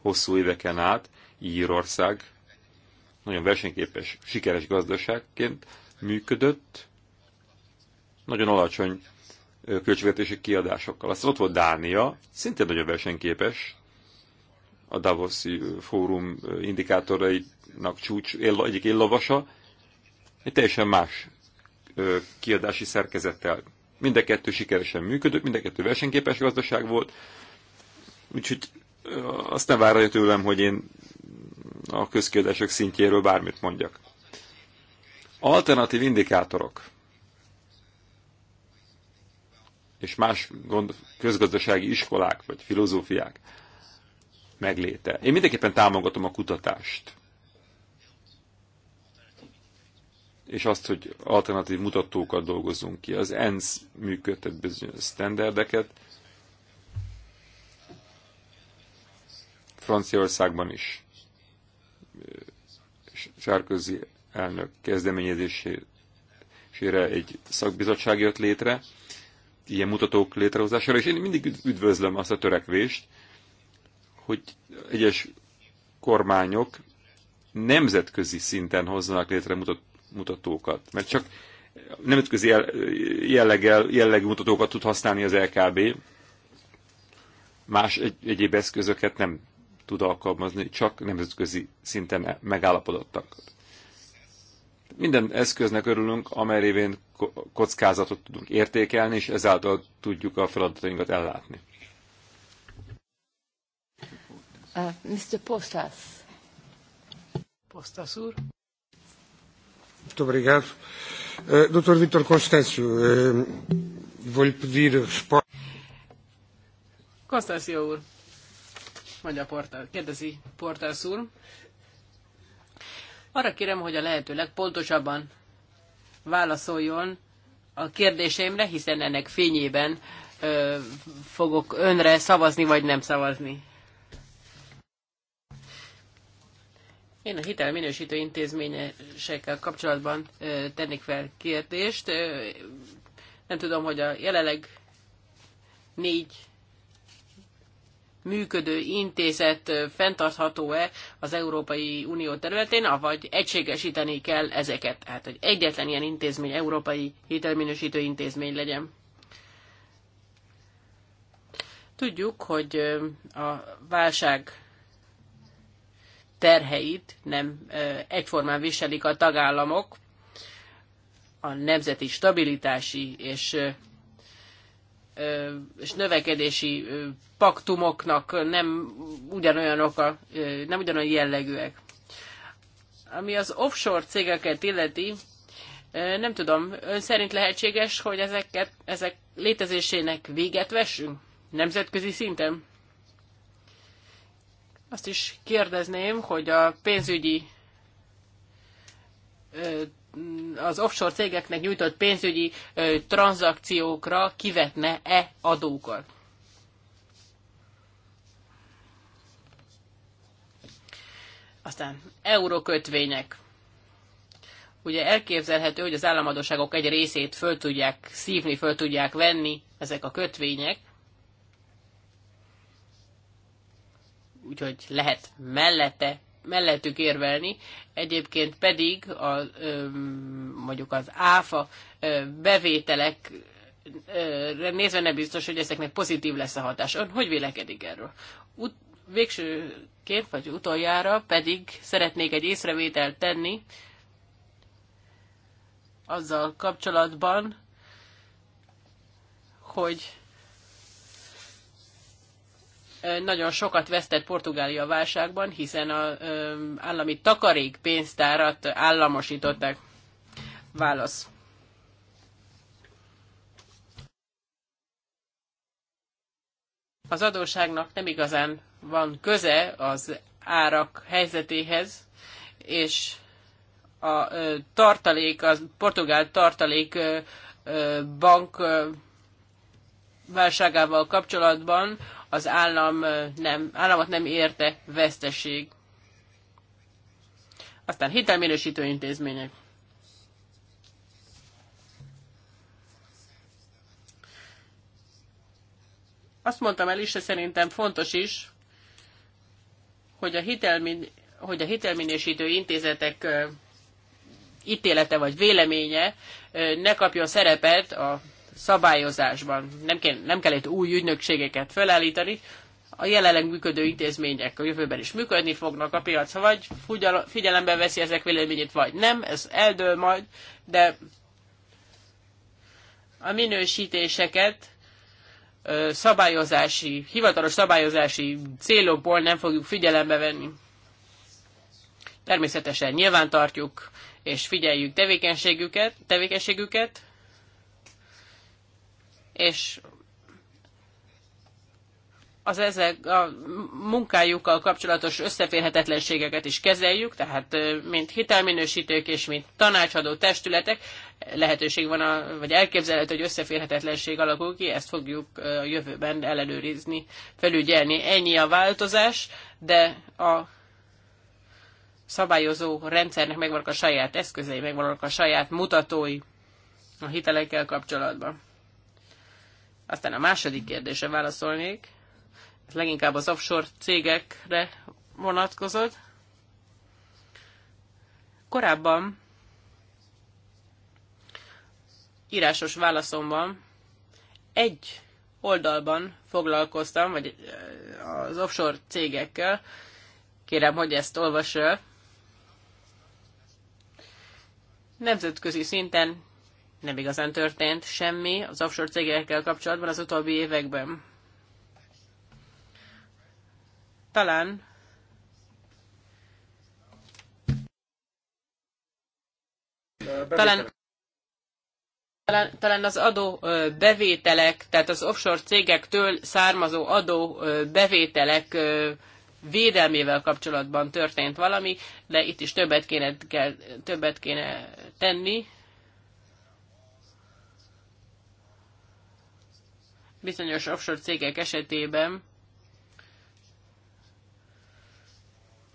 hosszú éveken át Írország nagyon versenyképes, sikeres gazdaságként működött, nagyon alacsony költségvetési kiadásokkal. Aztán ott volt Dánia, szintén nagyon versenyképes, a Davoszi fórum indikátorainak csúcs egyik éllovasa, egy teljesen más kiadási szerkezettel. Mind a kettő sikeresen működött, mind a kettő versenyképes gazdaság volt, úgyhogy azt nem várja tőlem, hogy én a közkiadások szintjéről bármit mondjak. Alternatív indikátorok és más gond, közgazdasági iskolák vagy filozófiák megléte. Én mindenképpen támogatom a kutatást. És azt, hogy alternatív mutatókat dolgozunk ki. Az ENSZ működtet bizonyos standardeket. Franciaországban is Sárközi elnök kezdeményezésére egy szakbizottság jött létre, ilyen mutatók létrehozására, és én mindig üdvözlöm azt a törekvést, hogy egyes kormányok nemzetközi szinten hozzanak létre mutat, mutatókat, mert csak nemzetközi jelleggel, jellegű mutatókat tud használni az LKB, más egy, egyéb eszközöket nem tud alkalmazni, csak nemzetközi szinten megállapodottak. Minden eszköznek örülünk, amely révén kockázatot tudunk értékelni, és ezáltal tudjuk a feladatainkat ellátni. Uh, Mr. Postas. Postas úr. Muito obrigado. Uh, Dr. Vítor Constâncio, uh, vou-lhe pedir resposta. Constâncio úr, mondja kérdezi úr. Arra kérem, hogy a lehető legpontosabban válaszoljon a kérdéseimre, hiszen ennek fényében ö, fogok önre szavazni vagy nem szavazni. Én a hitelminősítő intézményesekkel kapcsolatban tennék fel kérdést. Nem tudom, hogy a jelenleg négy működő intézet fenntartható-e az Európai Unió területén, avagy egységesíteni kell ezeket. Hát, hogy egyetlen ilyen intézmény, európai hitelminősítő intézmény legyen. Tudjuk, hogy a válság terheit nem egyformán viselik a tagállamok. A nemzeti stabilitási és, és növekedési paktumoknak nem ugyanolyanok a, nem ugyanolyan jellegűek. Ami az offshore cégeket illeti, nem tudom, ön szerint lehetséges, hogy ezeket, ezek létezésének véget vessünk? Nemzetközi szinten? Azt is kérdezném, hogy a pénzügyi az offshore cégeknek nyújtott pénzügyi tranzakciókra kivetne-e adókat? Aztán eurókötvények. Ugye elképzelhető, hogy az államadóságok egy részét föl tudják szívni, föl tudják venni ezek a kötvények, úgyhogy lehet mellette, mellettük érvelni, egyébként pedig a, mondjuk az áfa bevételek nézve nem biztos, hogy ezeknek pozitív lesz a hatás. Ön hogy vélekedik erről? Ut- végsőként, vagy utoljára pedig szeretnék egy észrevételt tenni azzal kapcsolatban, hogy nagyon sokat vesztett Portugália válságban, hiszen az állami takarék pénztárat államosították. Válasz. Az adóságnak nem igazán van köze az árak helyzetéhez, és a tartalék, a portugál tartalék bank válságával kapcsolatban az állam nem, államot nem érte veszteség. Aztán hitelminősítő intézmények. Azt mondtam el is, de szerintem fontos is, hogy a, hitelmin, hogy a hitelminősítő intézetek ítélete vagy véleménye ne kapjon szerepet a szabályozásban. Nem, kell, nem kell itt új ügynökségeket felállítani, a jelenleg működő intézmények a jövőben is működni fognak a piac, vagy figyelembe veszi ezek véleményét, vagy nem, ez eldől majd, de a minősítéseket szabályozási, hivatalos szabályozási célokból nem fogjuk figyelembe venni. Természetesen nyilván tartjuk és figyeljük tevékenységüket, tevékenységüket és az ezek a munkájukkal kapcsolatos összeférhetetlenségeket is kezeljük, tehát mint hitelminősítők és mint tanácsadó testületek lehetőség van, a, vagy elképzelhető, hogy összeférhetetlenség alakul ki, ezt fogjuk a jövőben ellenőrizni, felügyelni. Ennyi a változás, de a szabályozó rendszernek megvannak a saját eszközei, megvannak a saját mutatói a hitelekkel kapcsolatban. Aztán a második kérdése válaszolnék. Ez leginkább az offshore cégekre vonatkozott. Korábban írásos válaszomban egy oldalban foglalkoztam, vagy az offshore cégekkel. Kérem, hogy ezt olvas Nemzetközi szinten nem igazán történt semmi az offshore cégekkel kapcsolatban az utóbbi években. Talán talán, talán, talán az adó bevételek, tehát az offshore cégektől származó adó bevételek védelmével kapcsolatban történt valami, de itt is többet kéne, kell, többet kéne tenni. bizonyos offshore cégek esetében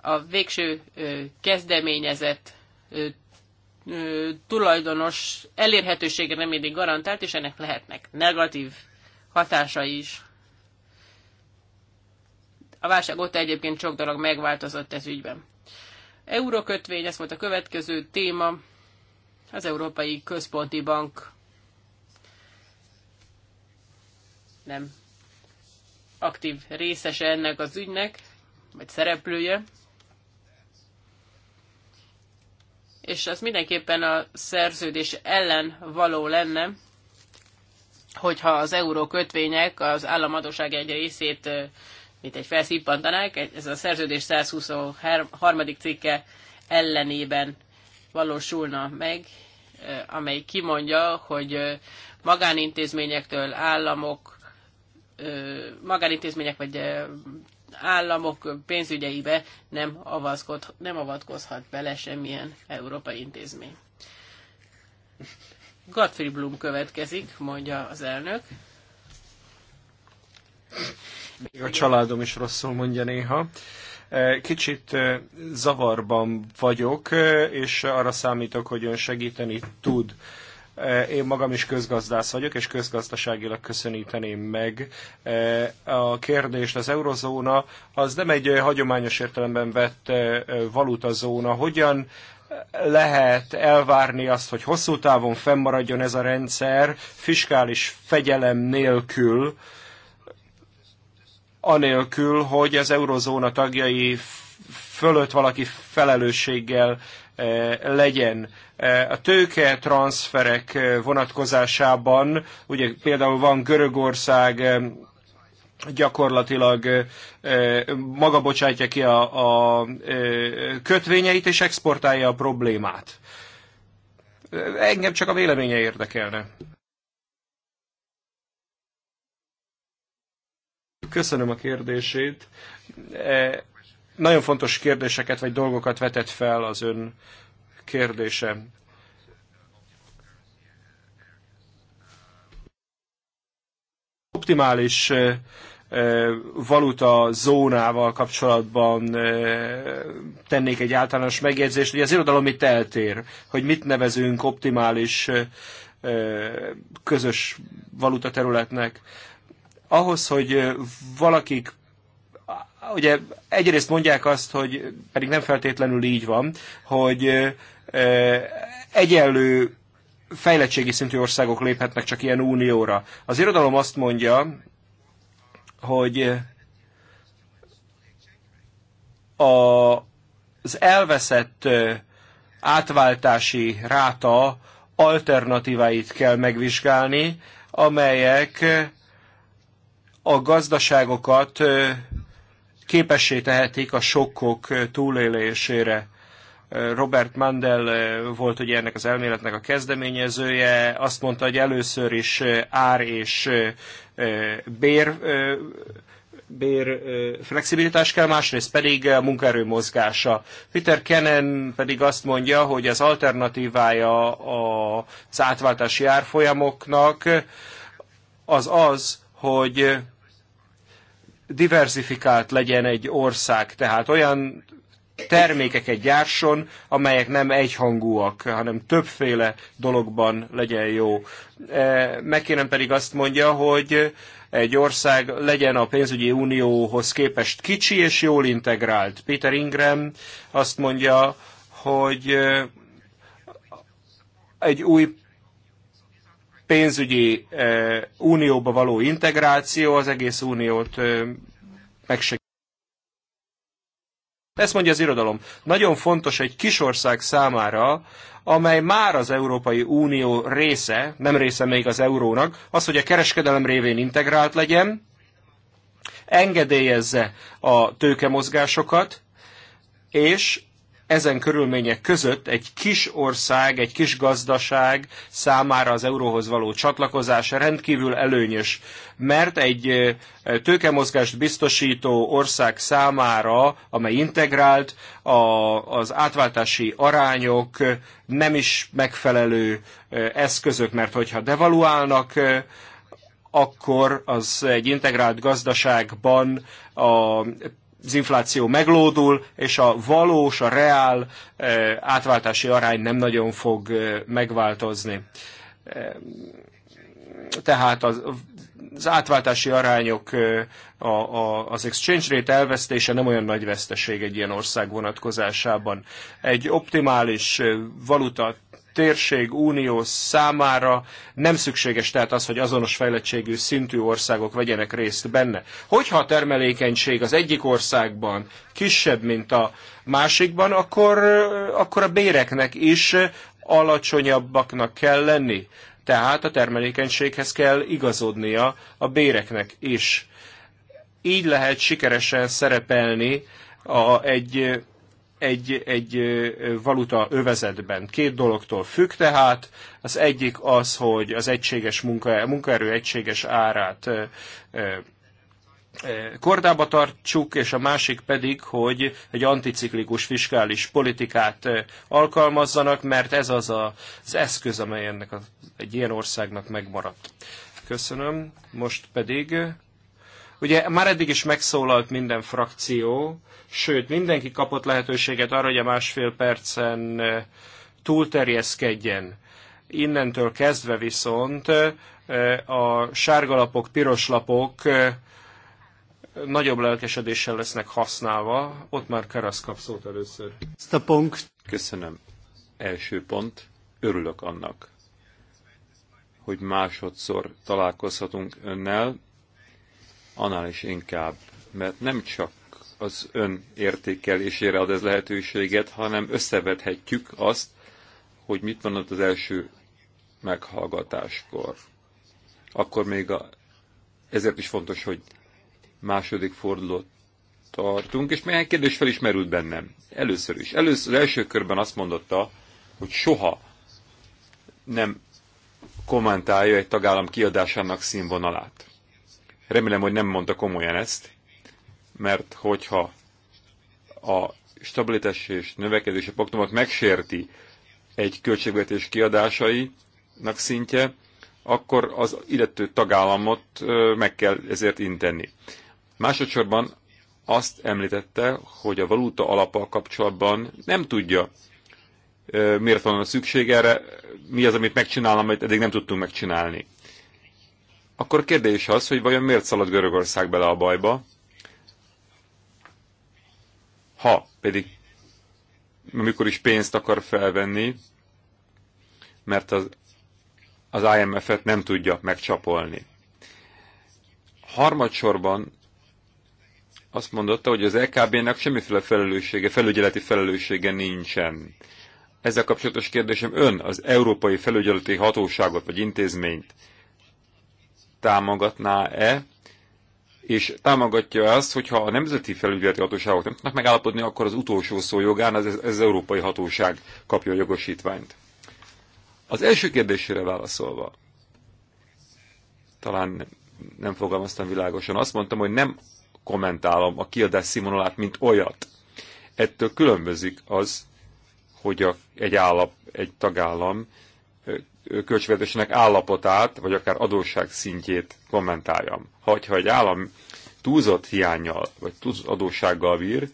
a végső kezdeményezett tulajdonos elérhetősége nem mindig garantált, és ennek lehetnek negatív hatásai is. A válság óta egyébként sok dolog megváltozott ez ügyben. Eurokötvény, ez volt a következő téma. Az Európai Központi Bank nem aktív részese ennek az ügynek, vagy szereplője. És az mindenképpen a szerződés ellen való lenne, hogyha az euró kötvények az államadóság egy részét mint egy felszippantanák, ez a szerződés 123. cikke ellenében valósulna meg, amely kimondja, hogy magánintézményektől, államok, magánintézmények vagy államok pénzügyeibe nem, avaszkod, nem avatkozhat bele semmilyen európai intézmény. Gottfried Blum következik, mondja az elnök. Még a családom is rosszul mondja néha. Kicsit zavarban vagyok, és arra számítok, hogy ön segíteni tud. Eh, én magam is közgazdász vagyok, és közgazdaságilag köszöníteném meg. Eh, a kérdést az eurozóna, az nem egy eh, hagyományos értelemben vett valutazóna. Hogyan lehet elvárni azt, hogy hosszú távon fennmaradjon ez a rendszer fiskális fegyelem nélkül, anélkül, hogy az eurozóna tagjai fölött valaki felelősséggel legyen. A tőke transferek eh, vonatkozásában, ugye például van Görögország, eh, gyakorlatilag eh, maga bocsátja ki a, a kötvényeit és exportálja a problémát. Engem csak a véleménye érdekelne. Köszönöm a kérdését. Nagyon fontos kérdéseket vagy dolgokat vetett fel az ön kérdése. Optimális eh, eh, valuta zónával kapcsolatban eh, tennék egy általános megjegyzést, hogy az irodalom itt eltér, hogy mit nevezünk optimális közös valuta területnek. Ahhoz, hogy valakik ugye egyrészt mondják azt, hogy pedig nem feltétlenül így van, hogy egyenlő fejlettségi szintű országok léphetnek csak ilyen unióra. Az irodalom azt mondja, hogy a, az elveszett átváltási ráta alternatíváit kell megvizsgálni, amelyek a gazdaságokat képessé tehetik a sokkok túlélésére. Robert Mandel eh, volt ugye ennek az elméletnek a kezdeményezője, azt mondta, hogy először is eh, ár és eh, bér bér flexibilitás kell, másrészt pedig a munkaerő mozgása. Peter Kennen pedig azt mondja, hogy az alternatívája az átváltási árfolyamoknak az az, hogy diversifikált legyen egy ország, tehát olyan termékeket gyárson, amelyek nem egyhangúak, hanem többféle dologban legyen jó. E, Megkérem pedig azt mondja, hogy egy ország legyen a pénzügyi unióhoz képest kicsi és jól integrált. Peter Ingram azt mondja, hogy e, egy új pénzügyi e, unióba való integráció az egész uniót megsegíti. Ezt mondja az irodalom. Nagyon fontos egy kis ország számára, amely már az Európai Unió része, nem része még az eurónak, az, hogy a kereskedelem révén integrált legyen, engedélyezze a tőkemozgásokat, és ezen körülmények között egy kis ország, egy kis gazdaság számára az euróhoz való csatlakozás rendkívül előnyös, mert egy tőkemozgást biztosító ország számára, amely integrált, a, az átváltási arányok nem is megfelelő eszközök, mert hogyha devaluálnak, akkor az egy integrált gazdaságban a az infláció meglódul, és a valós, a reál eh, átváltási arány nem nagyon fog eh, megváltozni. Eh, tehát az, az átváltási arányok, a, a, az exchange rate elvesztése nem olyan nagy veszteség egy ilyen ország vonatkozásában. Egy optimális valuta térség unió számára nem szükséges tehát az, hogy azonos fejlettségű szintű országok vegyenek részt benne. Hogyha a termelékenység az egyik országban kisebb, mint a másikban, akkor, akkor a béreknek is alacsonyabbaknak kell lenni. Tehát a termelékenységhez kell igazodnia a béreknek is. Így lehet sikeresen szerepelni a, egy egy, egy valuta övezetben. Két dologtól függ tehát. Az egyik az, hogy az egységes munka, munkaerő egységes árát kordába tartsuk, és a másik pedig, hogy egy anticiklikus fiskális politikát alkalmazzanak, mert ez az a, az eszköz, amely ennek a, egy ilyen országnak megmaradt. Köszönöm. Most pedig Ugye már eddig is megszólalt minden frakció, sőt mindenki kapott lehetőséget arra, hogy a másfél percen túlterjeszkedjen. Innentől kezdve viszont a sárgalapok, piroslapok nagyobb lelkesedéssel lesznek használva. Ott már Karasz kap szót először. Köszönöm. Első pont. Örülök annak, hogy másodszor találkozhatunk önnel, annál is inkább, mert nem csak az ön értékelésére ad ez lehetőséget, hanem összevethetjük azt, hogy mit mondott az első meghallgatáskor. Akkor még a, ezért is fontos, hogy második fordulót tartunk, és néhány kérdés felismerült bennem. Először is. Először, az első körben azt mondotta, hogy soha nem kommentálja egy tagállam kiadásának színvonalát. Remélem, hogy nem mondta komolyan ezt, mert hogyha a stabilitás és növekedési paktumot megsérti egy költségvetés kiadásainak szintje, akkor az illető tagállamot meg kell ezért intenni. Másodszorban azt említette, hogy a valuta alapa kapcsolatban nem tudja, miért van a szükség erre, mi az, amit megcsinálom, amit eddig nem tudtunk megcsinálni. Akkor a kérdés az, hogy vajon miért szalad Görögország bele a bajba, ha pedig amikor is pénzt akar felvenni, mert az, az IMF-et nem tudja megcsapolni. Harmadsorban azt mondotta, hogy az ekb nek semmiféle felelőssége, felügyeleti felelőssége nincsen. Ezzel kapcsolatos kérdésem ön az Európai Felügyeleti Hatóságot vagy intézményt támogatná-e, és támogatja azt, hogyha a nemzeti felügyeleti hatóságok nem tudnak megállapodni, akkor az utolsó szó jogán ez, ez az európai hatóság kapja a jogosítványt. Az első kérdésére válaszolva, talán nem, nem fogalmaztam világosan, azt mondtam, hogy nem kommentálom a kiadás színvonalát, mint olyat. Ettől különbözik az, hogy a, egy állap, egy tagállam költségvetésnek állapotát, vagy akár adósság szintjét kommentáljam. Ha, hogyha egy állam túlzott hiányjal, vagy túlzott adóssággal vír,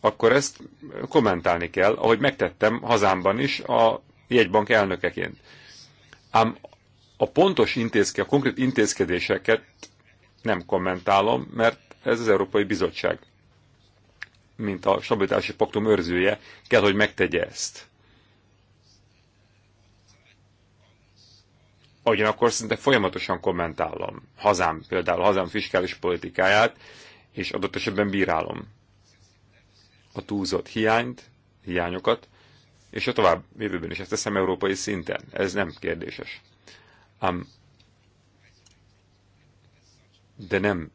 akkor ezt kommentálni kell, ahogy megtettem hazámban is a jegybank elnökeként. Ám a pontos intézke, a konkrét intézkedéseket nem kommentálom, mert ez az Európai Bizottság, mint a stabilitási paktum őrzője, kell, hogy megtegye ezt. ugyanakkor szinte folyamatosan kommentálom hazám, például hazám fiskális politikáját, és adott esetben bírálom a túlzott hiányt, hiányokat, és a tovább jövőben is ezt teszem európai szinten. Ez nem kérdéses. Ám, de nem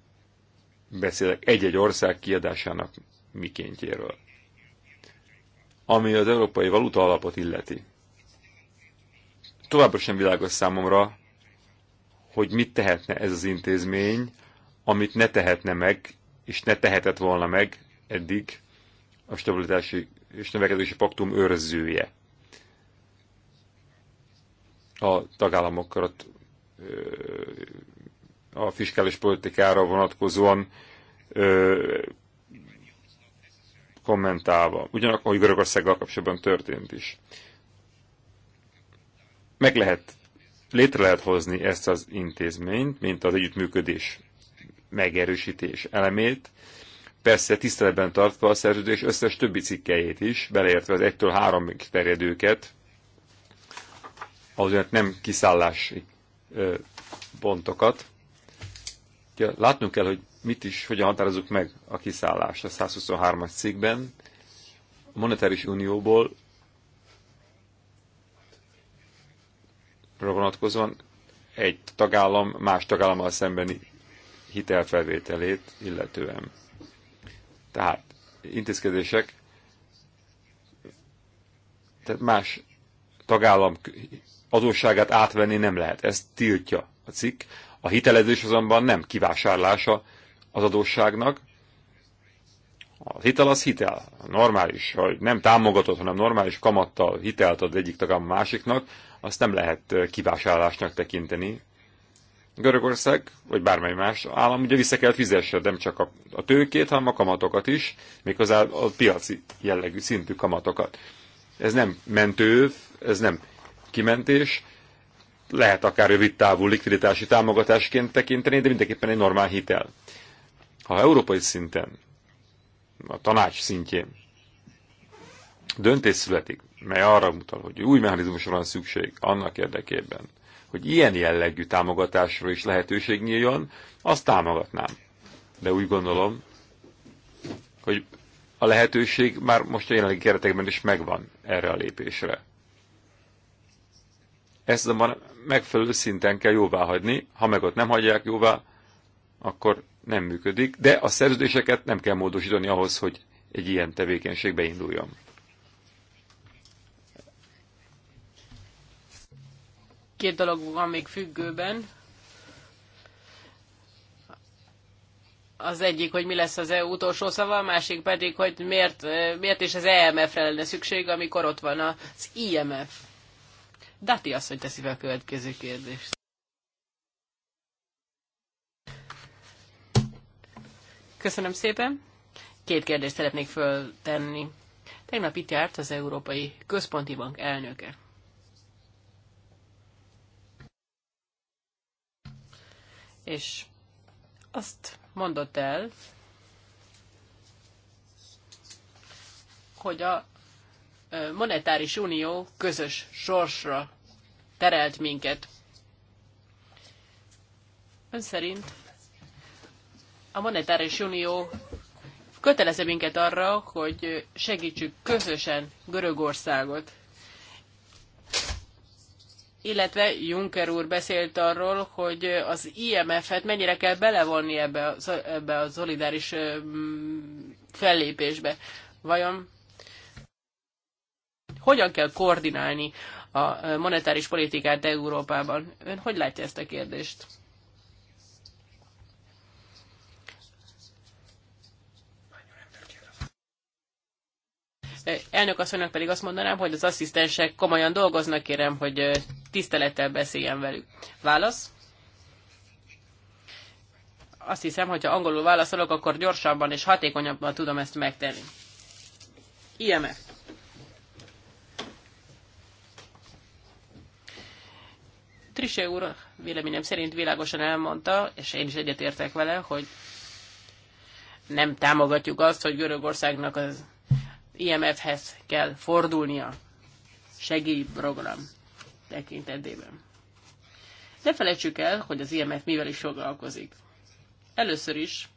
beszélek egy-egy ország kiadásának mikéntjéről. Ami az európai valuta alapot illeti, Továbbra sem világos számomra, hogy mit tehetne ez az intézmény, amit ne tehetne meg, és ne tehetett volna meg eddig a stabilitási és növekedési paktum őrzője. A tagállamokra, a fiskális politikára vonatkozóan ö, kommentálva. Ugyanakkor, hogy Görögországgal kapcsolatban történt is. Meg lehet, létre lehet hozni ezt az intézményt, mint az együttműködés megerősítés elemét, persze tiszteletben tartva a szerződés összes többi cikkejét is, beleértve az 1-től 3 terjedőket, azért nem kiszállási ö, pontokat. Ja, látnunk kell, hogy mit is, hogyan határozzuk meg a kiszállást a 123-as cikkben. A monetáris unióból vonatkozóan egy tagállam más tagállammal szembeni hitelfelvételét illetően. Tehát intézkedések, tehát más tagállam adósságát átvenni nem lehet. Ezt tiltja a cikk. A hitelezés azonban nem kivásárlása az adósságnak. A hitel az hitel. Normális, vagy nem támogatott, hanem normális kamattal hitelt ad egyik tagállam a másiknak, azt nem lehet kivásárlásnak tekinteni. Görögország, vagy bármely más állam ugye vissza kell fizesse nem csak a, tőkét, hanem a kamatokat is, méghozzá a piaci jellegű szintű kamatokat. Ez nem mentő, ez nem kimentés, lehet akár rövid távú likviditási támogatásként tekinteni, de mindenképpen egy normál hitel. Ha európai szinten, a tanács szintjén döntés születik mely arra mutal, hogy új mechanizmusra van szükség annak érdekében, hogy ilyen jellegű támogatásra is lehetőség nyíljon, azt támogatnám. De úgy gondolom, hogy a lehetőség már most a jelenlegi keretekben is megvan erre a lépésre. Ezt azonban megfelelő szinten kell jóvá hagyni, ha meg ott nem hagyják jóvá, akkor nem működik, de a szerződéseket nem kell módosítani ahhoz, hogy egy ilyen tevékenység beinduljon. Két dolog van még függőben. Az egyik, hogy mi lesz az EU utolsó szava, a másik pedig, hogy miért, eh, miért is az EMF-re lenne szükség, amikor ott van az IMF. Dati asszony teszi fel a következő kérdést. Köszönöm szépen. Két kérdést szeretnék föltenni. Tegnap itt járt az Európai Központi Bank elnöke. és azt mondott el, hogy a monetáris unió közös sorsra terelt minket. Ön szerint a monetáris unió kötelező minket arra, hogy segítsük közösen Görögországot illetve Juncker úr beszélt arról, hogy az IMF-et mennyire kell belevonni ebbe a, ebbe a szolidáris mm, fellépésbe. Vajon hogyan kell koordinálni a monetáris politikát Európában? Ön hogy látja ezt a kérdést? Elnök asszonynak pedig azt mondanám, hogy az asszisztensek komolyan dolgoznak, kérem, hogy tisztelettel beszéljen velük. Válasz? Azt hiszem, hogyha angolul válaszolok, akkor gyorsabban és hatékonyabban tudom ezt megtenni. IMF. Trisé úr véleményem szerint világosan elmondta, és én is egyetértek vele, hogy nem támogatjuk azt, hogy Görögországnak az IMF-hez kell fordulnia segélyprogram tekintetében. Ne felejtsük el, hogy az IMF mivel is foglalkozik. Először is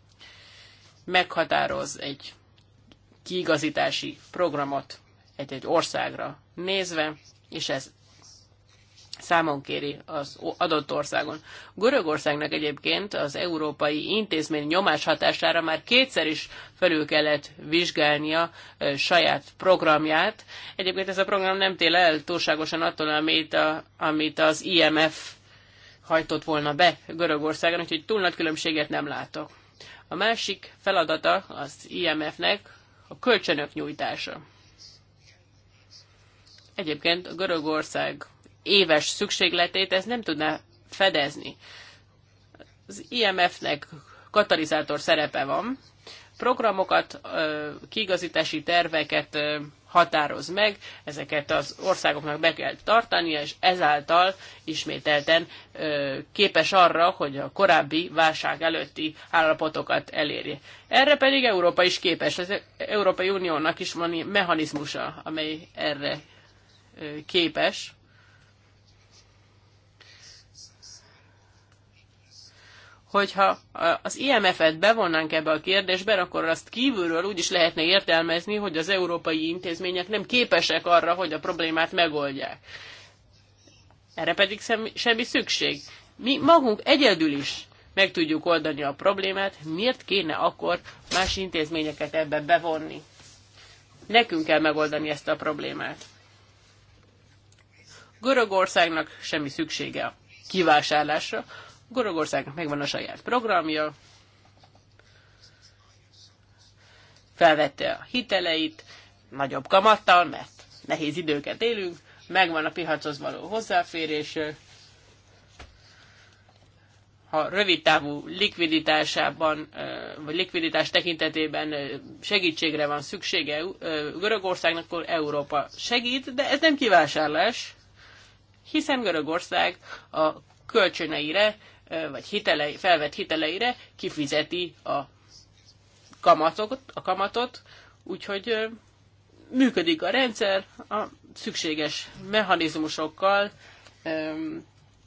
meghatároz egy kiigazítási programot egy-egy országra nézve, és ez számon kéri az adott országon. Görögországnak egyébként az európai intézmény nyomás hatására már kétszer is felül kellett vizsgálnia saját programját. Egyébként ez a program nem tél el túlságosan attól, amit, a, amit az IMF hajtott volna be Görögországon, úgyhogy túl nagy különbséget nem látok. A másik feladata az IMF-nek a kölcsönök nyújtása. Egyébként a Görögország éves szükségletét ez nem tudná fedezni. Az IMF-nek katalizátor szerepe van, programokat, kiigazítási terveket határoz meg, ezeket az országoknak be kell tartania, és ezáltal ismételten képes arra, hogy a korábbi válság előtti állapotokat elérje. Erre pedig Európa is képes, az Európai Uniónak is van mechanizmusa, amely erre képes. hogyha az IMF-et bevonnánk ebbe a kérdésbe, akkor azt kívülről úgy is lehetne értelmezni, hogy az európai intézmények nem képesek arra, hogy a problémát megoldják. Erre pedig semmi szükség. Mi magunk egyedül is meg tudjuk oldani a problémát, miért kéne akkor más intézményeket ebbe bevonni? Nekünk kell megoldani ezt a problémát. Görögországnak semmi szüksége a kivásárlásra, Görögországnak megvan a saját programja, felvette a hiteleit, nagyobb kamattal, mert nehéz időket élünk, megvan a piachoz való hozzáférés, ha rövid távú likviditásában, vagy likviditás tekintetében segítségre van szüksége Görögországnak, akkor Európa segít, de ez nem kivásárlás, hiszen Görögország a kölcsöneire vagy hitelei, felvett hiteleire kifizeti a kamatot, a kamatot úgyhogy működik a rendszer a szükséges mechanizmusokkal.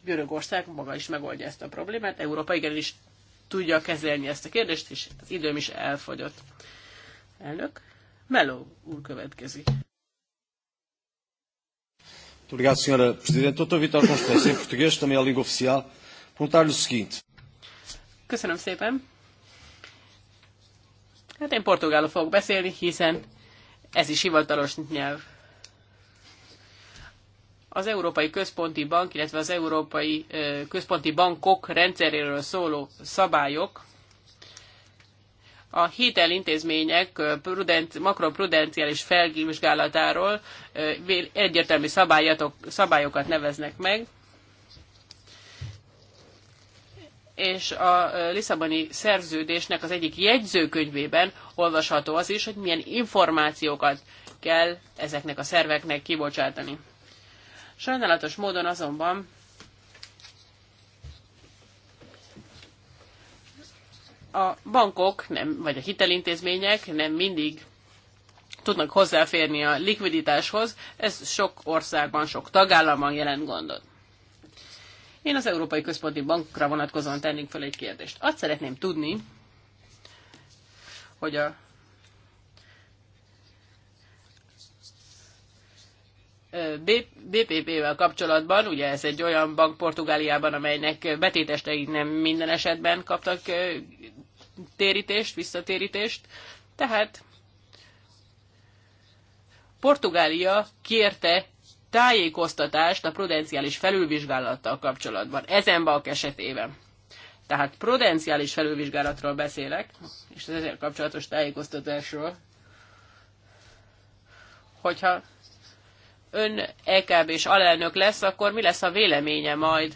Görögország maga is megoldja ezt a problémát, Európa igenis tudja kezelni ezt a kérdést, és az időm is elfogyott. Elnök, Meló úr következik. obrigado, Sra. Presidente. Estou a constância. Em português também a língua oficial apontar-lhe o seguinte. Köszönöm szépen. Hát én portugálul fogok beszélni, hiszen ez is hivatalos nyelv. Az Európai Központi Bank, illetve az Európai Központi Bankok rendszeréről szóló szabályok a hitelintézmények makroprudenciális felvizsgálatáról egyértelmű szabályokat neveznek meg, és a Lisszaboni szerződésnek az egyik jegyzőkönyvében olvasható az is, hogy milyen információkat kell ezeknek a szerveknek kibocsátani. Sajnálatos módon azonban a bankok, nem, vagy a hitelintézmények nem mindig tudnak hozzáférni a likviditáshoz, ez sok országban, sok tagállamban jelent gondot. Én az Európai Központi Bankra vonatkozóan tennénk fel egy kérdést. Azt szeretném tudni, hogy a BPP-vel kapcsolatban, ugye ez egy olyan bank Portugáliában, amelynek betétestei nem minden esetben kaptak térítést, visszatérítést, tehát Portugália kérte tájékoztatást a prudenciális felülvizsgálattal kapcsolatban, ezen bank esetében. Tehát prudenciális felülvizsgálatról beszélek, és az ezzel kapcsolatos tájékoztatásról, hogyha ön EKB és alelnök lesz, akkor mi lesz a véleménye majd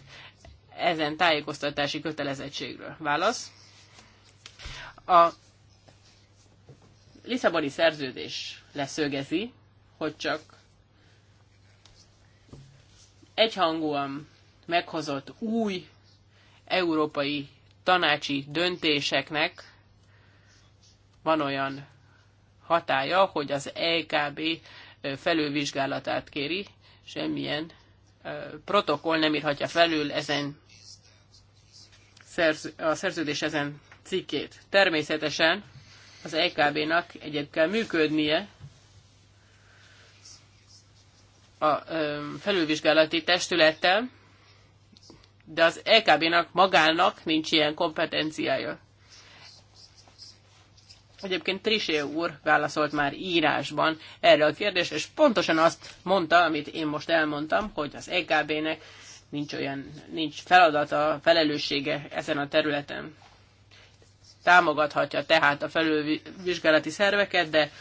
ezen tájékoztatási kötelezettségről? Válasz. A Lisszaboni szerződés leszögezi, hogy csak egyhangúan meghozott új európai tanácsi döntéseknek van olyan hatája, hogy az EKB felülvizsgálatát kéri, semmilyen protokoll nem írhatja felül ezen a szerződés ezen cikkét. Természetesen az EKB-nak egyet kell működnie, a felülvizsgálati testülettel, de az LKB-nak magának nincs ilyen kompetenciája. Egyébként Trisé úr válaszolt már írásban erre a kérdésre, és pontosan azt mondta, amit én most elmondtam, hogy az EKB-nek nincs olyan, nincs feladata, felelőssége ezen a területen. Támogathatja tehát a felülvizsgálati szerveket, de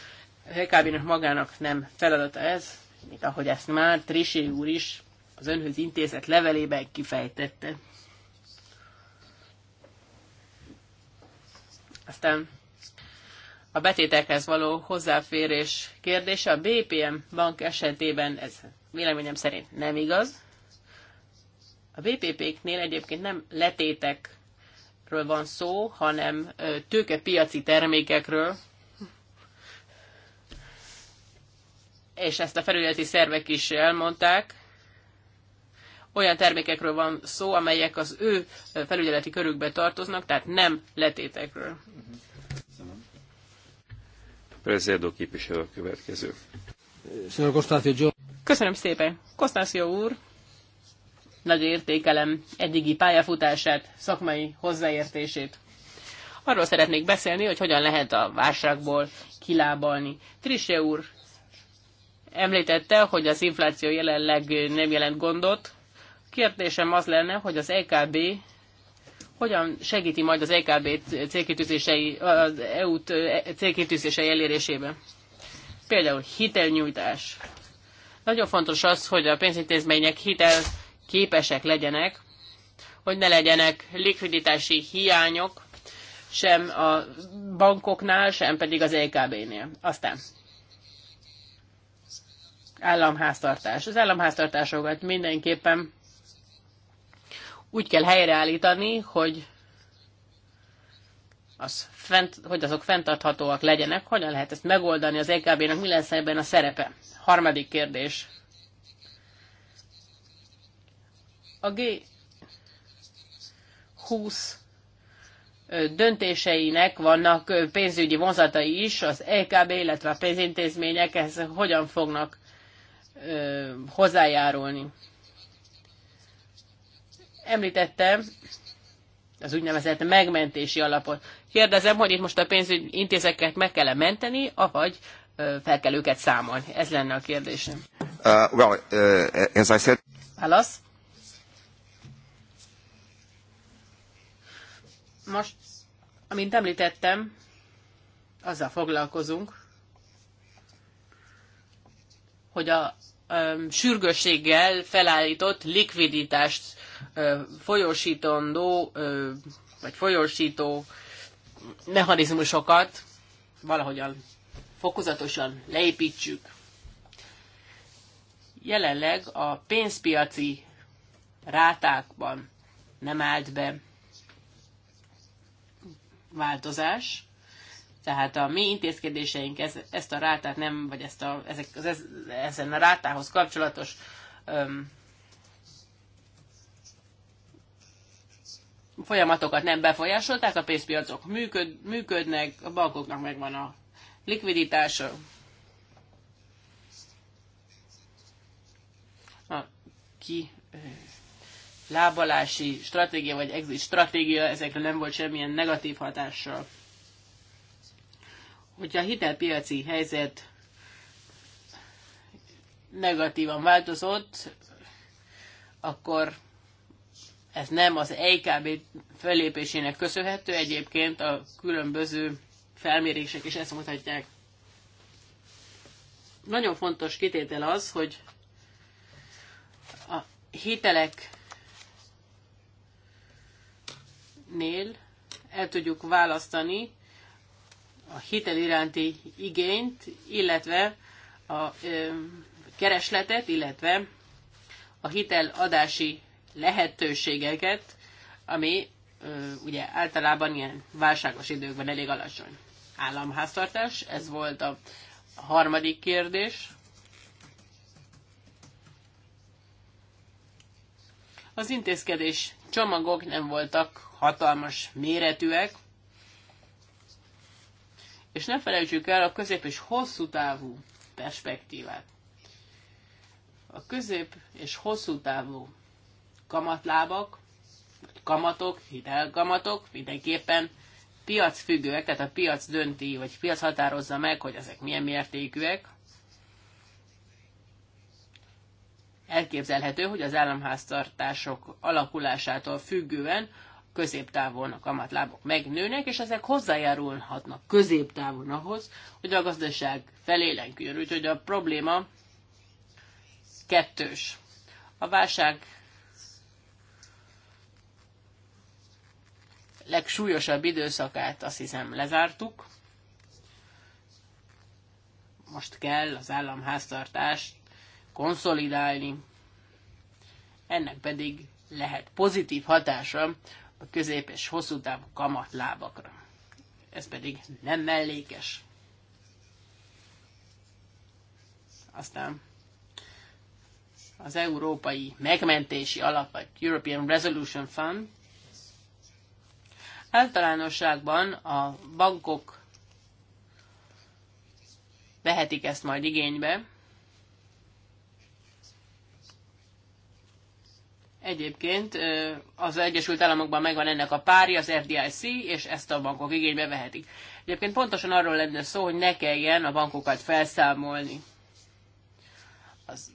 az EKB-nek magának nem feladata ez, mint ahogy ezt már Trisé úr is az önhöz intézet levelében kifejtette. Aztán a betétekhez való hozzáférés kérdése a BPM bank esetében ez véleményem szerint nem igaz. A BPP-knél egyébként nem letétekről van szó, hanem tőkepiaci termékekről, és ezt a felületi szervek is elmondták, olyan termékekről van szó, amelyek az ő felügyeleti körükbe tartoznak, tehát nem letétekről. Prezidó képviselő a következő. Köszönöm szépen. Kostáció úr, nagy értékelem eddigi pályafutását, szakmai hozzáértését. Arról szeretnék beszélni, hogy hogyan lehet a válságból kilábalni. Trisse úr Említette, hogy az infláció jelenleg nem jelent gondot. Kérdésem az lenne, hogy az EKB hogyan segíti majd az EKB célkitűzései, az EU célkitűzései elérésében? Például hitelnyújtás. Nagyon fontos az, hogy a pénzintézmények hitel képesek legyenek, hogy ne legyenek likviditási hiányok, sem a bankoknál, sem pedig az EKB-nél. Aztán államháztartás. Az államháztartásokat mindenképpen úgy kell helyreállítani, hogy, az fent, hogy azok fenntarthatóak legyenek. Hogyan lehet ezt megoldani az EKB-nak? Mi lesz ebben a szerepe? Harmadik kérdés. A G20 döntéseinek vannak pénzügyi vonzatai is, az EKB, illetve a pénzintézmények ehhez hogyan fognak ö, hozzájárulni. Említettem az úgynevezett megmentési alapot. Kérdezem, hogy itt most a pénzügyi intézeket meg kell -e menteni, avagy ö, fel kell őket számolni. Ez lenne a kérdésem. Uh, well, uh, as I said... Válasz? Most, amint említettem, azzal foglalkozunk, hogy a um, sürgősséggel felállított likviditást uh, folyosítandó, uh, vagy folyosító mechanizmusokat valahogyan fokozatosan leépítsük. Jelenleg a pénzpiaci rátákban nem állt be változás, tehát a mi intézkedéseink ez, ezt a rátát nem, vagy ezt a, ezek, ez, ezen a rátához kapcsolatos öm, folyamatokat nem befolyásolták, a pénzpiacok működ, működnek, a bankoknak megvan a likviditása. A ki lábalási stratégia vagy exit stratégia, ezekre nem volt semmilyen negatív hatással hogyha a hitelpiaci helyzet negatívan változott, akkor ez nem az EKB fölépésének köszönhető, egyébként a különböző felmérések is ezt mutatják. Nagyon fontos kitétel az, hogy a hiteleknél el tudjuk választani a hitel iránti igényt, illetve a ö, keresletet, illetve a hiteladási lehetőségeket, ami ö, ugye általában ilyen válságos időkben elég alacsony. Államháztartás, ez volt a harmadik kérdés. Az intézkedés csomagok nem voltak hatalmas méretűek, és ne felejtsük el a közép és hosszú távú perspektívát. A közép és hosszú távú kamatlábak, kamatok, hitelkamatok mindenképpen piacfüggőek, tehát a piac dönti, vagy piac határozza meg, hogy ezek milyen mértékűek. Elképzelhető, hogy az államháztartások alakulásától függően középtávon a kamatlábok megnőnek, és ezek hozzájárulhatnak középtávon ahhoz, hogy a gazdaság felélenküljön. Úgyhogy a probléma kettős. A válság legsúlyosabb időszakát azt hiszem lezártuk. Most kell az államháztartást konszolidálni. Ennek pedig lehet pozitív hatása a közép- és hosszú távú kamatlábakra. Ez pedig nem mellékes. Aztán az Európai Megmentési Alap, vagy European Resolution Fund, általánosságban a bankok vehetik ezt majd igénybe, Egyébként az Egyesült Államokban megvan ennek a párja, az FDIC, és ezt a bankok igénybe vehetik. Egyébként pontosan arról lenne szó, hogy ne kelljen a bankokat felszámolni. Az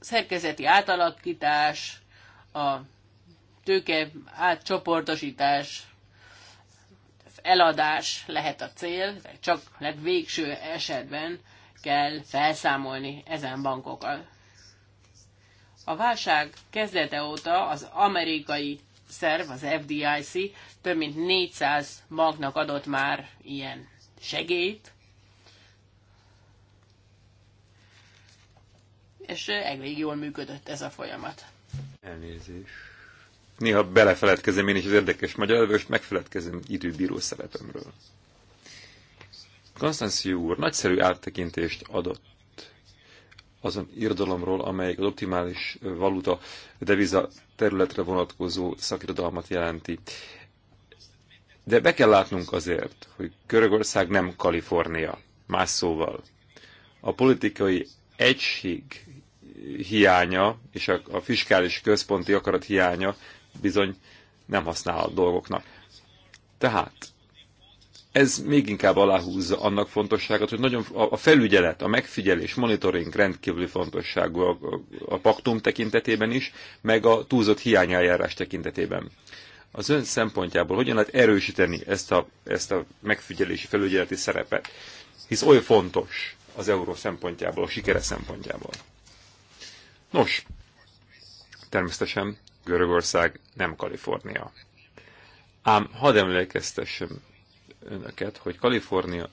szerkezeti átalakítás, a tőke átcsoportosítás, eladás lehet a cél, csak legvégső esetben kell felszámolni ezen bankokat. A válság kezdete óta az amerikai szerv, az FDIC több mint 400 banknak adott már ilyen segélyt, és elég jól működött ez a folyamat. Elnézés. Néha belefeledkezem én is az érdekes magyar, most megfeledkezem időbíró szeretemről. Konstanci úr nagyszerű áttekintést adott azon irodalomról, amelyik az optimális valuta deviza területre vonatkozó szakirodalmat jelenti. De be kell látnunk azért, hogy Görögország nem Kalifornia, más szóval. A politikai egység hiánya és a, a fiskális központi akarat hiánya bizony nem használ a dolgoknak. Tehát ez még inkább aláhúzza annak fontosságát, hogy nagyon a felügyelet, a megfigyelés, monitoring rendkívül fontosságú a, a paktum tekintetében is, meg a túlzott hiányeljárás tekintetében. Az ön szempontjából hogyan lehet erősíteni ezt a, ezt a megfigyelési felügyeleti szerepet? Hisz oly fontos az euró szempontjából, a sikere szempontjából. Nos, természetesen Görögország nem Kalifornia. Ám hadd emlékeztessem önöket, hogy Kalifornia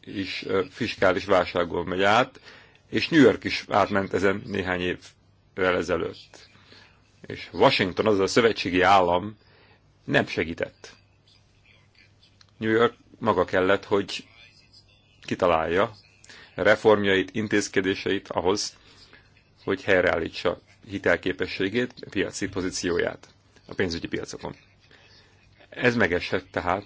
is fiskális válságon megy át, és New York is átment ezen néhány évvel ezelőtt. És Washington, az a szövetségi állam nem segített. New York maga kellett, hogy kitalálja reformjait, intézkedéseit ahhoz, hogy helyreállítsa hitelképességét, piaci pozícióját a pénzügyi piacokon. Ez megesett tehát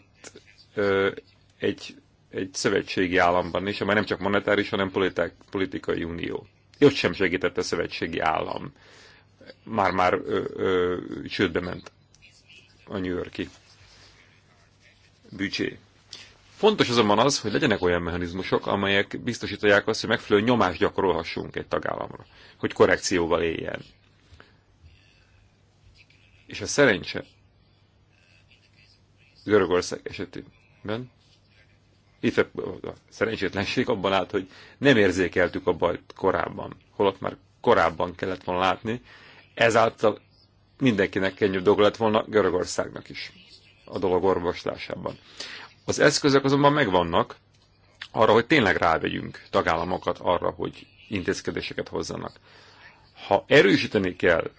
egy, egy szövetségi államban is, amely nem csak monetáris, hanem politik, politikai unió. Ott sem segített a szövetségi állam. Már-már csődbe ment a New Yorki bücsé. Fontos azonban az, hogy legyenek olyan mechanizmusok, amelyek biztosítják azt, hogy megfelelő nyomást gyakorolhassunk egy tagállamra, hogy korrekcióval éljen. És a szerencse Görögország esetében ben. Itt a, a szerencsétlenség abban állt, hogy nem érzékeltük a bajt korábban, holott már korábban kellett volna látni. Ezáltal mindenkinek könnyű dolga lett volna Görögországnak is a dolog orvoslásában. Az eszközök azonban megvannak arra, hogy tényleg rávegyünk tagállamokat arra, hogy intézkedéseket hozzanak. Ha erősíteni kell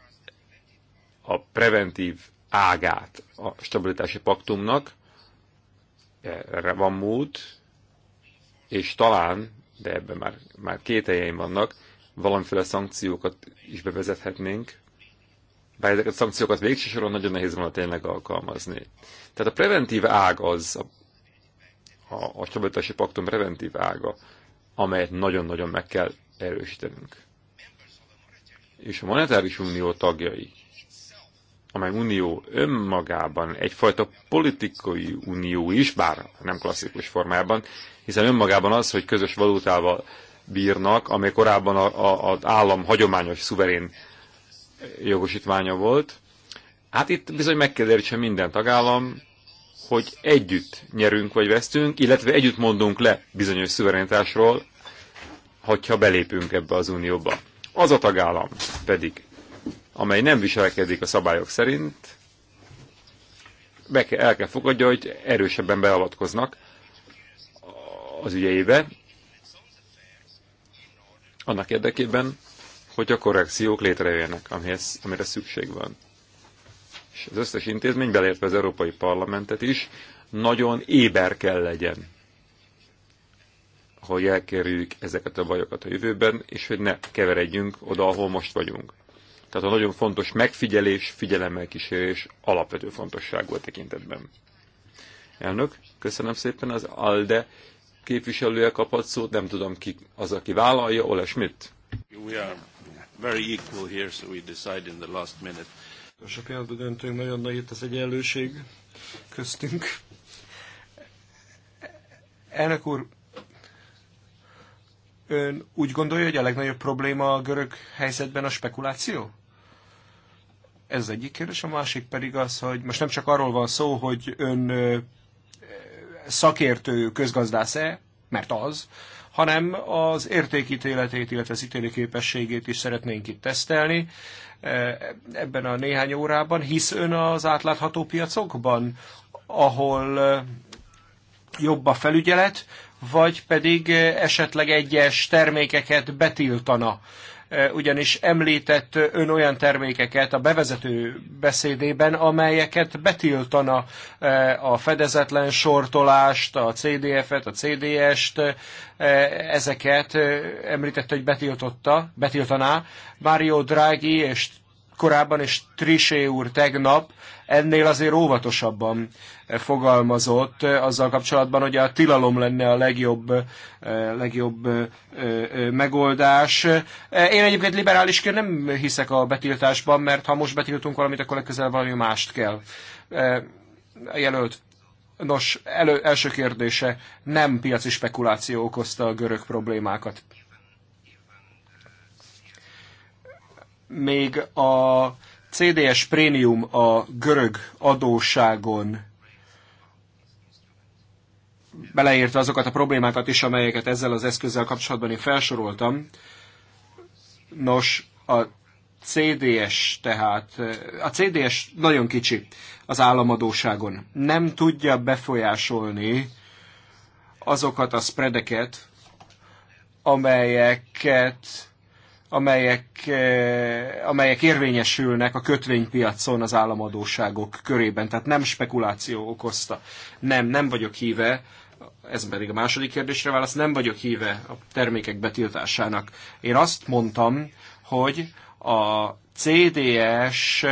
a preventív ágát a stabilitási paktumnak, erre van mód, és talán, de ebben már, már két kételjeim vannak, valamiféle szankciókat is bevezethetnénk, bár ezeket a szankciókat végső soron nagyon nehéz volna tényleg alkalmazni. Tehát a preventív ág az, a, a, a stabilitási paktum preventív ága, amelyet nagyon-nagyon meg kell erősítenünk. És a monetáris unió tagjai amely unió önmagában egyfajta politikai unió is, bár nem klasszikus formában, hiszen önmagában az, hogy közös valutával bírnak, amely korábban a, a, az állam hagyományos szuverén jogosítványa volt. Hát itt bizony meg kell értsen minden tagállam, hogy együtt nyerünk vagy vesztünk, illetve együtt mondunk le bizonyos szuverenitásról, hogyha belépünk ebbe az unióba. Az a tagállam pedig, amely nem viselkedik a szabályok szerint, be kell, el kell fogadja, hogy erősebben beavatkoznak az ügyeibe, annak érdekében, hogy a korrekciók létrejöjjenek, amihez, amire szükség van. És az összes intézmény, beleértve az Európai Parlamentet is, nagyon éber kell legyen, hogy elkerüljük ezeket a bajokat a jövőben, és hogy ne keveredjünk oda, ahol most vagyunk. Tehát a nagyon fontos megfigyelés, figyelemmel kísérés alapvető fontosságú a tekintetben. Elnök, köszönöm szépen az ALDE képviselője kapott szót, nem tudom ki az, aki vállalja, Ole Schmidt. We are very equal here, so we decide in the last minute. Most a pillanatban döntünk, nagyon nagy itt az egyenlőség köztünk. Elnök úr, ön úgy gondolja, hogy a legnagyobb probléma a görög helyzetben a spekuláció? Ez az egyik kérdés. A másik pedig az, hogy most nem csak arról van szó, hogy ön szakértő közgazdász-e, mert az, hanem az értékítéletét, illetve az ítélőképességét is szeretnénk itt tesztelni ebben a néhány órában, hisz ön az átlátható piacokban, ahol jobb a felügyelet, vagy pedig esetleg egyes termékeket betiltana Eh, ugyanis említett ön olyan termékeket a bevezető beszédében, amelyeket betiltana eh, a fedezetlen sortolást, a CDF-et, a CDS-t, eh, ezeket említett hogy betiltotta, betiltaná. Mario Draghi és korábban, és Trisé úr tegnap ennél azért óvatosabban eh, fogalmazott eh, azzal kapcsolatban, hogy a tilalom lenne a legjobb, eh, legjobb megoldás. Én egyébként liberálisként nem hiszek a betiltásban, mert ha most betiltunk valamit, akkor legközelebb valami mást kell. Jelölt. Nos, elő, első kérdése, nem piaci spekuláció okozta a görög problémákat. még a CDS prémium a görög adósságon beleérte azokat a problémákat is, amelyeket ezzel az eszközzel kapcsolatban én felsoroltam. Nos, a CDS tehát, a CDS nagyon kicsi az államadóságon. Nem tudja befolyásolni azokat a spreadeket, amelyeket amelyek, eh, amelyek érvényesülnek a kötvénypiacon az államadóságok körében. Tehát nem spekuláció okozta. Nem, nem vagyok híve, ez pedig a második kérdésre válasz, nem vagyok híve a termékek betiltásának. Én azt mondtam, hogy a CDS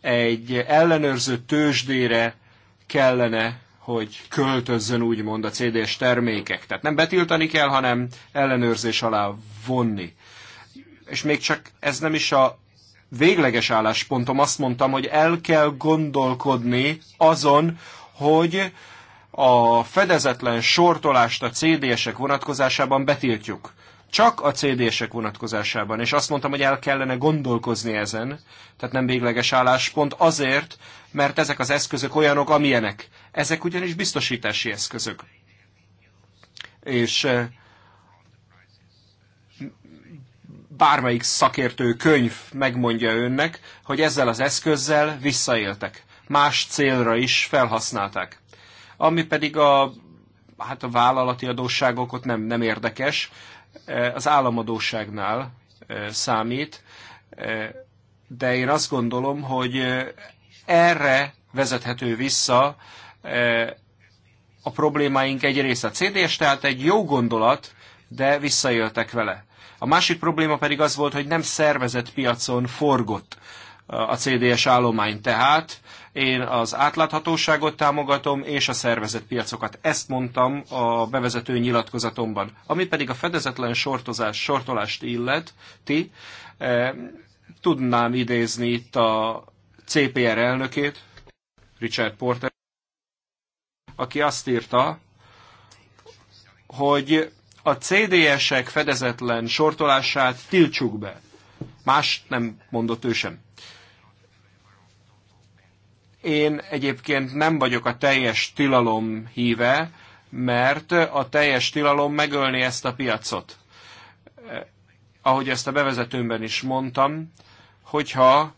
egy ellenőrző tőzsdére kellene hogy költözzön úgymond a CDS termékek. Tehát nem betiltani kell, hanem ellenőrzés alá vonni és még csak ez nem is a végleges álláspontom, azt mondtam, hogy el kell gondolkodni azon, hogy a fedezetlen sortolást a CDS-ek vonatkozásában betiltjuk. Csak a CDS-ek vonatkozásában. És azt mondtam, hogy el kellene gondolkozni ezen, tehát nem végleges álláspont, azért, mert ezek az eszközök olyanok, amilyenek. Ezek ugyanis biztosítási eszközök. És eh, bármelyik szakértő könyv megmondja önnek, hogy ezzel az eszközzel visszaéltek. Más célra is felhasználták. Ami pedig a, hát a vállalati adósságok ott nem, nem érdekes, e, az államadóságnál e, számít, e, de én azt gondolom, hogy erre vezethető vissza a problémáink egy része. A CDS tehát egy jó gondolat, de visszaéltek vele. A másik probléma pedig az volt, hogy nem szervezett piacon forgott a CDS állomány tehát. Én az átláthatóságot támogatom, és a szervezett piacokat. Ezt mondtam a bevezető nyilatkozatomban. Ami pedig a fedezetlen sortozás, sortolást ti, eh, tudnám idézni itt a CPR er elnökét, Richard Porter, aki azt írta, hogy a CDS-ek fedezetlen sortolását tiltsuk be. Más nem mondott ő sem. Én egyébként nem vagyok a teljes tilalom híve, mert a teljes tilalom megölni ezt a piacot. Ahogy ezt a bevezetőmben is mondtam, hogyha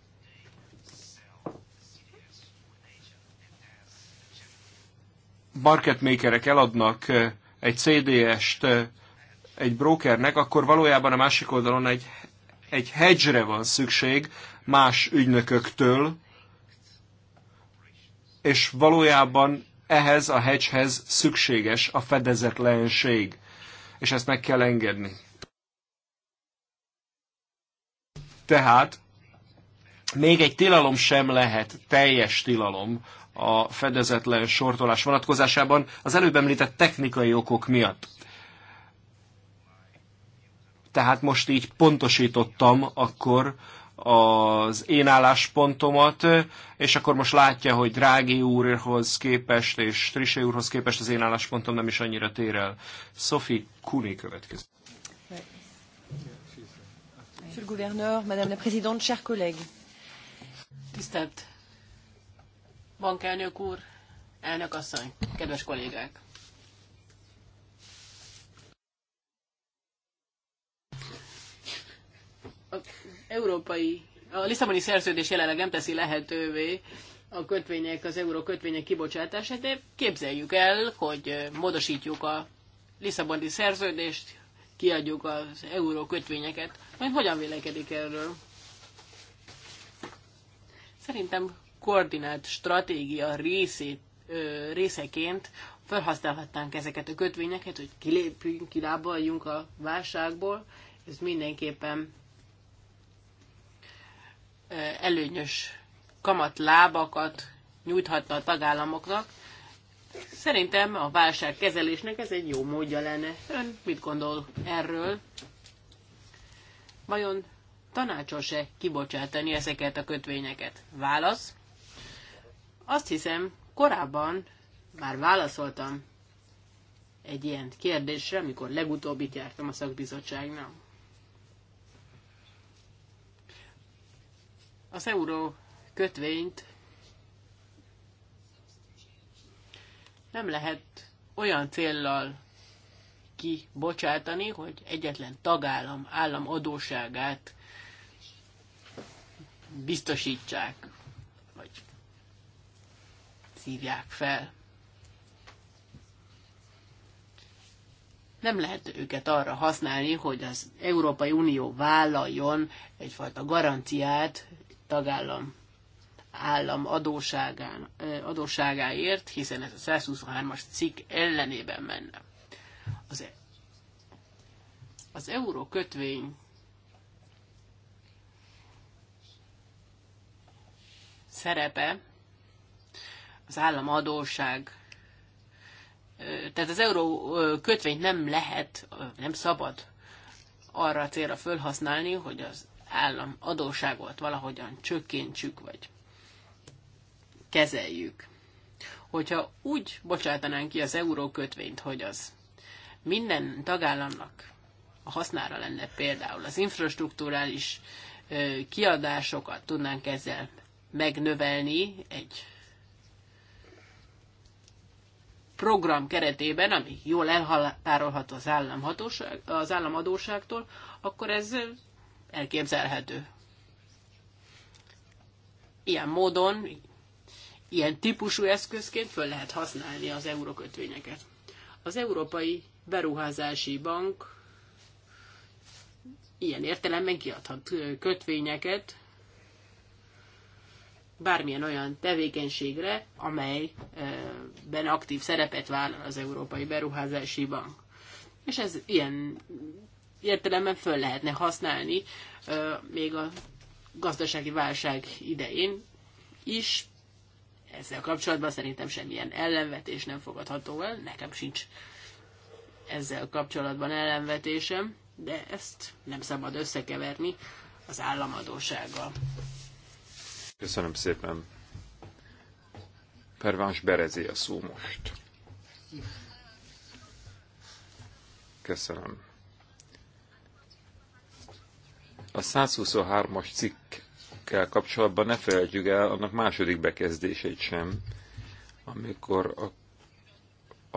marketmakerek eladnak egy CDS-t egy brokernek, akkor valójában a másik oldalon egy, egy hedge-re van szükség más ügynököktől, és valójában ehhez a hedgehez szükséges a fedezetlenség, és ezt meg kell engedni. Tehát még egy tilalom sem lehet teljes tilalom a fedezetlen sortolás vonatkozásában az előbb említett technikai okok miatt tehát most így pontosítottam akkor az én álláspontomat, és akkor most látja, hogy Drági úrhoz képest és Trisé úrhoz képest az én álláspontom nem is annyira tér el. Sophie Kuni következik. Monsieur le gouverneur, madame la présidente, chers collègues. Tisztelt bankelnök úr, elnök asszony, kedves kollégák! az európai, a Lisszaboni szerződés jelenleg nem teszi lehetővé a kötvények, az euró kötvények kibocsátását, de képzeljük el, hogy módosítjuk a Lisszaboni szerződést, kiadjuk az euró kötvényeket. Majd hogyan vélekedik erről? Szerintem koordinált stratégia részét, ö, részeként felhasználhatnánk ezeket a kötvényeket, hogy kilépjünk, kilábaljunk a válságból. Ez mindenképpen előnyös kamatlábakat nyújthatna a tagállamoknak. Szerintem a válságkezelésnek ez egy jó módja lenne. Ön mit gondol erről? Vajon tanácsos-e kibocsátani ezeket a kötvényeket? Válasz. Azt hiszem, korábban már válaszoltam egy ilyen kérdésre, amikor legutóbb jártam a szakbizottságnál. Az euró kötvényt nem lehet olyan céllal kibocsátani, hogy egyetlen tagállam állam adóságát biztosítsák, vagy szívják fel. Nem lehet őket arra használni, hogy az Európai Unió vállaljon egyfajta garanciát tagállam állam adóságán, adóságáért, hiszen ez a 123-as cikk ellenében menne. Az, e- az euró kötvény szerepe az államadóság. Tehát az euró kötvényt nem lehet, nem szabad arra a célra fölhasználni, hogy az állam adóságot valahogyan csökkentsük, vagy kezeljük. Hogyha úgy bocsátanánk ki az eurókötvényt, hogy az minden tagállamnak a hasznára lenne például az infrastruktúrális kiadásokat tudnánk ezzel megnövelni egy program keretében, ami jól elhatárolható az, államhatóság, az államadóságtól, akkor ez elképzelhető. Ilyen módon, ilyen típusú eszközként föl lehet használni az eurokötvényeket. Az Európai Beruházási Bank ilyen értelemben kiadhat kötvényeket bármilyen olyan tevékenységre, amelyben aktív szerepet vállal az Európai Beruházási Bank. És ez ilyen értelemben föl lehetne használni még a gazdasági válság idején is. Ezzel kapcsolatban szerintem semmilyen ellenvetés nem fogadható el, nekem sincs ezzel kapcsolatban ellenvetésem, de ezt nem szabad összekeverni az államadósággal. Köszönöm szépen. Pervans Berezi a szó most. Köszönöm. A 123-as cikkkel kapcsolatban ne felejtjük el annak második bekezdését sem, amikor a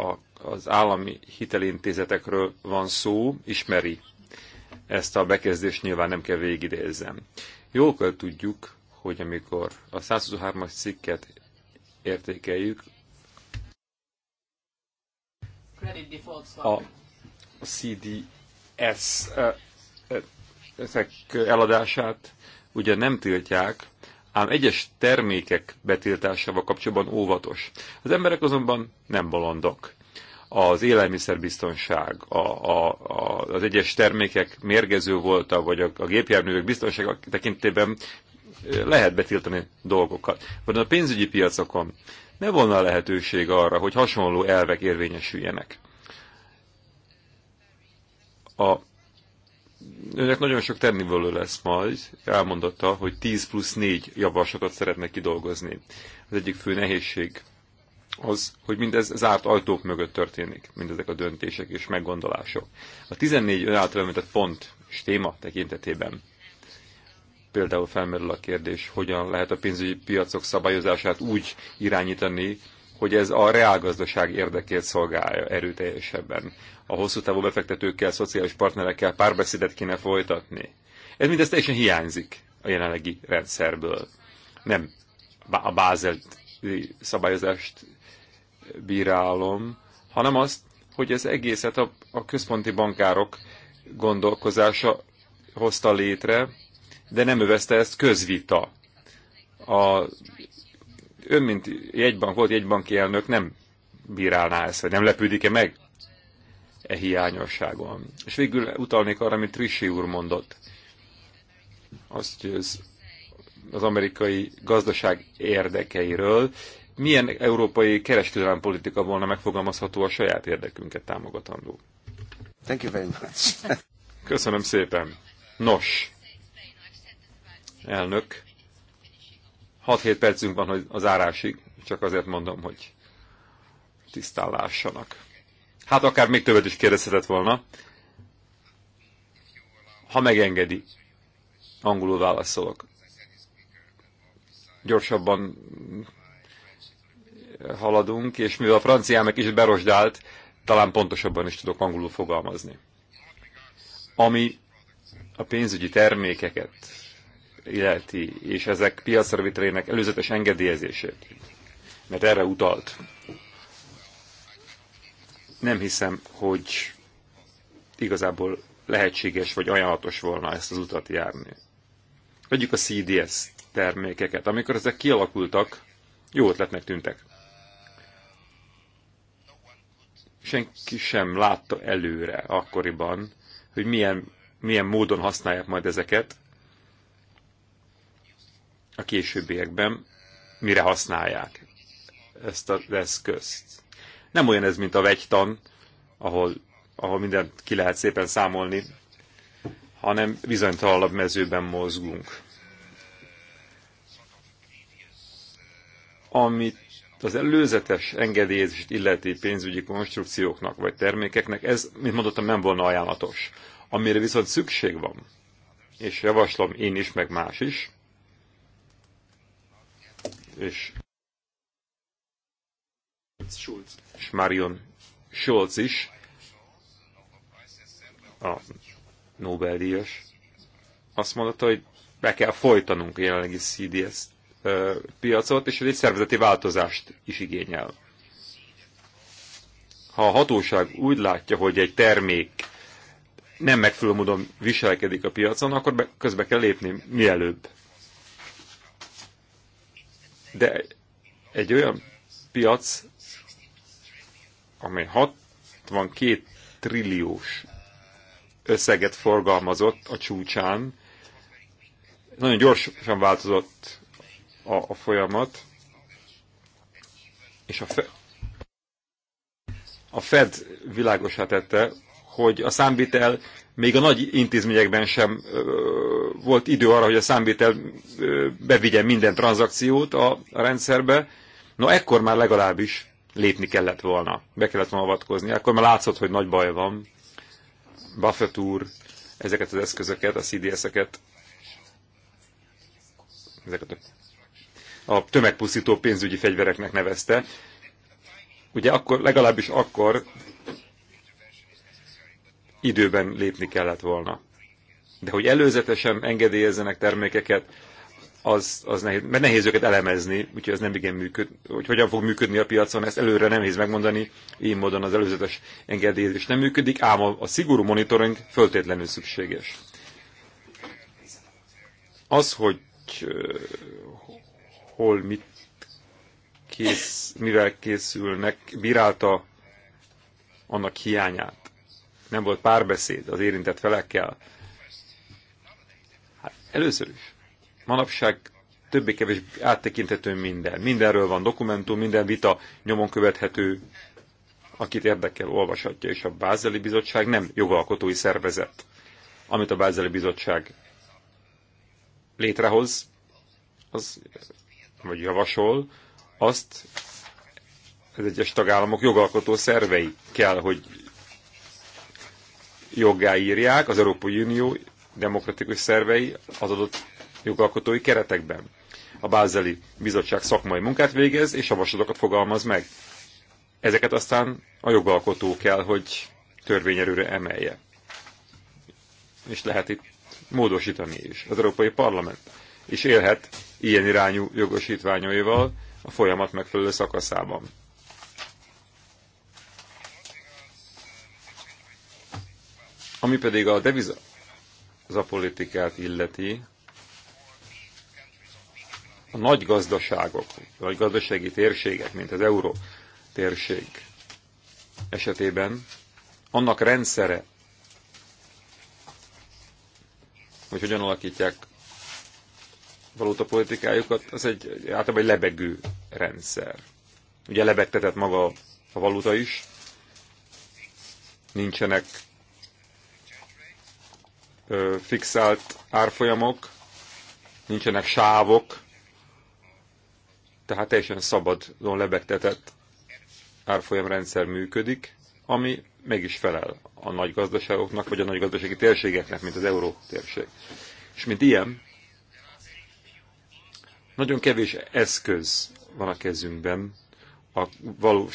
a, az állami hitelintézetekről van szó, ismeri ezt a bekezdést, nyilván nem kell végigidézzem. Jól kell tudjuk, hogy amikor a 123-as cikket értékeljük, a, a CDS eh, eh, ezek eladását ugye nem tiltják, ám egyes termékek betiltásával kapcsolatban óvatos. Az emberek azonban nem bolondok. Az élelmiszerbiztonság, a, a, a, az egyes termékek mérgező volta, vagy a, a gépjárművek biztonsága tekintében lehet betiltani dolgokat. Vagy a pénzügyi piacokon ne volna lehetőség arra, hogy hasonló elvek érvényesüljenek. A önnek nagyon sok tennivaló lesz majd, elmondotta, hogy 10 plusz 4 javaslatot szeretne kidolgozni. Az egyik fő nehézség az, hogy mindez zárt ajtók mögött történik, mindezek a döntések és meggondolások. A 14 ön által említett pont és téma tekintetében például felmerül a kérdés, hogyan lehet a pénzügyi piacok szabályozását úgy irányítani, hogy ez a reálgazdaság érdekét szolgálja erőteljesebben. A hosszú távú befektetőkkel, szociális partnerekkel párbeszédet kéne folytatni. Ez mindez teljesen hiányzik a jelenlegi rendszerből. Nem a Bázel szabályozást bírálom, hanem azt, hogy ez egészet a, a központi bankárok gondolkozása hozta létre, de nem övezte ezt közvita. A ön, mint jegybank, volt jegybanki elnök, nem bírálná ezt, vagy nem lepődik-e meg e hiányosságon? És végül utalnék arra, amit Trissi úr mondott. Azt, hogy az, az amerikai gazdaság érdekeiről, milyen európai kereskedelmi politika volna megfogalmazható a saját érdekünket támogatandó? Thank you very much. Köszönöm szépen. Nos, elnök, 6-7 percünk van hogy az árásig, csak azért mondom, hogy tisztán lássanak. Hát akár még többet is kérdezhetett volna. Ha megengedi, angolul válaszolok. Gyorsabban haladunk, és mivel a meg is berosdált, talán pontosabban is tudok angolul fogalmazni. Ami a pénzügyi termékeket illeti, és ezek piacra előzetes engedélyezését, mert erre utalt. Nem hiszem, hogy igazából lehetséges vagy ajánlatos volna ezt az utat járni. Vegyük a CDS termékeket. Amikor ezek kialakultak, jó ötletnek tűntek. Senki sem látta előre akkoriban, hogy milyen, milyen módon használják majd ezeket, a későbbiekben mire használják ezt az eszközt. Nem olyan ez, mint a vegytan, ahol, ahol mindent ki lehet szépen számolni, hanem bizonytalanabb mezőben mozgunk. Amit az előzetes engedélyezést illeti pénzügyi konstrukcióknak vagy termékeknek, ez, mint mondottam, nem volna ajánlatos. Amire viszont szükség van, és javaslom én is, meg más is, és, Schulz. és Marion Scholz is, a Nobel-díjas, azt mondta, hogy be kell folytanunk a jelenlegi CDS piacot, és ez egy szervezeti változást is igényel. Ha a hatóság úgy látja, hogy egy termék nem megfelelő módon viselkedik a piacon, akkor be, közbe kell lépni mielőbb de egy olyan piac, amely 62 trilliós összeget forgalmazott a csúcsán, nagyon gyorsan változott a, a folyamat, és a, Fe, a Fed világosá tette, hogy a számvitel még a nagy intézményekben sem volt idő arra, hogy a számvitel bevigyen minden tranzakciót a, a rendszerbe. No, ekkor már legalábbis lépni kellett volna, be kellett volna avatkozni. Akkor már látszott, hogy nagy baj van. Buffett úr, ezeket az eszközöket, a CDS-eket, ezeket a, a tömegpusztító pénzügyi fegyvereknek nevezte. Ugye akkor, legalábbis akkor időben lépni kellett volna. De hogy előzetesen engedélyezzenek termékeket, az, az nehéz, mert nehéz őket elemezni, úgyhogy ez nem igen működ, hogy hogyan fog működni a piacon, ezt előre nem nehéz megmondani, így módon az előzetes engedélyezés nem működik, ám a, a szigorú monitoring föltétlenül szükséges. Az, hogy uh, hol mit kész, mivel készülnek, bírálta annak hiányát nem volt párbeszéd az érintett felekkel. Hát először is, manapság többé-kevés áttekintető minden. Mindenről van dokumentum, minden vita nyomon követhető, akit érdekel, olvashatja, és a Bázeli Bizottság nem jogalkotói szervezet. Amit a Bázeli Bizottság létrehoz, az, vagy javasol, azt az egyes tagállamok jogalkotó szervei kell, hogy joggá írják az Európai Unió demokratikus szervei az adott jogalkotói keretekben. A Bázeli Bizottság szakmai munkát végez, és javaslatokat fogalmaz meg. Ezeket aztán a jogalkotó kell, hogy törvényerőre emelje. És lehet itt módosítani is. Az Európai Parlament is élhet ilyen irányú jogosítványaival a folyamat megfelelő szakaszában. Ami pedig a devizapolitikát illeti, a nagy gazdaságok, a nagy gazdasági térségek, mint az euró térség esetében, annak rendszere, hogy hogyan alakítják valutapolitikájukat, az egy általában egy lebegő rendszer. Ugye lebegtetett maga a valuta is, nincsenek fixált árfolyamok, nincsenek sávok, tehát teljesen szabadon lebegtetett árfolyamrendszer működik, ami meg is felel a nagy gazdaságoknak, vagy a nagy gazdasági térségeknek, mint az euró térség. És mint ilyen, nagyon kevés eszköz van a kezünkben a valós